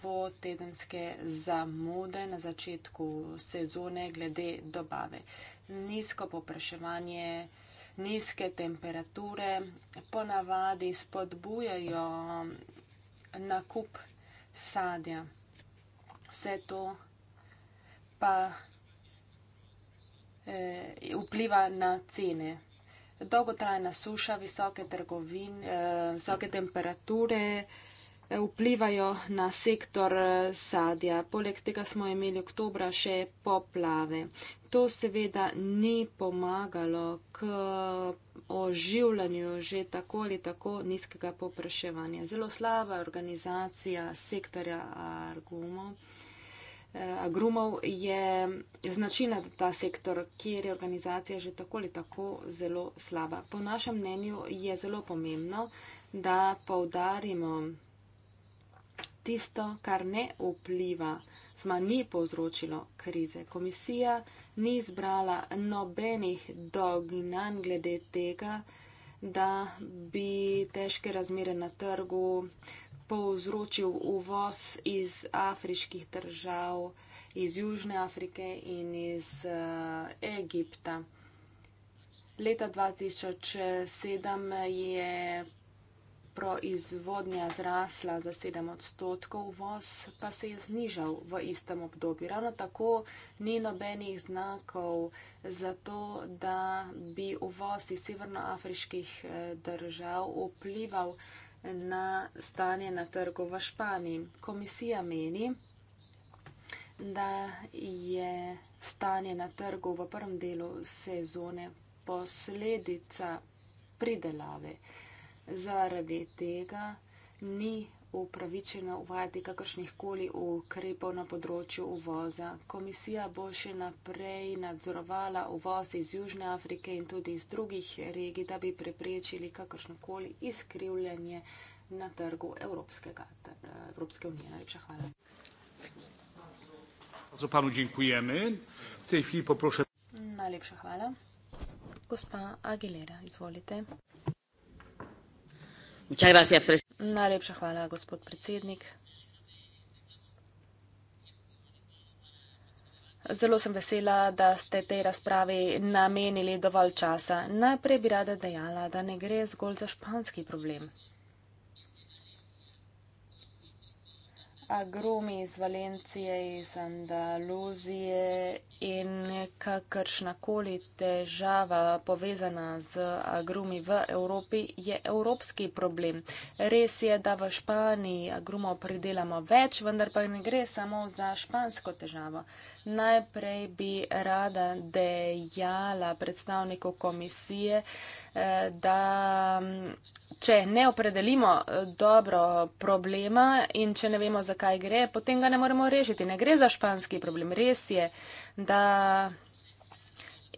dvotedenske zamude na začetku sezone glede dobave. Nizko popraševanje, nizke temperature ponavadi spodbujajo nakup sadja. Vse to pa Eh, vpliva na cene. Dolgotrajna suša, visoke trgovin, eh, visoke temperature eh, vplivajo na sektor sadja. Poleg tega smo imeli oktobra še poplave. To seveda ni pomagalo k oživljanju že tako ali tako nizkega popraševanja. Zelo slaba organizacija sektorja argumov. Eh, agrumov je značilna ta sektor, kjer je organizacija že tako ali tako zelo slaba. Po našem mnenju je zelo pomembno, da poudarimo tisto, kar ne vpliva, sma ni povzročilo krize. Komisija ni izbrala nobenih dognanj glede tega, da bi težke razmere na trgu povzročil uvoz iz afriških držav, iz Južne Afrike in iz uh, Egipta. Leta 2007 je proizvodnja zrasla za 7 odstotkov, voz pa se je znižal v istem obdobju. Ravno tako ni nobenih znakov za to, da bi uvoz iz severnoafriških eh, držav vplival na stanje na trgu v Španiji. Komisija meni, da je stanje na trgu v prvem delu sezone posledica pridelave. Zaradi tega ni upravičeno uvajati kakršnih koli ukrepov na področju uvoza. Komisija bo še naprej nadzorovala uvoz iz Južne Afrike in tudi iz drugih regij, da bi preprečili kakršno koli izkrivljanje na trgu Evropskega, Evropske unije. Najlepša hvala. Najlepša hvala. Gospa Aguilera, izvolite. Najlepša hvala, gospod predsednik. Zelo sem vesela, da ste tej razpravi namenili dovolj časa. Najprej bi rada dejala, da ne gre zgolj za španski problem. agromi iz Valencije, iz Andaluzije in kakršna koli težava povezana z agromi v Evropi je evropski problem. Res je, da v Španiji agromo pridelamo več, vendar pa ne gre samo za špansko težavo. Najprej bi rada dejala predstavniku komisije, eh, da mm, če ne opredelimo eh, dobro problema in če ne vemo, zakaj gre, potem ga ne moremo rešiti. Ne gre za španski problem. Res je, da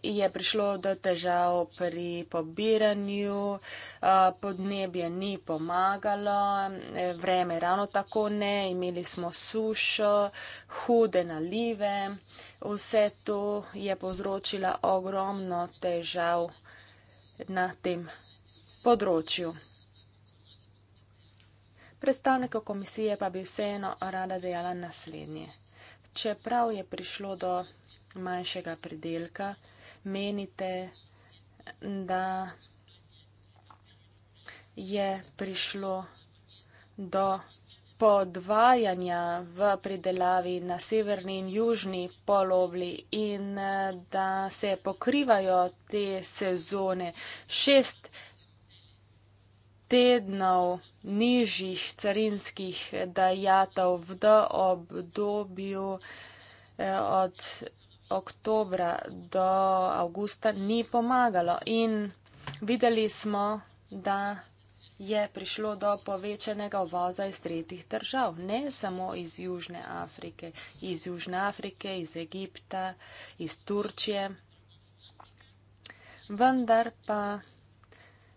je prišlo do težav pri pobiranju, podnebje ni pomagalo, vreme ravno tako ne, imeli smo sušo, hude nalive, vse to je povzročilo ogromno težav na tem področju. Predstavnika komisije pa bi vseeno rada dejala naslednje. Čeprav je prišlo do manjšega pridelka, menite, da je prišlo do podvajanja v pridelavi na severni in južni polobli in eh, da se pokrivajo te sezone. Šest tednov nižjih carinskih dajatov v obdobju eh, od oktobra do avgusta ni pomagalo in videli smo, da je prišlo do povečenega uvoza iz tretjih držav, ne samo iz Južne Afrike, iz Južne Afrike, iz Egipta, iz Turčije. Vendar pa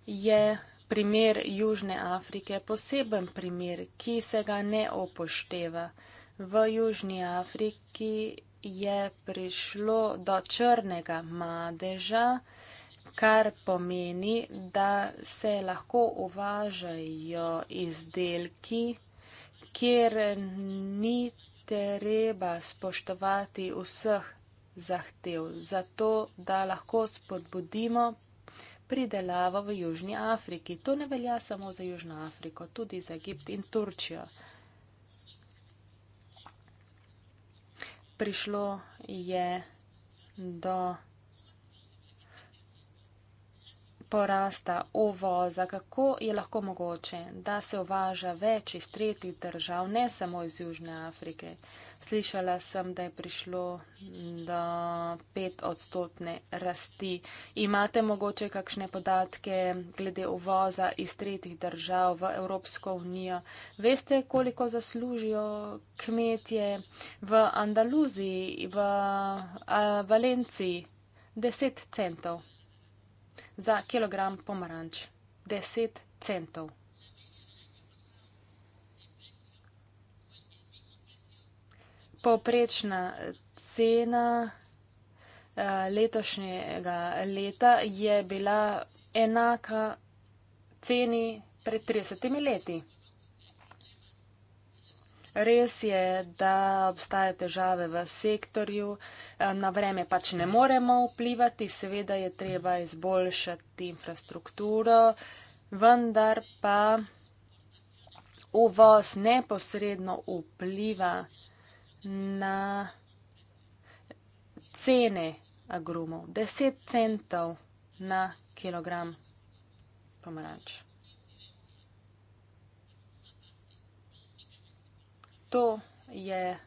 je primer Južne Afrike poseben primer, ki se ga ne upošteva. V Južni Afriki je prišlo do črnega madeža, kar pomeni, da se lahko uvažajo izdelki, kjer ni treba spoštovati vseh zahtev, zato da lahko spodbudimo pridelavo v Južni Afriki. To ne velja samo za Južno Afriko, tudi za Egipt in Turčijo. prišlo je do porasta uvoza, kako je lahko mogoče, da se uvaža več iz tretjih držav, ne samo iz Južne Afrike. Slišala sem, da je prišlo do pet odstotne rasti. Imate mogoče kakšne podatke glede uvoza iz tretjih držav v Evropsko unijo? Veste, koliko zaslužijo kmetje v Andaluziji, v Valenciji? 10 centov za kilogram pomaranč. 10 centov. Poprečna cena eh, letošnjega leta je bila enaka ceni pred 30 leti. Res je, da obstaja težave v sektorju, eh, na vreme pač ne moremo vplivati, seveda je treba izboljšati infrastrukturo, vendar pa uvoz neposredno vpliva na cene agrumov. 10 centov na kilogram pomarač. to je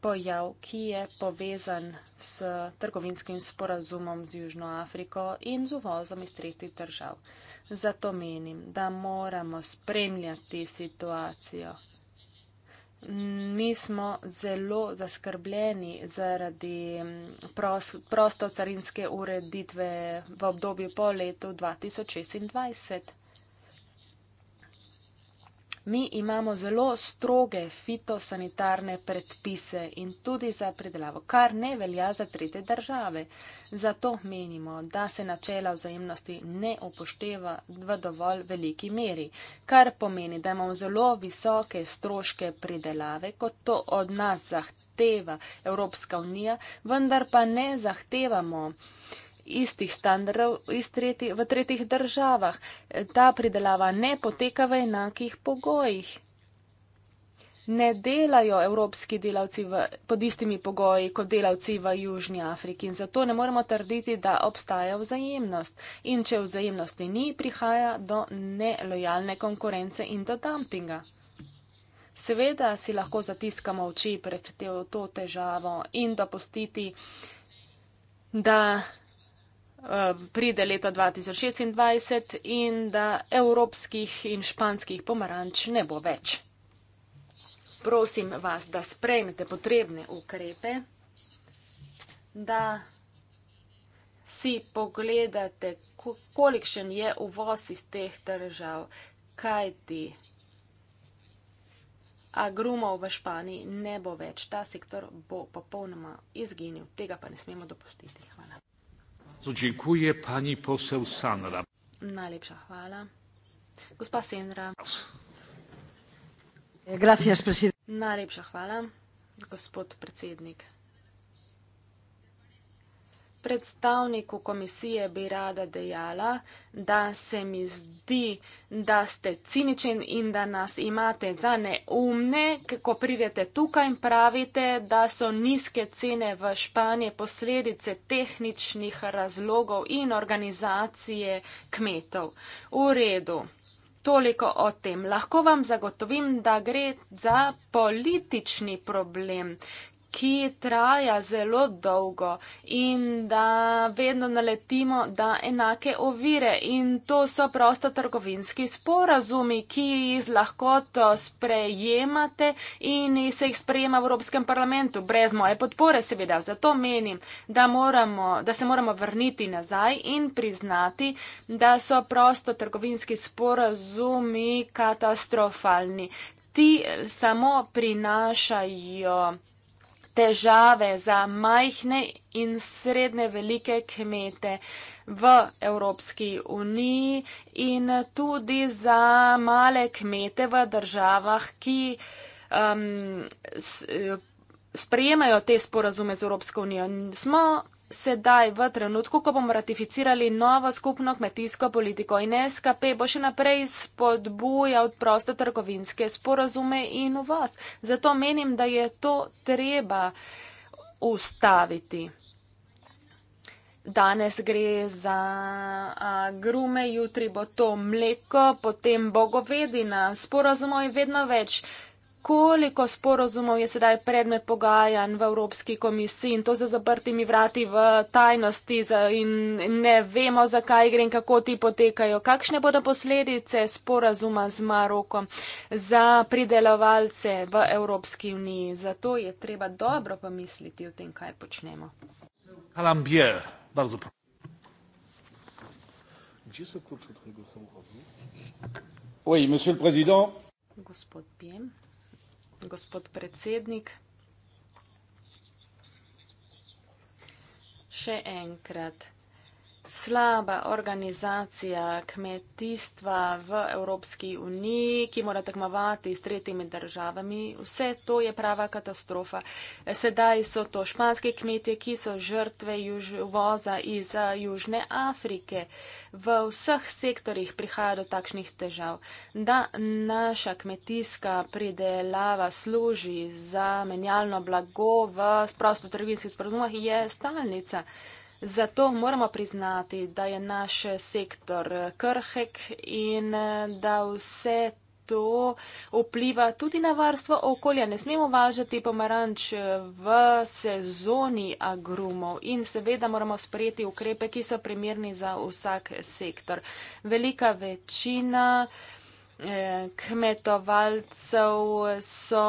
pojav, ki je povezan s trgovinskim sporazumom z Južno Afriko in z uvozom iz tretjih držav. Zato menim, da moramo spremljati situacijo. Mi smo zelo zaskrbljeni zaradi mm, prostocarinske ureditve v obdobju po letu 2026. Mi imamo zelo stroge fitosanitarne predpise in tudi za predelavo, kar ne velja za trete države. Zato menimo, da se načela vzajemnosti ne upošteva v dovolj veliki meri, kar pomeni, da imamo zelo visoke stroške predelave, kot to od nas zahteva Evropska unija, vendar pa ne zahtevamo istih standardov iz tretji, v tretjih državah. Ta pridelava ne poteka v enakih pogojih. Ne delajo evropski delavci v, pod istimi pogoji kot delavci v Južnji Afriki in zato ne moremo trditi, da obstaja vzajemnost. In če vzajemnosti ni, prihaja do nelojalne konkurence in do dumpinga. Seveda si lahko zatiskamo oči pred te, to težavo in dopustiti, da Um, pride leto 2026 in da evropskih in španskih pomaranč ne bo več. Prosim vas, da sprejmete potrebne ukrepe, da si pogledate, kolikšen je uvoz iz teh držav, kaj ti agrumov v Španiji ne bo več. Ta sektor bo popolnoma izginil. Tega pa ne smemo dopustiti. Hvala. Dziękuję pani poseł Sanra. Najlepsza chwała. Gospa Sanra. Gracias, presidente. Najlepsza chwała, gospod predsednik predstavniku komisije bi rada dejala, da se mi zdi, da ste ciničen in da nas imate za neumne, ko pridete tukaj in pravite, da so nizke cene v Španiji posledice tehničnih razlogov in organizacije kmetov. V redu. Toliko o tem. Lahko vam zagotovim, da gre za politični problem, ki traja zelo dolgo in da vedno naletimo na enake ovire in to so prosto trgovinski sporazumi, ki jih lahko to sprejemate in se jih sprejema v Evropskem parlamentu, brez moje podpore seveda. Zato menim, da, moramo, da se moramo vrniti nazaj in priznati, da so prosto trgovinski sporazumi katastrofalni. Ti samo prinašajo težave za majhne in srednje velike kmete v Evropski uniji in tudi za male kmete v državah, ki um, eh, sprejemajo te sporazume z Evropsko unijo. Smo sedaj, v trenutku, ko bomo ratificirali novo skupno kmetijsko politiko in SKP, bo še naprej spodbujal proste trgovinske sporazume in uvoz. Zato menim, da je to treba ustaviti. Danes gre za grume, jutri bo to mleko, potem bogovedina. Sporazumov je vedno več koliko sporozumov je sedaj predmet pogajanj v Evropski komisiji in to za zaprtimi vrati v tajnosti in ne vemo, zakaj gre in kako ti potekajo. Kakšne bodo posledice sporazuma z Marokom za pridelovalce v Evropski uniji? Zato je treba dobro pomisliti o tem, kaj počnemo. Gospod Pjem gospod predsednik. Še enkrat slaba organizacija kmetijstva v Evropski uniji, ki mora tekmovati s tretjimi državami. Vse to je prava katastrofa. Sedaj so to španske kmetje, ki so žrtve juž, voza iz eh, Južne Afrike. V vseh sektorjih prihaja do takšnih težav, da naša kmetijska pridelava služi za menjalno blago v prostotrgovinskih sporozumah je stalnica. Zato moramo priznati, da je naš sektor eh, krhek in eh, da vse to vpliva tudi na varstvo okolja. Ne smemo važati pomaranč eh, v sezoni agrumov in seveda moramo sprejeti ukrepe, ki so primerni za vsak sektor. Velika večina kmetovalcev so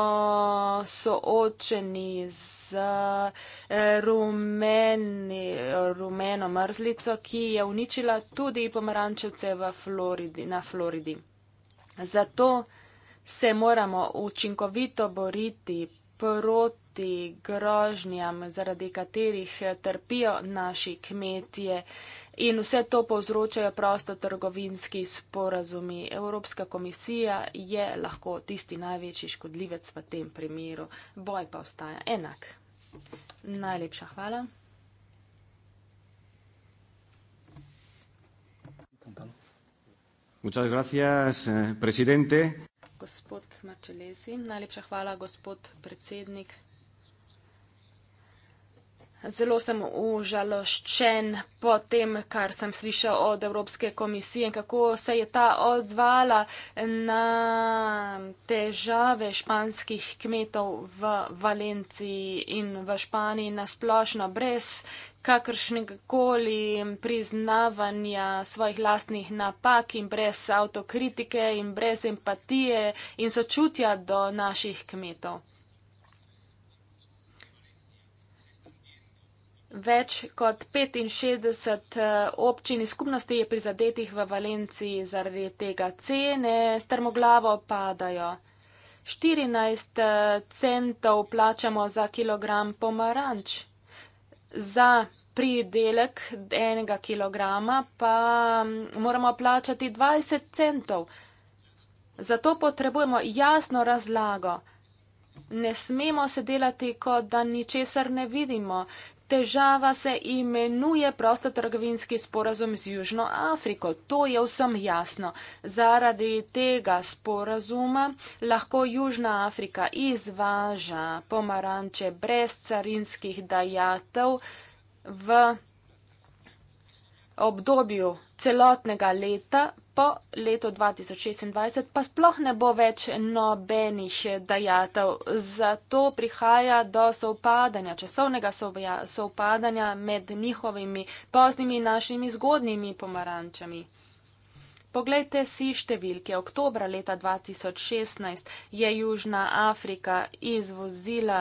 soočeni z eh, rumeni, rumeno mrzlico, ki je uničila tudi pomarančevce Floridi, na Floridi. Zato se moramo učinkovito boriti proti grožnjam, zaradi katerih trpijo naši kmetje. In vse to povzročajo prostotrgovinski sporazumi. Evropska komisija je lahko tisti največji škodljivec v tem primeru. Boj pa ostaja enak. Najlepša hvala. Muchas gracias, eh, presidente. Gospod Marčelesi, najlepša hvala, gospod predsednik. Zelo sem užaloščen po tem, kar sem slišal od Evropske komisije in kako se je ta odzvala na težave španskih kmetov v Valenciji in v Španiji nasplošno, brez kakršnega koli priznavanja svojih lastnih napak in brez avtokritike in brez empatije in sočutja do naših kmetov. Več kot 65 eh, občin in skupnosti je prizadetih v Valenciji zaradi tega. Cene strmoglavo padajo. 14 eh, centov plačamo za kilogram pomaranč. Za pridelek enega kilograma pa mm, moramo plačati 20 centov. Zato potrebujemo jasno razlago. Ne smemo se delati, kot da ničesar ne vidimo. Težava se imenuje prostotrgovinski sporazum z Južno Afriko, to je vsem jasno. Zaradi tega sporazuma lahko Južna Afrika izvaža pomaranče brez carinskih dajatev v obdobju celotnega leta, po letu 2026 pa sploh ne bo več nobenih dajatev. Zato prihaja do sovpadanja, časovnega sovpadanja med njihovimi poznimi in našimi zgodnimi pomarančami. Poglejte si številke. Oktobra leta 2016 je Južna Afrika izvozila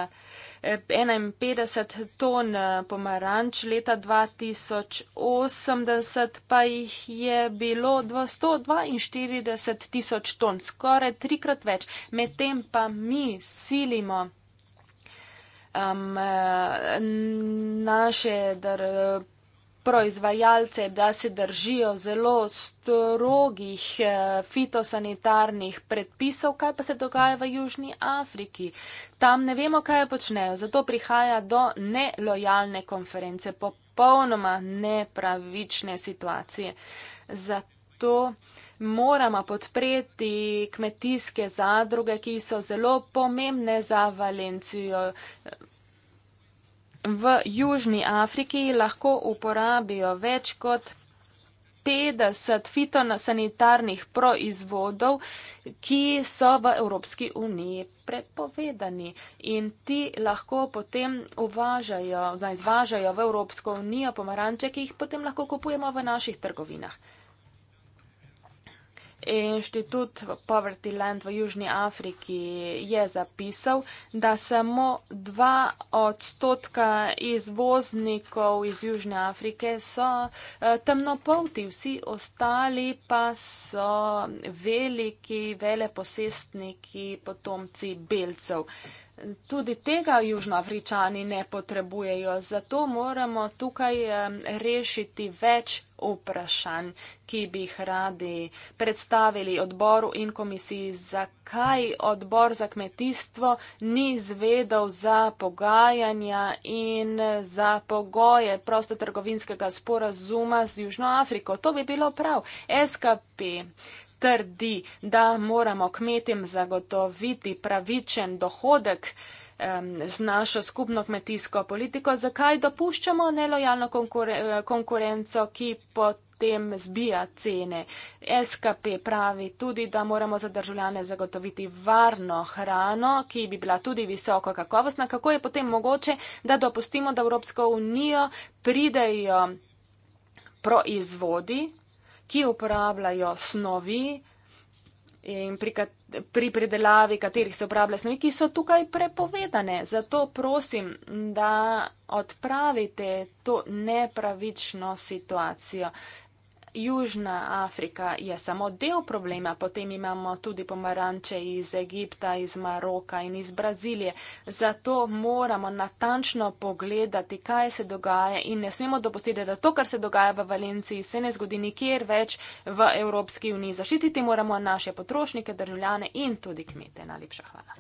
51 eh, ton eh, pomaranč, leta 2080 pa jih je bilo 142 tisoč ton, skoraj trikrat več. Medtem pa mi silimo. Um, eh, naše dr, proizvajalce, da se držijo zelo strogih eh, fitosanitarnih predpisov, kaj pa se dogaja v Južni Afriki. Tam ne vemo, kaj počnejo, zato prihaja do nelojalne konference, popolnoma nepravične situacije. Zato moramo podpreti kmetijske zadruge, ki so zelo pomembne za Valencijo v Južni Afriki lahko uporabijo več kot 50 fitosanitarnih proizvodov, ki so v Evropski uniji prepovedani in ti lahko potem uvažajo, oziroma izvažajo v Evropsko unijo pomaranče, ki jih potem lahko kupujemo v naših trgovinah. Inštitut Poverty Land v Južni Afriki je zapisal, da samo dva odstotka izvoznikov iz Južne Afrike so eh, temnopolti, vsi ostali pa so veliki veleposestniki potomci belcev tudi tega južnoafričani ne potrebujejo, zato moramo tukaj rešiti več vprašanj, ki bi jih radi predstavili odboru in komisiji, zakaj odbor za kmetijstvo ni zvedel za pogajanja in za pogoje prostotrgovinskega sporazuma z Južno Afriko. To bi bilo prav. SKP trdi, da moramo kmetim zagotoviti pravičen dohodek z našo skupno kmetijsko politiko, zakaj dopuščamo nelojalno konkurenco, ki potem zbija cene. SKP pravi tudi, da moramo za državljane zagotoviti varno hrano, ki bi bila tudi visoko kakovostna. Kako je potem mogoče, da dopustimo, da v Evropsko unijo pridejo proizvodi, ki uporabljajo snovi in pri, kat, pri predelavi katerih se uporabljajo snovi, ki so tukaj prepovedane. Zato prosim, da odpravite to nepravično situacijo. Južna Afrika je samo del problema, potem imamo tudi pomaranče iz Egipta, iz Maroka in iz Brazilije. Zato moramo natančno pogledati, kaj se dogaja in ne smemo dopustiti, da to, kar se dogaja v Valenciji, se ne zgodi nikjer več v Evropski uniji. Zaščititi moramo naše potrošnike, državljane in tudi kmete. Najlepša hvala.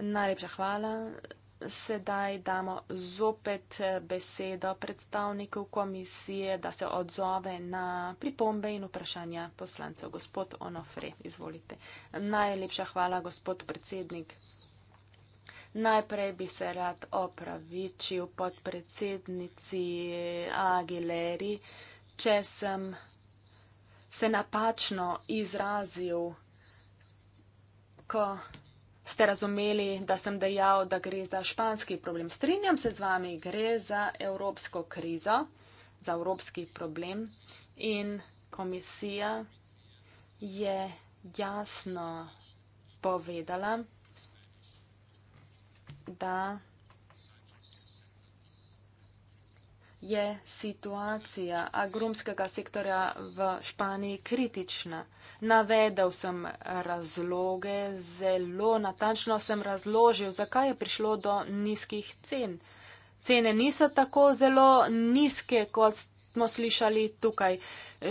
Najlepša hvala sedaj damo zopet eh, besedo predstavniku komisije, da se odzove na pripombe in vprašanja poslancev. Gospod Onofre, izvolite. Najlepša hvala, gospod predsednik. Najprej bi se rad opravičil podpredsednici Aguileri, če sem se napačno izrazil, ko ste razumeli, da sem dejal, da gre za španski problem. Strinjam se z vami, gre za evropsko krizo, za evropski problem in komisija je jasno povedala, da. je situacija agrumskega sektorja v Španiji kritična. Navedel sem razloge, zelo natančno sem razložil, zakaj je prišlo do nizkih cen. Cene niso tako zelo nizke, kot ste smo slišali tukaj.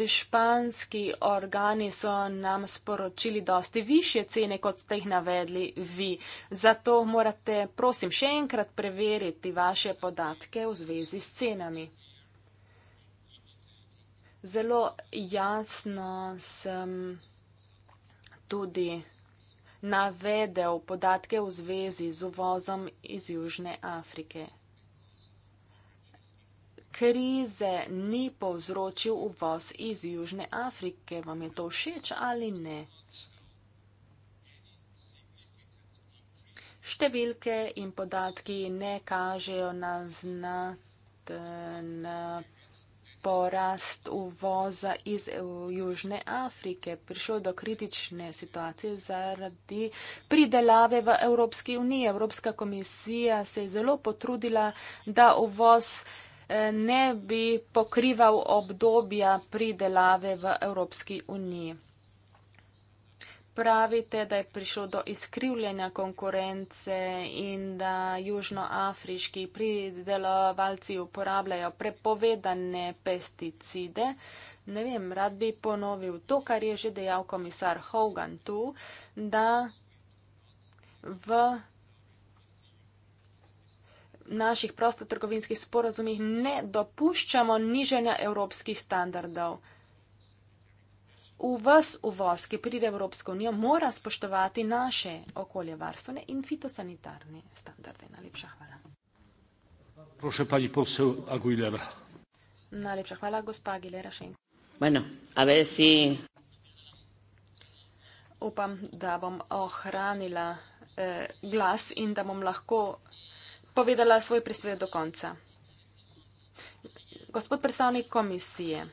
Španski organi so nam sporočili dosti više cene, kot ste jih navedli vi. Zato morate, prosim, še enkrat preveriti vaše podatke v zvezi s cenami. Zelo jasno sem tudi navedel podatke v zvezi z uvozom iz Južne Afrike krize ni povzročil uvoz iz Južne Afrike. Vam je to všeč ali ne? Številke in podatki ne kažejo na znaten porast uvoza iz eh, Južne Afrike. Prišlo je do kritične situacije zaradi pridelave v Evropski uniji. Evropska komisija se je zelo potrudila, da uvoz iz Južne Afrike ne bi pokrival obdobja pridelave v Evropski uniji. Pravite, da je prišlo do izkrivljanja konkurence in da južnoafriški pridelovalci uporabljajo prepovedane pesticide. Ne vem, rad bi ponovil to, kar je že dejal komisar Hogan tu, da v naših prostotrgovinskih sporozumih ne dopuščamo niženja evropskih standardov. Uvoz, uvoz, ki pride v Evropsko unijo, mora spoštovati naše okoljevarstvene in fitosanitarne standarde. Najlepša hvala. Prošle, pani posel Aguilera. Najlepša hvala, gospa Aguilera. Bueno, a ver si... Upam, da bom ohranila eh, glas in da bom lahko povedala svoj prispevek do konca. Gospod predstavnik komisije,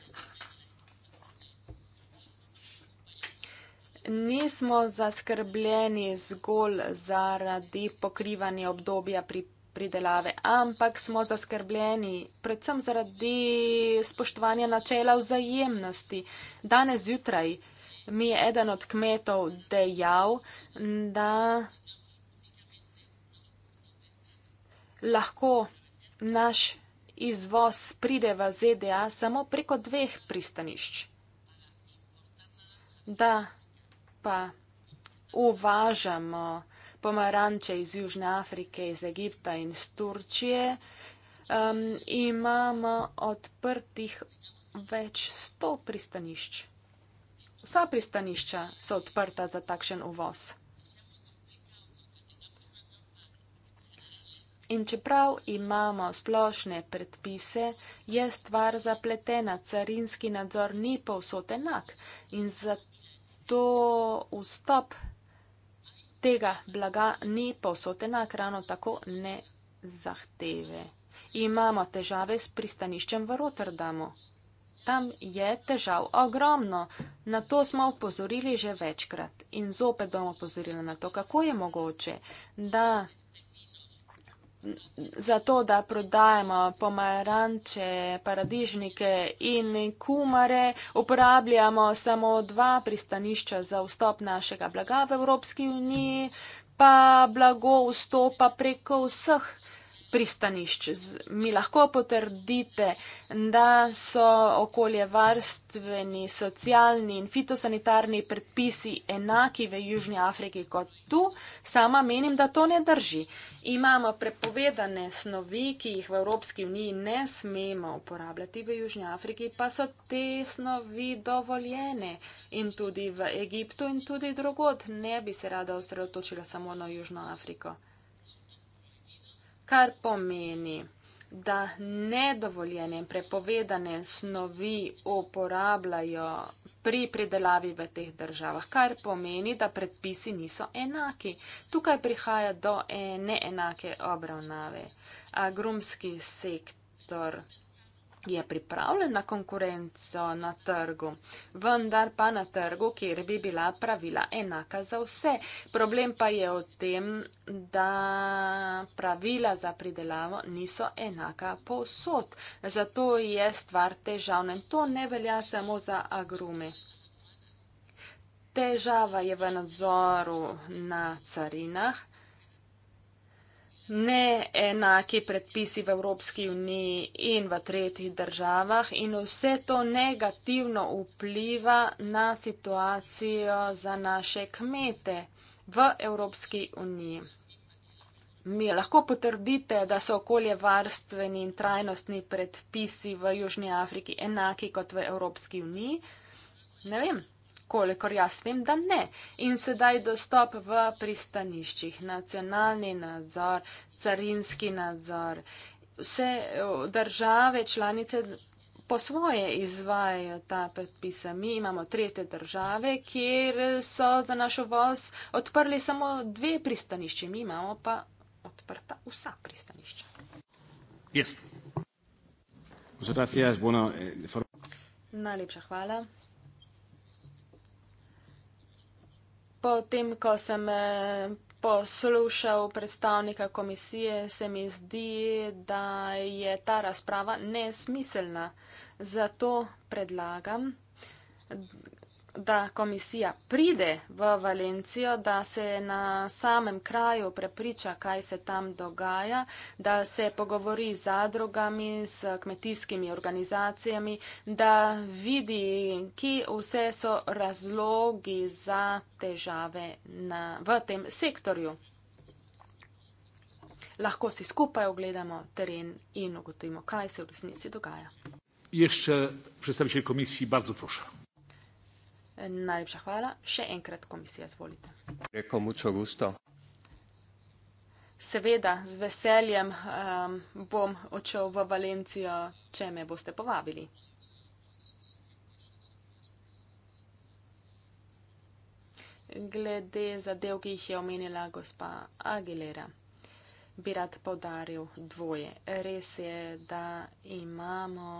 nismo zaskrbljeni zgolj zaradi pokrivanja obdobja pri pridelave, ampak smo zaskrbljeni predvsem zaradi spoštovanja načela vzajemnosti. Danes zjutraj mi je eden od kmetov dejal, da lahko naš izvoz pride v ZDA samo preko dveh pristanišč. Da pa uvažamo pomaranče iz Južne Afrike, iz Egipta in iz Turčije, um, imamo odprtih več sto pristanišč. Vsa pristanišča so odprta za takšen uvoz. In čeprav imamo splošne predpise, je stvar zapletena, carinski nadzor ni povsod enak in zato vstop tega blaga ni povsod enak, ravno tako ne zahteve. Imamo težave s pristaniščem v Rotterdamu. Tam je težav ogromno. Na to smo upozorili že večkrat in zopet bomo upozorili na to, kako je mogoče, da zato, da prodajamo pomaranče, paradižnike in kumare, uporabljamo samo dva pristanišča za vstop našega blaga v Evropski uniji, pa blago vstopa preko vseh pristanišč. Mi lahko potrdite, da so okoljevarstveni, socialni in fitosanitarni predpisi enaki v Južnji Afriki kot tu. Sama menim, da to ne drži. Imamo prepovedane snovi, ki jih v Evropski uniji ne smemo uporabljati v Južnji Afriki, pa so te snovi dovoljene in tudi v Egiptu in tudi drugod. Ne bi se rada osredotočila samo na Južno Afriko kar pomeni, da nedovoljene in prepovedane snovi uporabljajo pri predelavi v teh državah, kar pomeni, da predpisi niso enaki. Tukaj prihaja do neenake obravnave. Agrumski sektor je pripravljen na konkurenco na trgu, vendar pa na trgu, kjer bi bila pravila enaka za vse. Problem pa je v tem, da pravila za pridelavo niso enaka povsod. Zato je stvar težavna in to ne velja samo za agrume. Težava je v nadzoru na carinah, neenaki predpisi v Evropski uniji in v tretjih državah in vse to negativno vpliva na situacijo za naše kmete v Evropski uniji. Mi lahko potrdite, da so okoljevarstveni in trajnostni predpisi v Južnji Afriki enaki kot v Evropski uniji. Ne vem, kolikor jaz vem, da ne. In sedaj dostop v pristaniščih, nacionalni nadzor, carinski nadzor. Vse eh, države, članice po svoje izvajajo ta predpisa. Mi imamo trete države, kjer so za naš voz odprli samo dve pristanišči, mi imamo pa odprta vsa pristanišča. Yes. Eh, Najlepša hvala. Potem, ko sem eh, poslušal predstavnika komisije, se mi zdi, da je ta razprava nesmiselna. Zato predlagam da komisija pride v Valencijo, da se na samem kraju prepriča, kaj se tam dogaja, da se pogovori z zadrugami, s kmetijskimi organizacijami, da vidi, ki vse so razlogi za težave na, v tem sektorju. Lahko si skupaj ogledamo teren in ugotovimo, kaj se v resnici dogaja. Jaz, predstavitelj komisije, bardzo prosim. Najlepša hvala. Še enkrat komisija, izvolite. Reko, mučo gusto. Seveda, z veseljem um, bom odšel v Valencijo, če me boste povabili. Glede zadev, ki jih je omenila gospa Aguilera, bi rad povdaril dvoje. Res je, da imamo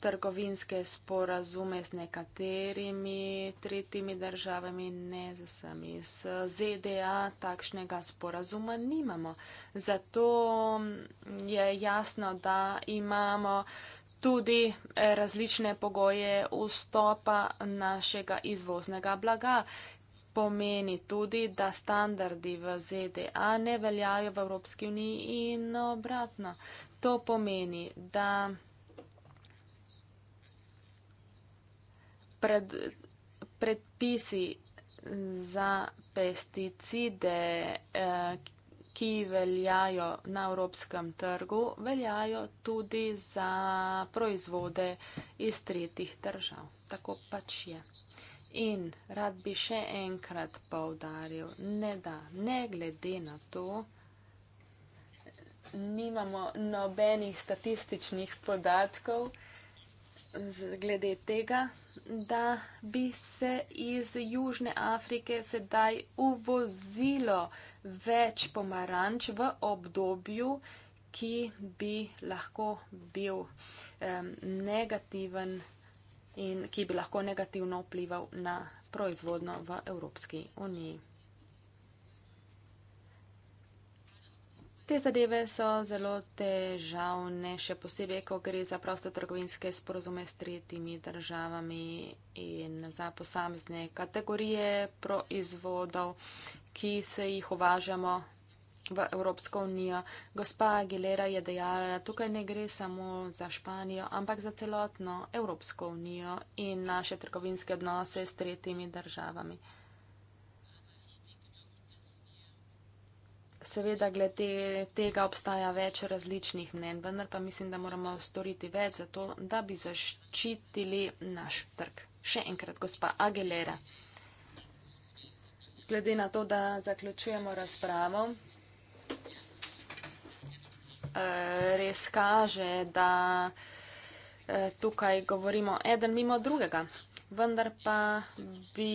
trgovinske sporazume z nekaterimi tretjimi državami, ne z vsemi. Z ZDA takšnega sporazuma nimamo. Zato je jasno, da imamo tudi različne pogoje vstopa našega izvoznega blaga. Pomeni tudi, da standardi v ZDA ne veljajo v Evropski uniji in obratno. To pomeni, da pred, predpisi za pesticide, eh, ki veljajo na evropskem trgu, veljajo tudi za proizvode iz tretjih držav. Tako pač je. In rad bi še enkrat povdaril, ne da ne glede na to, nimamo nobenih statističnih podatkov glede tega, da bi se iz Južne Afrike sedaj uvozilo več pomaranč v obdobju, ki bi lahko bil um, negativen in ki bi lahko negativno vplival na proizvodno v Evropski uniji. Te zadeve so zelo težavne, še posebej, ko gre za proste trgovinske sporozume s tretjimi državami in za posamezne kategorije proizvodov, ki se jih uvažamo v Evropsko unijo. Gospa Aguilera je dejala, tukaj ne gre samo za Španijo, ampak za celotno Evropsko unijo in naše trgovinske odnose s tretjimi državami. Seveda, glede tega obstaja več različnih mnen, vendar pa mislim, da moramo storiti več za to, da bi zaščitili naš trg. Še enkrat, gospa Aguilera. Glede na to, da zaključujemo razpravo, eh, res kaže, da eh, tukaj govorimo eden mimo drugega. Vendar pa bi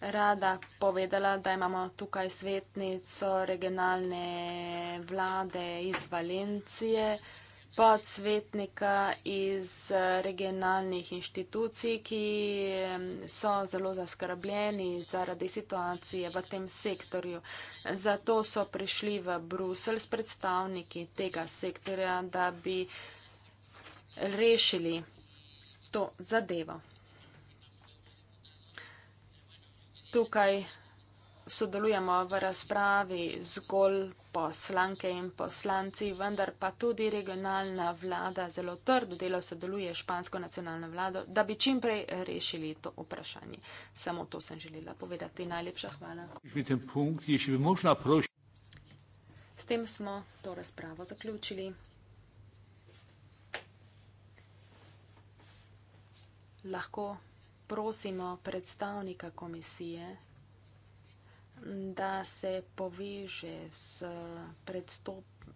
rada povedala, da imamo tukaj svetnico regionalne vlade iz Valencije, podsvetnika iz eh, regionalnih inštitucij, ki so zelo zaskrbljeni zaradi situacije v tem sektorju. Zato so prišli v Brusel s predstavniki tega sektorja, da bi rešili to zadevo. tukaj sodelujemo v razpravi zgolj poslanke in poslanci, vendar pa tudi regionalna vlada zelo trdo delo sodeluje špansko nacionalno vlado, da bi čim prej rešili to vprašanje. Samo to sem želela povedati. Najlepša hvala. S tem smo to razpravo zaključili. Lahko prosimo predstavnika komisije, da se poveže s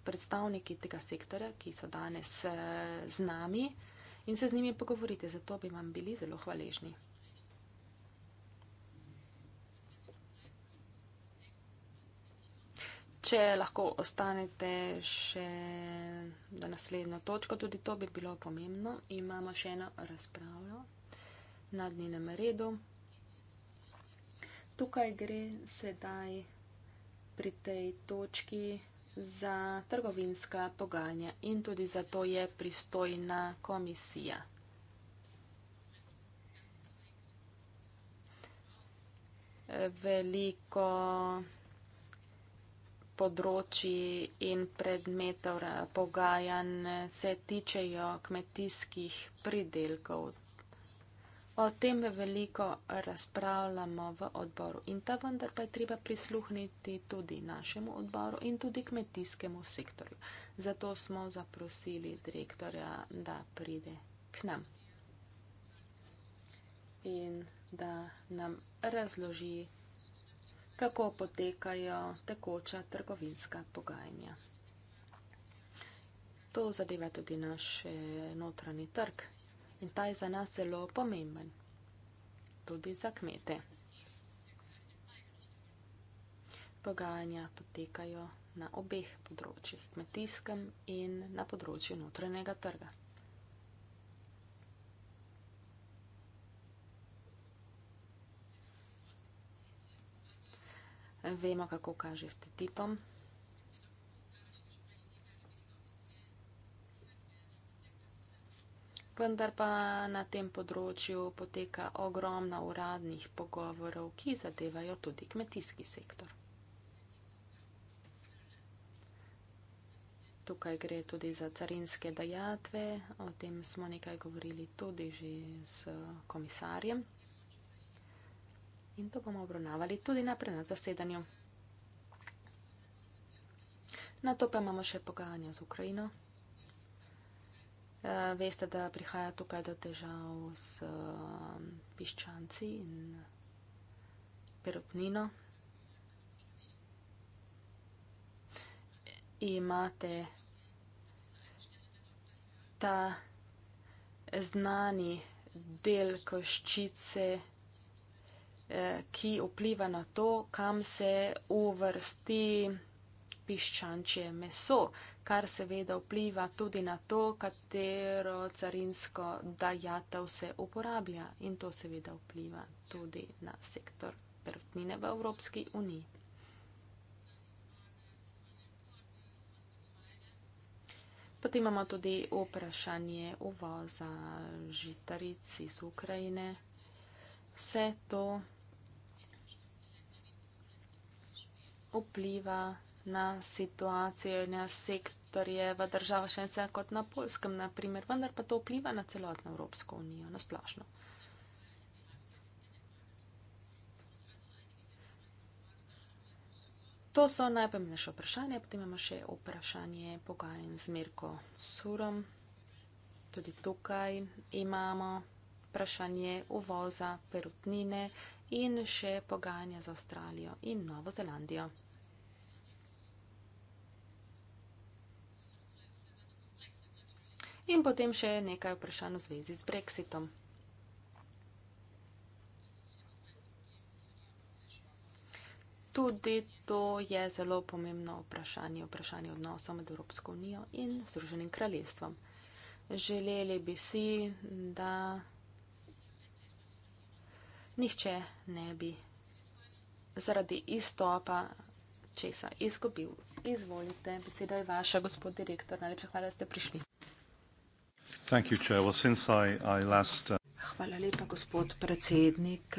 predstavniki tega sektora, ki so danes eh, z nami in se z njimi pogovorite. Zato bi vam bili zelo hvaležni. Če lahko ostanete še na naslednjo točko, tudi to bi bilo pomembno. Imamo še eno razpravljo na dnevnem redu. Tukaj gre sedaj pri tej točki za trgovinska pogajanja in tudi zato je pristojna komisija. Veliko področji in predmetov eh, pogajanj se tičejo kmetijskih pridelkov, O tem veliko razpravljamo v odboru in ta vendar pa je treba prisluhniti tudi našemu odboru in tudi kmetijskemu sektorju. Zato smo zaprosili direktorja, da pride k nam in da nam razloži, kako potekajo tekoča trgovinska pogajanja. To zadeva tudi naš notranji trg in ta je za nas zelo pomemben, tudi za kmete. Pogajanja potekajo na obeh področjih, kmetijskem in na področju notranjega trga. Vemo, kako kaže s TTIP-om. vendar pa na tem področju poteka ogromna uradnih pogovorov, ki zadevajo tudi kmetijski sektor. Tukaj gre tudi za carinske dajatve, o tem smo nekaj govorili tudi že s komisarjem. In to bomo obravnavali tudi naprej na zasedanju. Na to pa imamo še pogajanja z Ukrajino. Eh, veste, da prihaja tukaj do težav s eh, piščanci in perutnino. Imate ta znani del koščice, eh, ki vpliva na to, kam se uvrsti piščančje meso kar seveda vpliva tudi na to, katero carinsko dajatev se uporablja in to seveda vpliva tudi na sektor perutnine v Evropski uniji. Potem imamo tudi vprašanje uvoza žitaric iz Ukrajine. Vse to vpliva na situacijo in na sektor. Torjeva država Švedska kot na Polskem, naprimer, vendar pa to vpliva na celotno Evropsko unijo, na splošno. To so najpomembnejše vprašanja, potem imamo še vprašanje pogajanj z Mirko Surom. Tudi tukaj imamo vprašanje uvoza perutnine in še pogajanja z Avstralijo in Novo Zelandijo. in potem še nekaj vprašanj v zvezi z Brexitom. Tudi to je zelo pomembno vprašanje, vprašanje odnosov med Evropsko unijo in Združenim kraljestvom. Želeli bi si, da nihče ne bi zaradi izstopa česa izgubil. Izvolite, beseda je vaša, gospod direktor. Najlepša hvala, da ste prišli. Uh, Hvala lepa, gospod predsednik.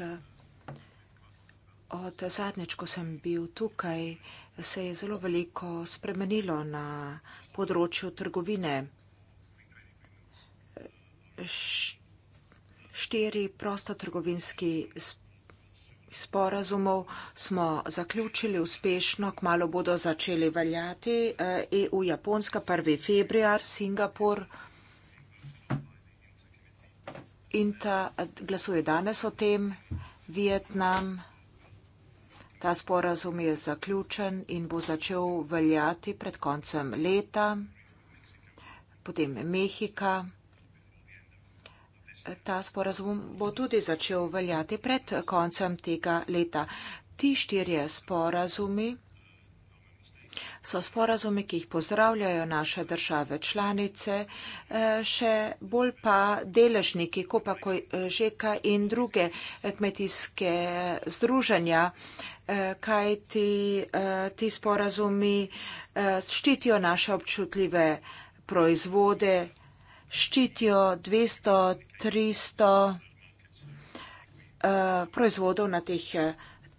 Od zadnjič, ko sem bil tukaj, se je zelo veliko spremenilo na področju trgovine. Štiri prostotrgovinski sporazumov smo zaključili uspešno, kmalo bodo začeli veljati EU eh, e Japonska 1. februar, Singapur 1 in ta glasuje danes o tem. Vietnam, ta sporazum je zaključen in bo začel veljati pred koncem leta, potem Mehika. Ta sporazum bo tudi začel veljati pred koncem tega leta. Ti štirje sporazumi so sporazumi, ki jih pozdravljajo naše države članice, eh, še bolj pa deležniki Kopa Žeka in druge kmetijske združenja, eh, kaj ti, eh, ti sporazumi ščitijo naše občutljive proizvode, ščitijo 200-300 proizvodov na teh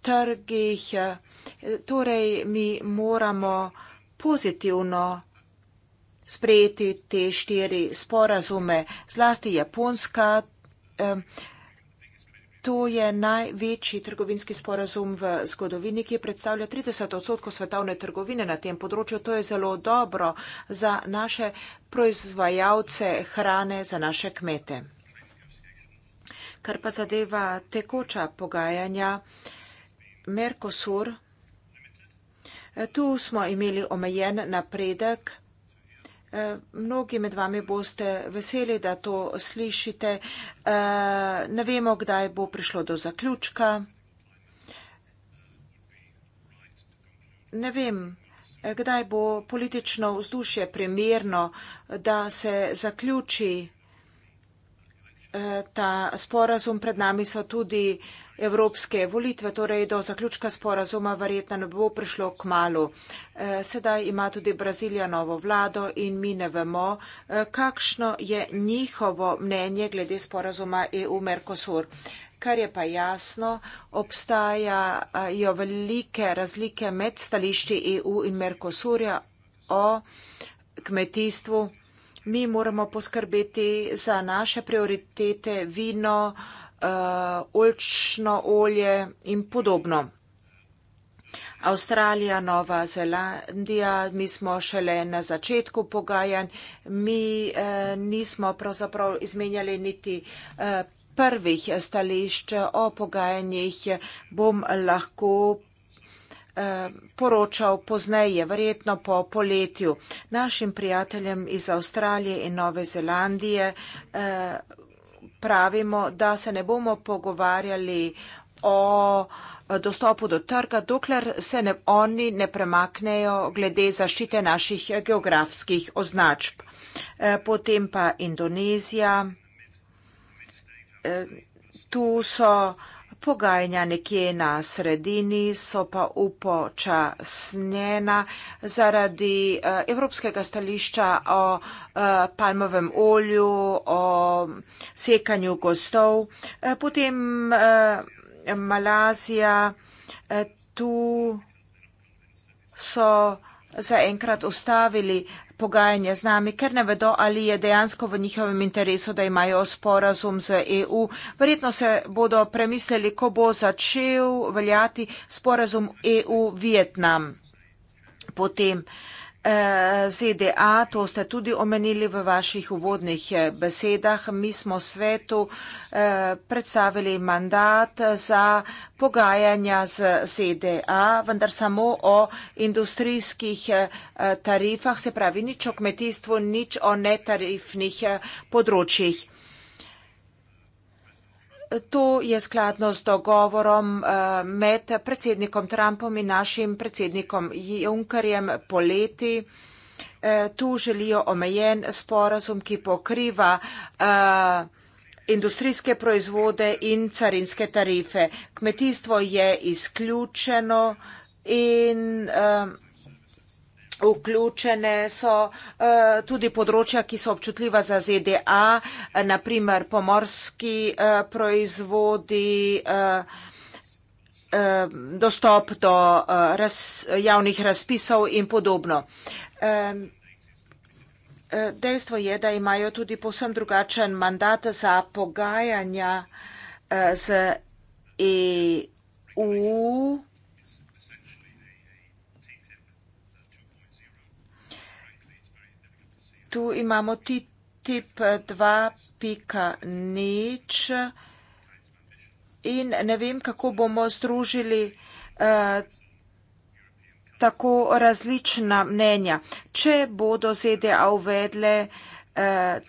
trgih. Torej, mi moramo pozitivno sprejeti te štiri sporazume, zlasti Japonska. To je največji trgovinski sporazum v zgodovini, ki predstavlja 30 odstotkov svetovne trgovine na tem področju. To je zelo dobro za naše proizvajalce hrane, za naše kmete. Kar pa zadeva tekoča pogajanja, Mercosur Tu smo imeli omejen napredek. Mnogi med vami boste veseli, da to slišite. Ne vemo, kdaj bo prišlo do zaključka. Ne vem, kdaj bo politično vzdušje primerno, da se zaključi eh, ta sporazum. Pred nami so tudi uh, evropske volitve, torej do zaključka sporazuma, verjetno ne bo prišlo k malu. E, sedaj ima tudi Brazilija novo vlado in mi ne vemo, e, kakšno je njihovo mnenje glede sporazuma EU-Mercosur. Kar je pa jasno, obstajajo velike razlike med stališči EU in Mercosurja o kmetijstvu. Mi moramo poskrbeti za naše prioritete, vino, uh, uh, eh, olčno olje in podobno. Avstralija, Nova Zelandija, mi smo šele na začetku pogajanj, mi eh, nismo pravzaprav izmenjali niti eh, prvih stališč o pogajanjih, bom lahko eh, poročal pozneje, verjetno po poletju. Našim prijateljem iz Avstralije in Nove Zelandije. Eh, pravimo, da se ne bomo pogovarjali o dostopu do trga, dokler se ne, oni ne premaknejo glede zaščite naših geografskih označb. E, potem pa Indonezija. E, tu so pogajanja nekje na sredini so pa upočasnjena zaradi eh, evropskega stališča o eh, palmovem olju, o sekanju gostov. Eh, potem Malazija, tu so zaenkrat ustavili pogajanja z nami, ker ne vedo, ali je dejansko v njihovem interesu, da imajo sporazum z EU. Verjetno se bodo premislili, ko bo začel veljati sporazum EU-Vietnam. Potem uh, ZDA, to ste tudi omenili v vaših uvodnih eh, besedah. Mi smo svetu eh, predstavili mandat za pogajanja z ZDA, vendar samo o industrijskih eh, tarifah, se pravi nič o kmetijstvu, nič o netarifnih področjih. To je skladno z dogovorom eh, med predsednikom Trumpom in našim predsednikom Junkerjem poleti. Eh, tu želijo omejen sporazum, ki pokriva eh, industrijske proizvode in carinske tarife. Kmetijstvo je izključeno in vključene so eh, tudi področja, ki so občutljiva za ZDA, naprimer pomorski eh, proizvodi, eh, dostop do javnih razpisov in podobno. Dejstvo je, da imajo tudi povsem drugačen mandat za pogajanja z EU-om, tu imamo TTIP 2.0 in ne vem, kako bomo združili eh, tako različna mnenja. Če bodo ZDA uvedle eh,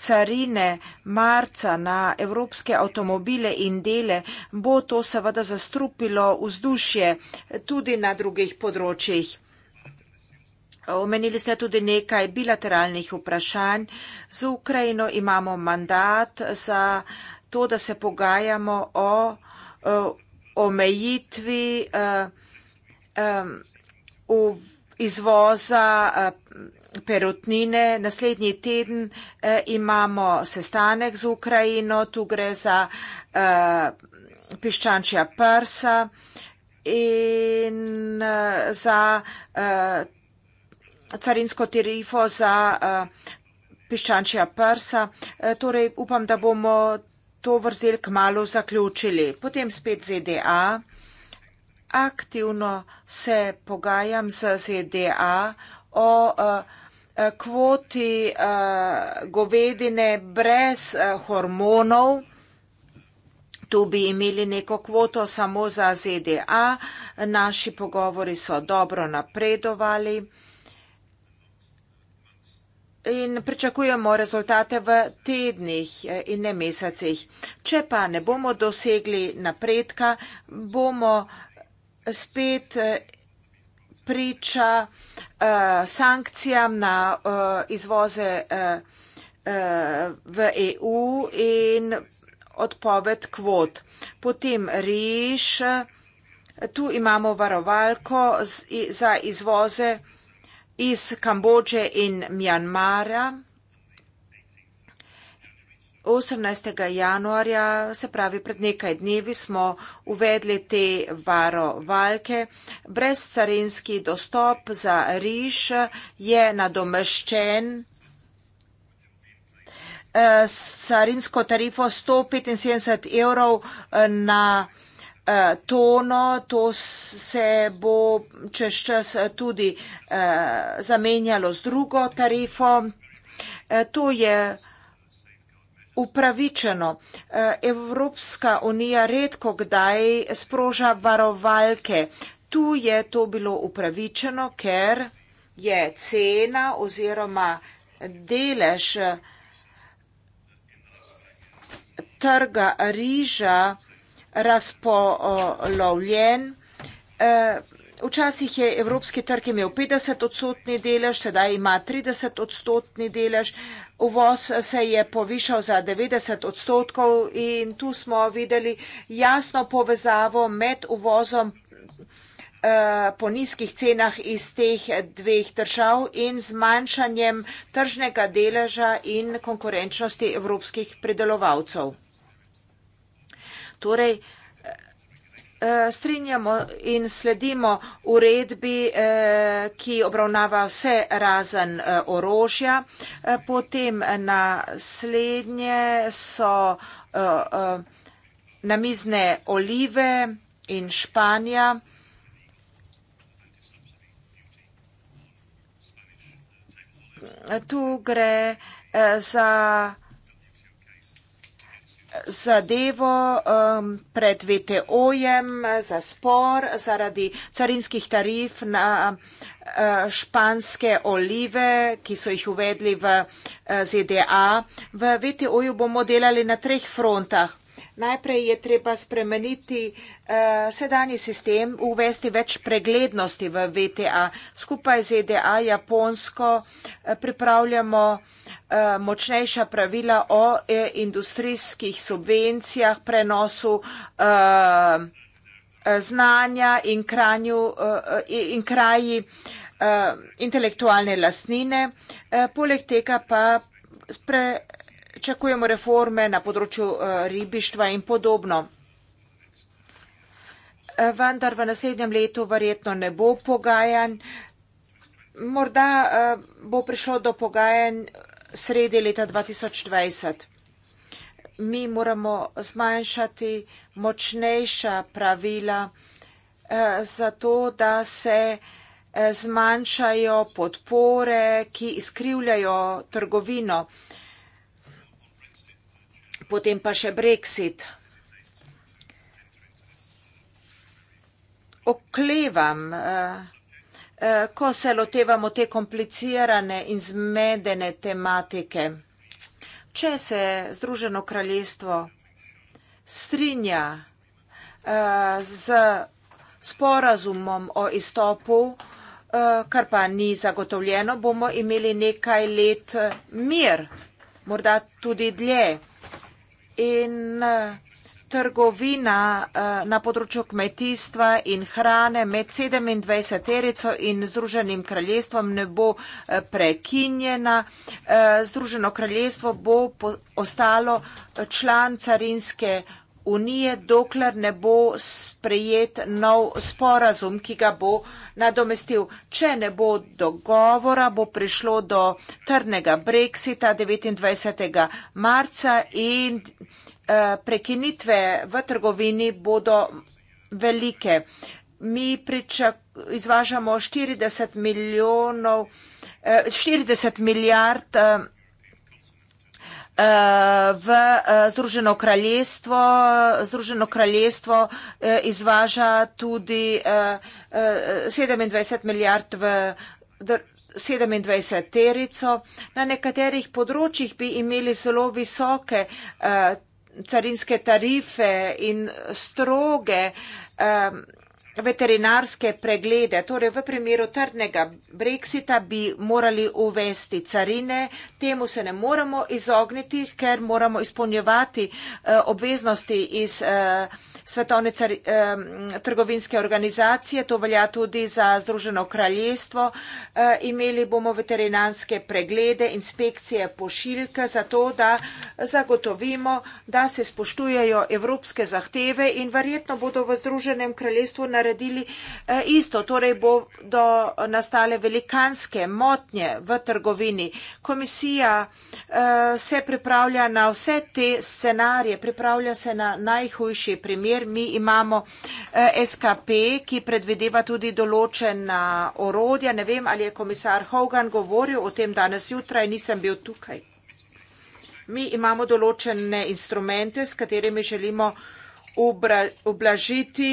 carine marca na evropske avtomobile in dele, bo to seveda zastrupilo vzdušje tudi na drugih področjih. Omenili ste tudi nekaj bilateralnih vprašanj. Z Ukrajino imamo mandat za to, da se pogajamo o omejitvi eh, izvoza eh, perutnine. Naslednji teden eh, imamo sestanek z Ukrajino, tu gre za piščančja prsa in za tudi carinsko tarifo za eh, piščančja prsa. Eh, torej, upam, da bomo to vrzel k malu zaključili. Potem spet ZDA. Aktivno se pogajam z ZDA o eh, kvoti govedine brez hormonov. Tu bi imeli neko kvoto samo za ZDA. Naši pogovori so dobro napredovali in pričakujemo rezultate v tednih eh, in ne mesecih. Če pa ne bomo dosegli napredka, bomo spet eh, priča uh, sankcijam na uh, izvoze uh, uh, v EU in odpoved kvot. Potem riš, tu imamo varovalko z, za izvoze iz Kambođe in Mjanmara 18. januarja, se pravi pred nekaj dnevi, smo uvedli te varovalke. Brezcarinski dostop za riž je nadomeščen eh, s carinsko tarifo 175 evrov na riž uh, tono, to se bo čez čas eh, tudi uh, zamenjalo z drugo tarifo. Uh, to je upravičeno. Uh, Evropska unija redko kdaj sproža varovalke. Tu je to bilo upravičeno, ker je cena oziroma delež trga riža razpolovljen. Eh, včasih je evropski trg imel 50 odstotni delež, sedaj ima 30 odstotni delež. Uvoz se je povišal za 90 odstotkov in tu smo videli jasno povezavo med uvozom eh, po nizkih cenah iz teh dveh držav in zmanjšanjem tržnega deleža in konkurenčnosti evropskih predelovalcev torej eh, eh, strinjamo in sledimo uredbi, eh, ki obravnava vse razen orožja. Potem naslednje so namizne olive in Španija. Tu gre za zadevo um, pred VTO-jem za spor zaradi carinskih tarif na uh, španske olive, ki so jih uvedli v uh, ZDA. V VTO-ju bomo delali na treh frontah najprej je treba spremeniti uh, sedanji sistem, uvesti več preglednosti v VTA. Skupaj z EDA Japonsko uh, pripravljamo uh, močnejša pravila o e industrijskih subvencijah, prenosu uh, znanja in, kranju, uh, in kraji uh, intelektualne lastnine. Uh, poleg tega pa spremeniti čakujemo reforme na področju eh, ribištva in podobno. Eh, vendar v naslednjem letu verjetno ne bo pogajan. Morda eh, bo prišlo do pogajan sredi leta 2020. Mi moramo zmanjšati močnejša pravila za to, da se zmanjšajo podpore, ki izkrivljajo trgovino potem pa še Brexit. Oklevam, eh, eh, ko se lotevamo te komplicirane in zmedene tematike. Če se Združeno kraljestvo strinja eh, z sporazumom o izstopu, kar pa ni zagotovljeno, bomo imeli nekaj let mir, morda tudi dlje in eh, trgovina eh, na področju kmetijstva in hrane med 27 terico in Združenim kraljestvom ne bo eh, prekinjena. Združeno kraljestvo bo ostalo član carinske unije, dokler ne bo sprejet nov sporazum, ki ga bo nadomestil. Če ne bo dogovora, bo prišlo do trdnega brexita 29. marca in eh, prekinitve v trgovini bodo velike. Mi izvažamo 40 milijonov, 40 eh, milijard. Eh, Eh, v eh, Združeno kraljestvo. Združeno kraljestvo eh, izvaža tudi 27 milijard v. 27 terico. Na nekaterih področjih bi imeli zelo visoke uh, carinske tarife in stroge. Um, veterinarske preglede. Torej, v primeru trdnega brexita bi morali uvesti carine. Temu se ne moremo izogniti, ker moramo izpolnjevati uh, obveznosti iz. Uh, svetovne car, eh, trgovinske organizacije, to velja tudi za Združeno kraljestvo. Eh, imeli bomo veterinanske preglede, inspekcije pošiljke, zato da zagotovimo, da se spoštujejo evropske zahteve in verjetno bodo v Združenem kraljestvu naredili eh, isto. Torej bodo nastale velikanske motnje v trgovini. Komisija eh, se pripravlja na vse te scenarije, pripravlja se na najhujši primer kjer mi imamo eh, SKP, ki predvideva tudi določena orodja. Ne vem, ali je komisar Hogan govoril o tem danes jutraj, nisem bil tukaj. Mi imamo določene instrumente, s katerimi želimo ublažiti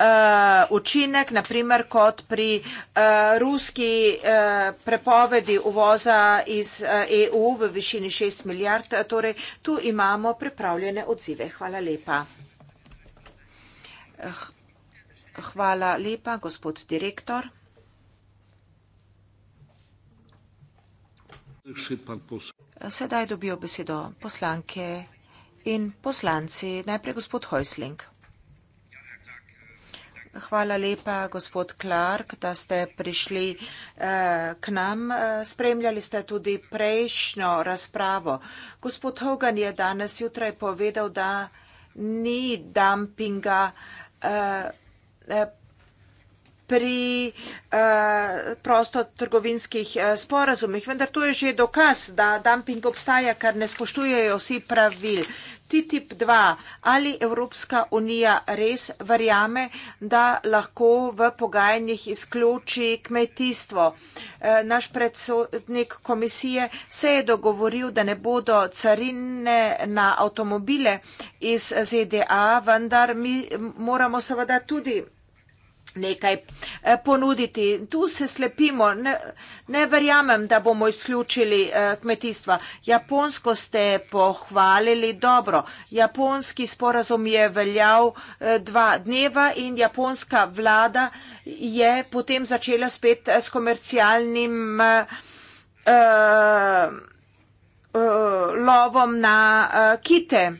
uh, učinek, naprimer kot pri uh, ruski uh, prepovedi uvoza iz uh, EU v višini 6 milijard. Torej, tu imamo pripravljene odzive. Hvala lepa. Hvala lepa, gospod direktor. Sedaj dobijo besedo poslanke in poslanci. Najprej gospod Hojsling. Hvala lepa, gospod Clark, da ste prišli eh, k nam. Eh, spremljali ste tudi prejšnjo razpravo. Gospod Hogan je danes jutraj povedal, da ni dumpinga eh, eh, pri eh, prostotrgovinskih eh, sporazumih, vendar to je že dokaz, da dumping obstaja, ker ne spoštujejo vsi pravil. TTIP-2, ali Evropska unija res verjame, da lahko v pogajanjih izključi kmetijstvo. E, naš predsodnik komisije se je dogovoril, da ne bodo carine na avtomobile iz ZDA, vendar mi moramo seveda tudi vprašati, nekaj eh, ponuditi. Tu se slepimo, ne, ne verjamem, da bomo izključili eh, kmetijstva. Japonsko ste pohvalili dobro. Japonski sporazum je veljal eh, dva dneva in japonska vlada je potem začela spet s komercialnim uh, uh, lovom na uh, kite.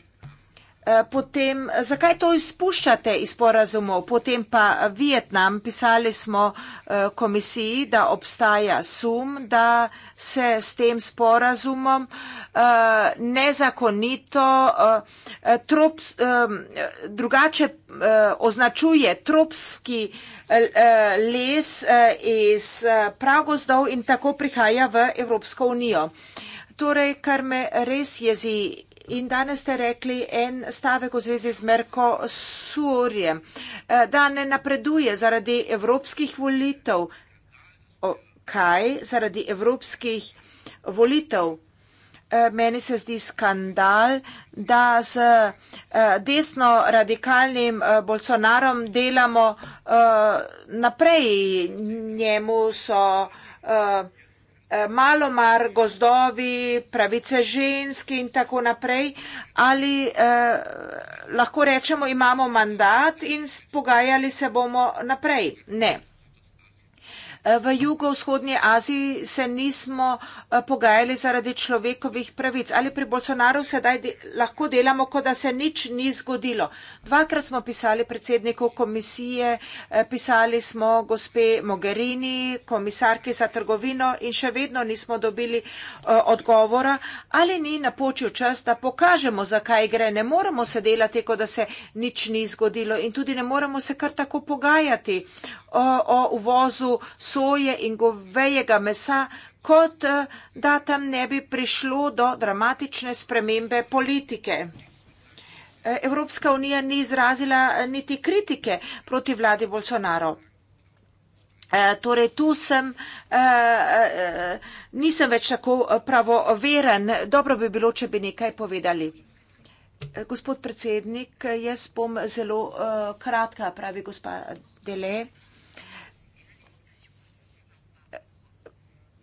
Eh, potem, zakaj to izpuščate iz porazumov? Potem pa Vietnam, pisali smo eh, komisiji, da obstaja sum, da se s tem sporazumom eh, nezakonito trop, drugače označuje tropski les iz pragozdov in tako prihaja v Evropsko unijo. Torej, kar me res jezi, In danes ste rekli en stavek v zvezi z Merkosurjem, e, da ne napreduje zaradi evropskih volitev. O, kaj? Zaradi evropskih volitev. E, meni se zdi skandal, da z e, desno radikalnim Bolsonarom delamo naprej. Njemu so malo mar gozdovi, pravice ženski in tako naprej, ali eh, lahko rečemo, imamo mandat in pogajali se bomo naprej. Ne. Eh, v jugovzhodnji Aziji se nismo eh, pogajali zaradi človekovih pravic. Ali pri Bolsonaru sedaj lahko delamo, kot da se nič ni zgodilo? Dvakrat smo pisali predsedniku komisije, eh, pisali smo gospe Mogherini, komisarki za trgovino in še vedno nismo dobili odgovora. Ali ni napočil čas, da pokažemo, zakaj gre? Ne moramo se delati, kot da se nič ni zgodilo in tudi ne moramo se kar tako pogajati o, o uvozu soje in govejega mesa, kot eh, da tam ne bi prišlo do dramatične spremembe politike. Eh, Evropska unija ni izrazila eh, niti kritike proti vladi Bolsonaro. Torej, tu sem, nisem več tako pravoveren. Dobro bi bilo, če bi nekaj povedali. Gospod predsednik, jaz bom zelo kratka, pravi gospa Dele.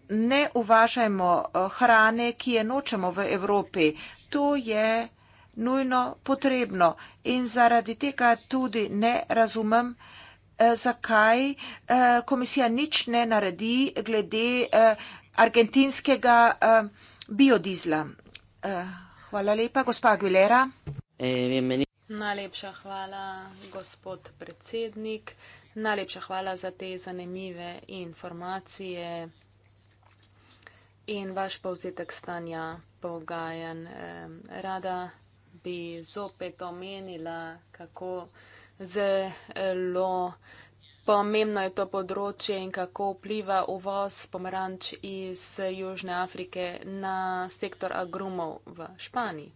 ne uvažajmo eh, hrane, ki je nočemo v Evropi. To je nujno potrebno in zaradi tega tudi ne razumem, eh, zakaj eh, komisija nič ne naredi glede argentinskega biodizla. Hvala lepa, gospa Aguilera. Najlepša hvala, gospod predsednik. Najlepša hvala za te zanimive informacije in vaš povzetek stanja pogajan. Rada bi zopet omenila, kako zelo pomembno je to področje in kako vpliva uvoz pomaranč iz Južne Afrike na sektor agrumov v Španiji.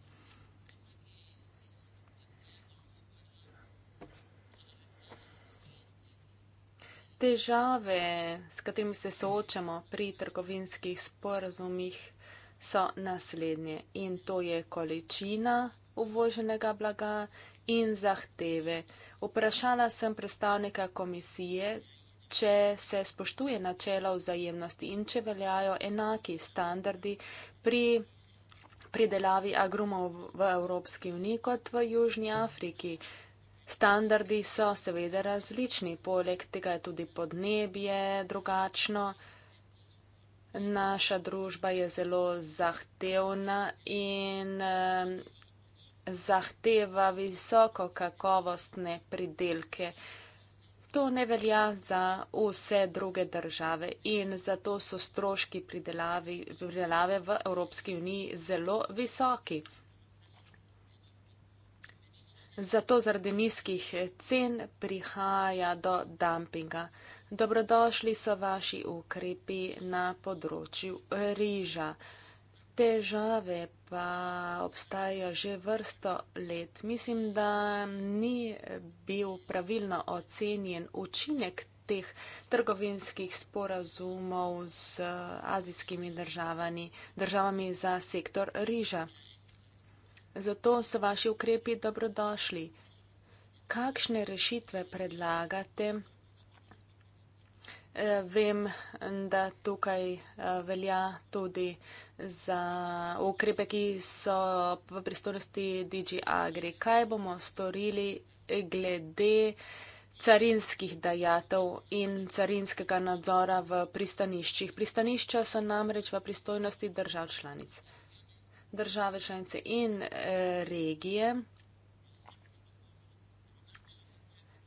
težave, s katerimi se soočamo pri trgovinskih sporazumih, so naslednje. In to je količina uvoženega blaga in zahteve. Vprašala sem predstavnika komisije, če se spoštuje načelo vzajemnosti in če veljajo enaki standardi pri pridelavi agrumov v Evropski uniji kot v Južni Afriki. Standardi so seveda različni, poleg tega je tudi podnebje drugačno. Naša družba je zelo zahtevna in eh, zahteva visoko kakovostne pridelke. To ne velja za vse druge države in zato so stroški pridelave v Evropski uniji zelo visoki. Zato zaradi nizkih eh, cen prihaja do dumpinga. Dobrodošli so vaši ukrepi na področju eh, riža. Težave pa obstajajo že vrsto let. Mislim, da mm, ni eh, bil pravilno ocenjen učinek teh trgovinskih sporazumov z azijskimi državami, državami za sektor riža. Zato so vaši ukrepi dobrodošli. Kakšne rešitve predlagate? Eh, vem, da tukaj eh, velja tudi za ukrepe, ki so v pristojnosti DG Agri. Kaj bomo storili glede carinskih dajatev in carinskega nadzora v pristaniščih? Pristanišča so namreč v pristojnosti držav članic države članice in eh, regije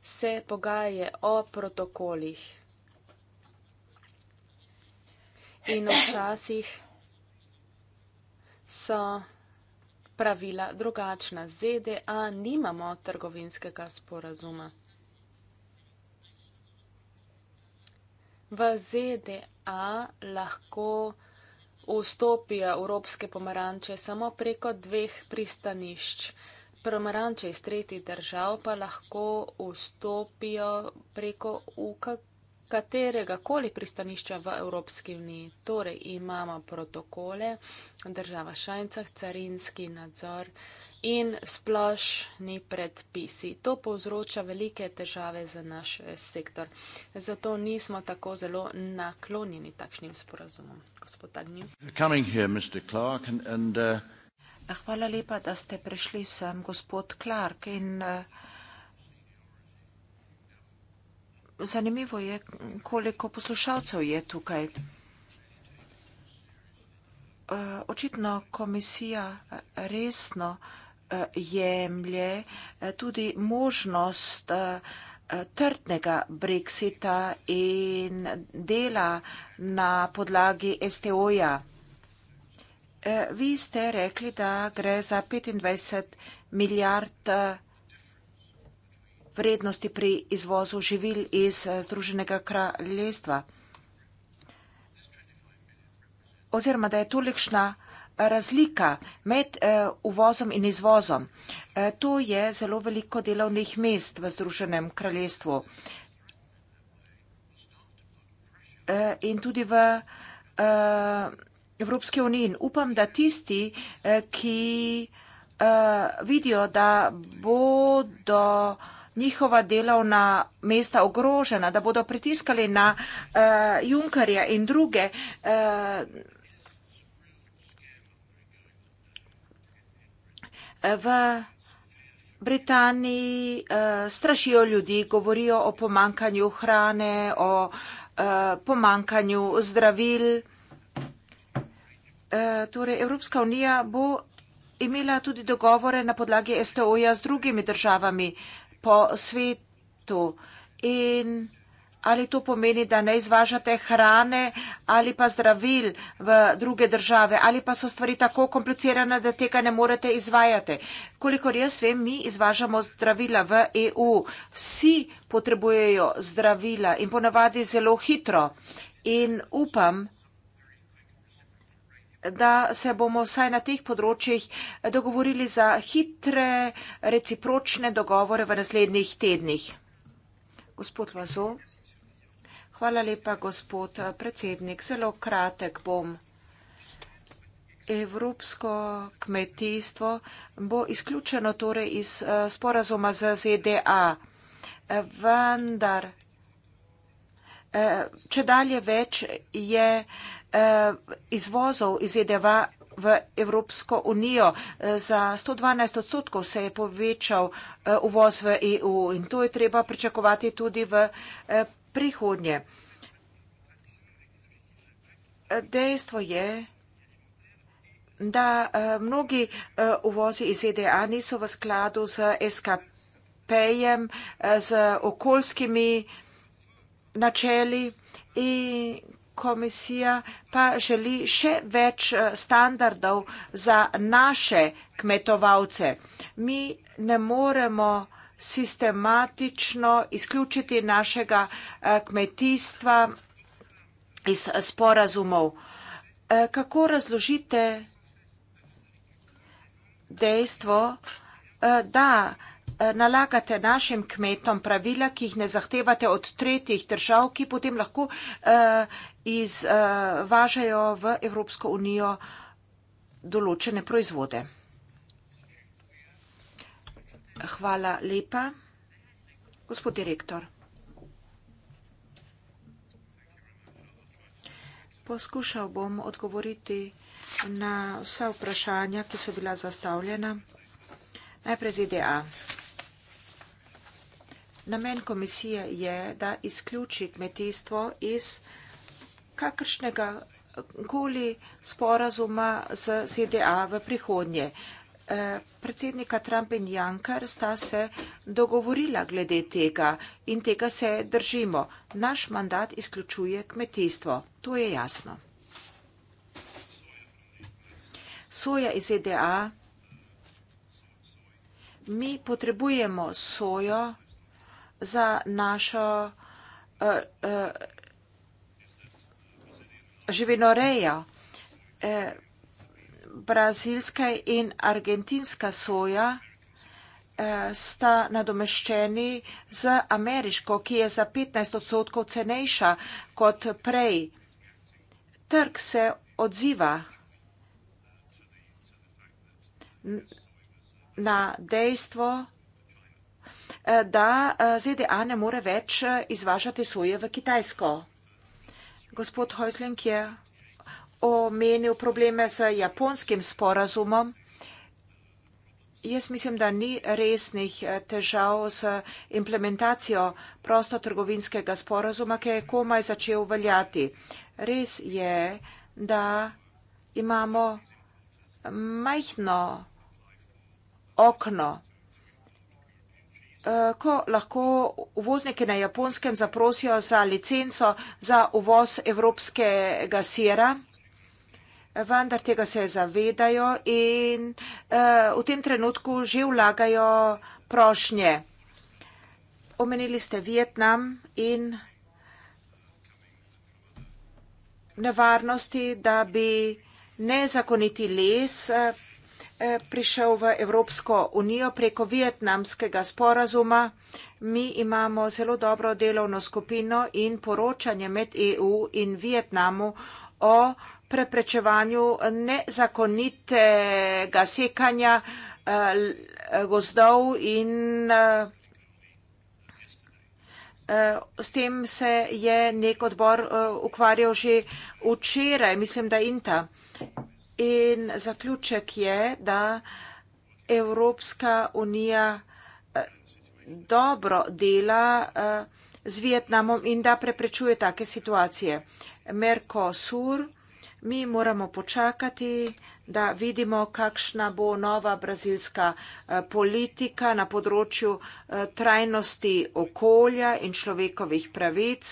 se pogaje o protokolih. In včasih so pravila drugačna. ZDA nimamo trgovinskega sporazuma. V ZDA lahko vstopijo evropske pomaranče samo preko dveh pristanišč. Pomaranče iz tretjih držav pa lahko vstopijo preko katerega koli pristanišča v Evropski uniji. Torej imamo protokole, država šanca, carinski nadzor in splošni predpisi. To povzroča velike težave za naš eh, sektor. Zato nismo tako zelo naklonjeni takšnim sporazumom. Uh, Hvala lepa, da ste prišli sem, gospod Clark. In, eh, zanimivo je, koliko poslušalcev je tukaj. Eh, očitno komisija resno jemlje eh, tudi možnost eh, trdnega brexita in dela na podlagi STO-ja. Eh, vi ste rekli, da gre za 25 milijard vrednosti pri izvozu živil iz Združenega kraljestva. Oziroma, da je tolikšna vrednost razlika med eh, uvozom in izvozom. Eh, to je zelo veliko delovnih mest v Združenem kraljestvu. Eh, in tudi v Evropski uniji. Upam, da tisti, ki vidijo, da bodo njihova delovna mesta ogrožena, da bodo pritiskali na Junkarja in druge, v Britaniji uh, strašijo ljudi, govorijo o pomankanju hrane, o uh, pomankanju zdravil. Uh, torej Evropska unija bo imela tudi dogovore na podlagi STO-ja z drugimi državami po svetu in ali to pomeni, da ne izvažate hrane ali pa zdravil v druge države, ali pa so stvari tako komplicirane, da tega ne morete izvajati. Kolikor jaz vem, mi izvažamo zdravila v EU. Vsi potrebujejo zdravila in ponavadi zelo hitro. In upam, da se bomo vsaj na teh področjih dogovorili za hitre recipročne dogovore v naslednjih tednih. Gospod Vazo. Hvala lepa, gospod predsednik. Zelo kratek bom. Evropsko kmetijstvo bo izključeno torej iz eh, sporazuma z ZDA, eh, vendar eh, če dalje več je izvozov iz ZDA v Evropsko unijo. Za 112 odstotkov se je povečal uvoz v EU in to je treba pričakovati tudi v prihodnje. Dejstvo je, da eh, mnogi eh, uvozi iz ZDA niso v skladu z SKP-jem, eh, z okoljskimi načeli in komisija pa želi še več standardov za naše kmetovalce. Mi ne moremo vsega, sistematično izključiti našega eh, kmetijstva iz sporazumov. Eh, kako razložite dejstvo, eh, da nalagate našim kmetom pravila, ki jih ne zahtevate od tretjih držav, ki potem lahko izvažajo v Evropsko unijo določene proizvode? Hvala lepa. Gospod direktor. Poskušal bom odgovoriti na vsa vprašanja, ki so bila zastavljena. Najprej ZDA. Namen komisije je, da izključi kmetijstvo iz kakršnega koli sporazuma z ZDA v prihodnje predsednika Trump in Jankar sta se dogovorila glede tega in tega se držimo. Naš mandat izključuje kmetijstvo, to je jasno. Soja iz EDA. Mi potrebujemo sojo za našo uh, uh, živinorejo. Uh, brazilska in argentinska soja eh, sta nadomeščeni z ameriško, ki je za 15 odstotkov cenejša kot prej. Trg se odziva na dejstvo, eh, da eh, ZDA ne more več izvažati soje v Kitajsko. Gospod Hojsling je omenil probleme z japonskim sporazumom. Jaz mislim, da ni resnih eh, težav z implementacijo prostotrgovinskega sporazuma, ki je komaj začel veljati. Res je, da imamo majhno okno, eh, ko lahko uvozniki na japonskem zaprosijo za licenco za uvoz evropskega sira vendar tega se zavedajo in eh, v tem trenutku že vlagajo prošnje. Omenili ste Vietnam in nevarnosti, da bi nezakoniti les eh, eh, prišel v Evropsko unijo preko vietnamskega sporazuma. Mi imamo zelo dobro delovno skupino in poročanje med EU in Vietnamu o preprečevanju nezakonitega sekanja eh, gozdov in eh, s tem se je nek odbor eh, ukvarjal že včeraj, mislim, da INTA. In zaključek je, da Evropska unija dobro dela z Vietnamom in da preprečuje take situacije. Mercosur mi moramo počakati, da vidimo, kakšna bo nova brazilska eh, politika na področju eh, trajnosti okolja in človekovih pravic.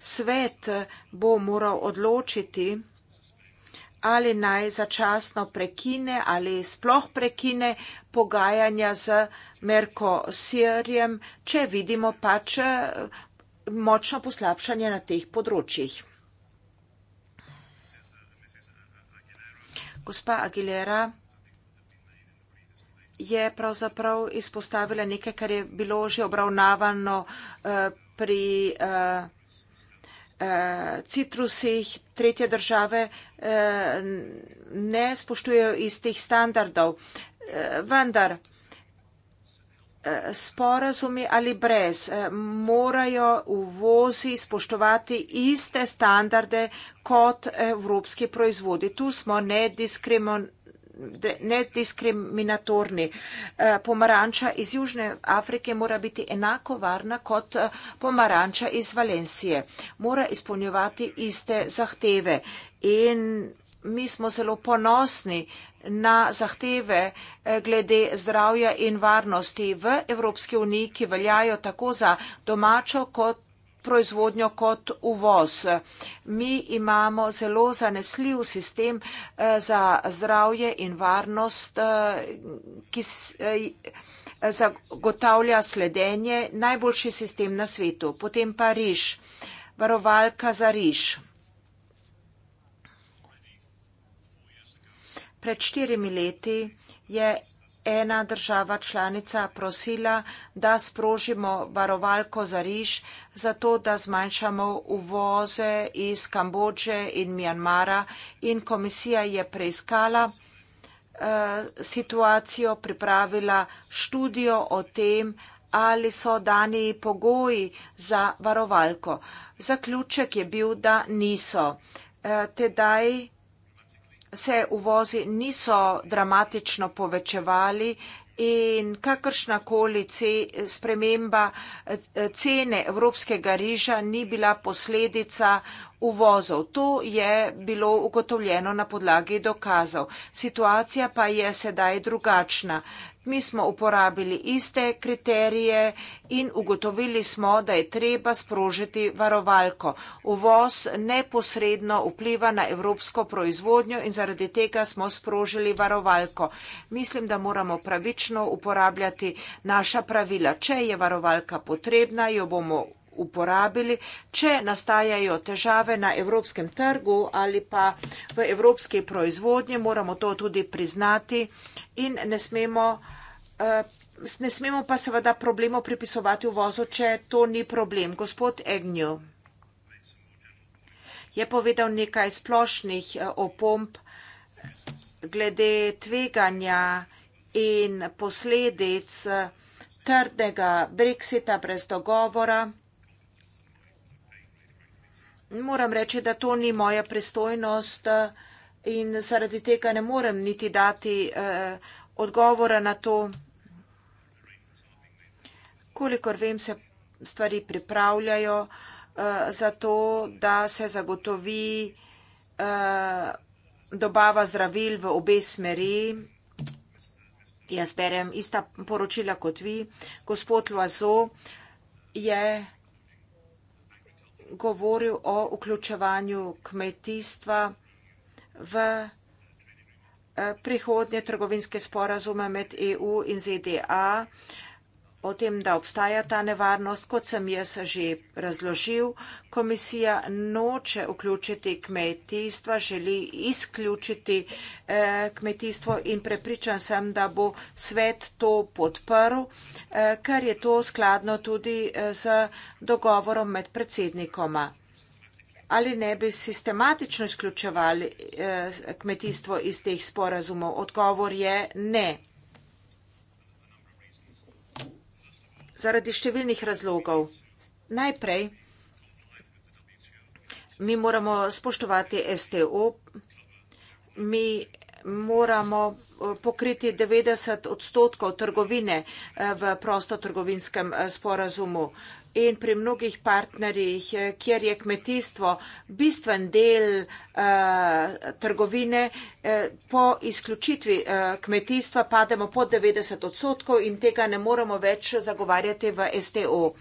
Svet eh, bo moral odločiti, ali naj začasno prekine ali sploh prekine pogajanja z Merkosirjem, če vidimo pač močno poslabšanje na teh področjih. Gospa Aguilera je pravzaprav izpostavila nekaj, kar je bilo že obravnavano eh, pri eh, eh, citrusih. Tretje države ne spoštujejo istih standardov, vendar Eh, sporazumi ali brez, eh, morajo uvozi spoštovati iste standarde kot evropski proizvodi. Tu smo nediskriminatorni. Eh, pomaranča iz Južne Afrike mora biti enako varna kot pomaranča iz Valencije. Mora izpolnjevati iste zahteve. In mi smo zelo ponosni, na zahteve eh, glede zdravja in varnosti v Evropski uniji, ki veljajo tako za domačo kot proizvodnjo kot uvoz. Mi imamo zelo zanesljiv sistem eh, za zdravje in varnost, eh, ki zagotavlja sledenje, najboljši sistem na svetu, potem pa riž, varovalka za riž. Pred štirimi leti je ena država članica prosila, da sprožimo varovalko za riž, zato da zmanjšamo uvoze iz Kambodže in Mjanmara in komisija je preiskala eh, situacijo, pripravila študijo o tem, ali so dani pogoji za varovalko. Zaključek je bil, da niso. Eh, tedaj se uvozi niso dramatično povečevali in kakršnakoli sprememba eh, cene evropskega riža ni bila posledica uvozov. To je bilo ugotovljeno na podlagi dokazov. Situacija pa je sedaj drugačna. Mi smo uporabili iste kriterije in ugotovili smo, da je treba sprožiti varovalko. Uvoz neposredno vpliva na evropsko proizvodnjo in zaradi tega smo sprožili varovalko. Mislim, da moramo pravično uporabljati naša pravila. Če je varovalka potrebna, jo bomo uporabili. Če nastajajo težave na evropskem trgu ali pa v evropski proizvodnji, moramo to tudi priznati in ne smemo. Uh, ne smemo pa seveda problemov pripisovati uvozu, če to ni problem. Gospod Egnjo je povedal nekaj splošnih eh, opomb glede tveganja in posledic eh, trdnega brexita brez dogovora. Moram reči, da to ni moja pristojnost in zaradi tega ne morem niti dati eh, odgovora na to. Kolikor vem, se stvari pripravljajo uh, za to, da se zagotovi uh, dobava zdravil v obe smeri. Jaz berem ista poročila kot vi. Gospod Loazo je govoril o vključevanju kmetijstva v eh, prihodnje trgovinske sporazume med EU in ZDA. Uh, o tem, da obstaja ta nevarnost, kot sem jaz že razložil, komisija noče vključiti kmetijstva, želi izključiti eh, kmetijstvo in prepričan sem, da bo svet to podprl, eh, ker je to skladno tudi eh, z dogovorom med predsednikoma. Ali ne bi sistematično izključevali kmetijstvo iz teh sporazumov? Odgovor je ne. Ne. zaradi številnih razlogov. Najprej mi moramo spoštovati STO, mi moramo eh, pokriti 90 odstotkov trgovine eh, v prostotrgovinskem eh, sporazumu in pri mnogih partnerjih, eh, kjer je kmetijstvo bistven del eh, trgovine, eh, po izključitvi eh, kmetijstva pademo pod 90 odstotkov in tega ne moremo več zagovarjati v STO.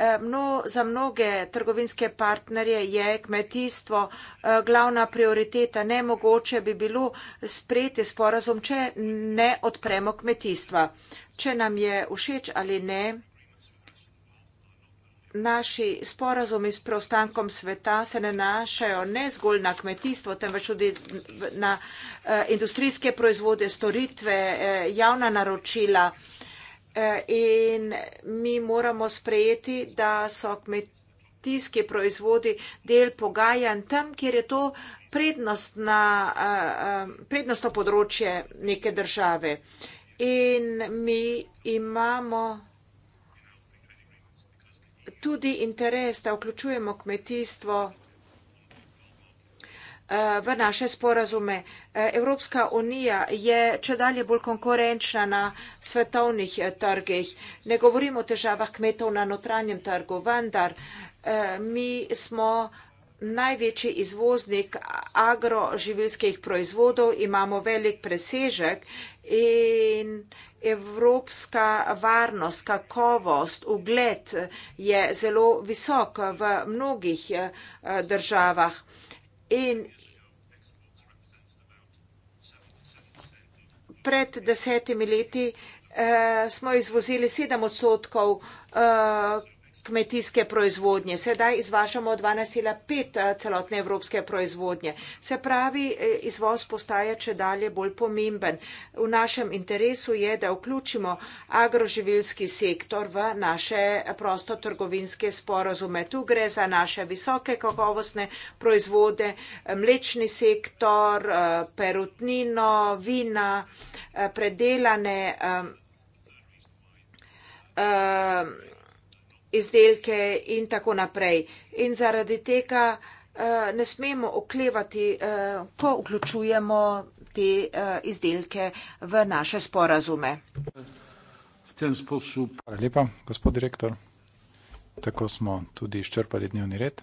Eh, no, za mnoge trgovinske partnerje je kmetijstvo eh, glavna prioriteta. Nemogoče bi bilo sprejeti sporazum, če ne odpremo kmetijstva. Če nam je všeč ali ne naši sporazumi s preostankom sveta se nanašajo ne zgolj na kmetijstvo, temveč tudi na eh, industrijske proizvode, storitve, eh, javna naročila. Eh, in mi moramo sprejeti, da so kmetijski proizvodi del pogajanj tam, kjer je to prednostna, prednostno področje neke države. In mi imamo tudi interes, da vključujemo kmetijstvo eh, v naše sporazume. Eh, Evropska unija je če dalje bolj konkurenčna na svetovnih eh, trgih. Ne govorimo o težavah kmetov na notranjem trgu, vendar mi smo največji izvoznik agroživilskih proizvodov, imamo velik presežek in evropska varnost, kakovost, ugled je zelo visok v mnogih eh, državah. In pred desetimi leti eh, smo izvozili sedem odstotkov eh, kmetijske proizvodnje. Sedaj izvažamo 12,5 eh, celotne evropske proizvodnje. Se pravi, eh, izvoz postaja če dalje bolj pomemben. V našem interesu je, da vključimo agroživilski sektor v naše prostotrgovinske sporozume. Tu gre za naše visoke kakovostne proizvode, eh, mlečni sektor, perutnino, vina, predelane izdelke in tako naprej. In zaradi tega uh, ne smemo oklevati, uh, ko vključujemo te uh, izdelke v naše sporazume. Hvala lepa, gospod direktor. Tako smo tudi izčrpali dnevni red.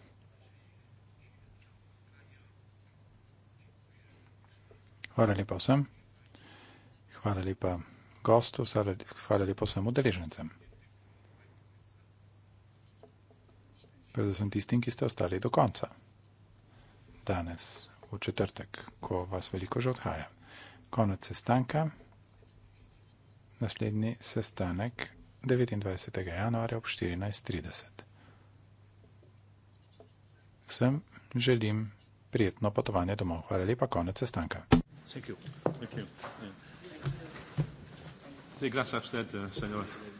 Hvala lepa vsem. Hvala lepa gostu, hvala lepa vsem udeležencem. predvsem tistim, ki ste ostali do konca. Danes, v četrtek, ko vas veliko že odhaja. Konec sestanka, naslednji sestanek 29. januarja ob 14.30. Vsem želim prijetno potovanje domov. Hvala lepa, konec sestanka. Thank you. Thank you. Yeah. See, glass upstairs, uh, eh, senor.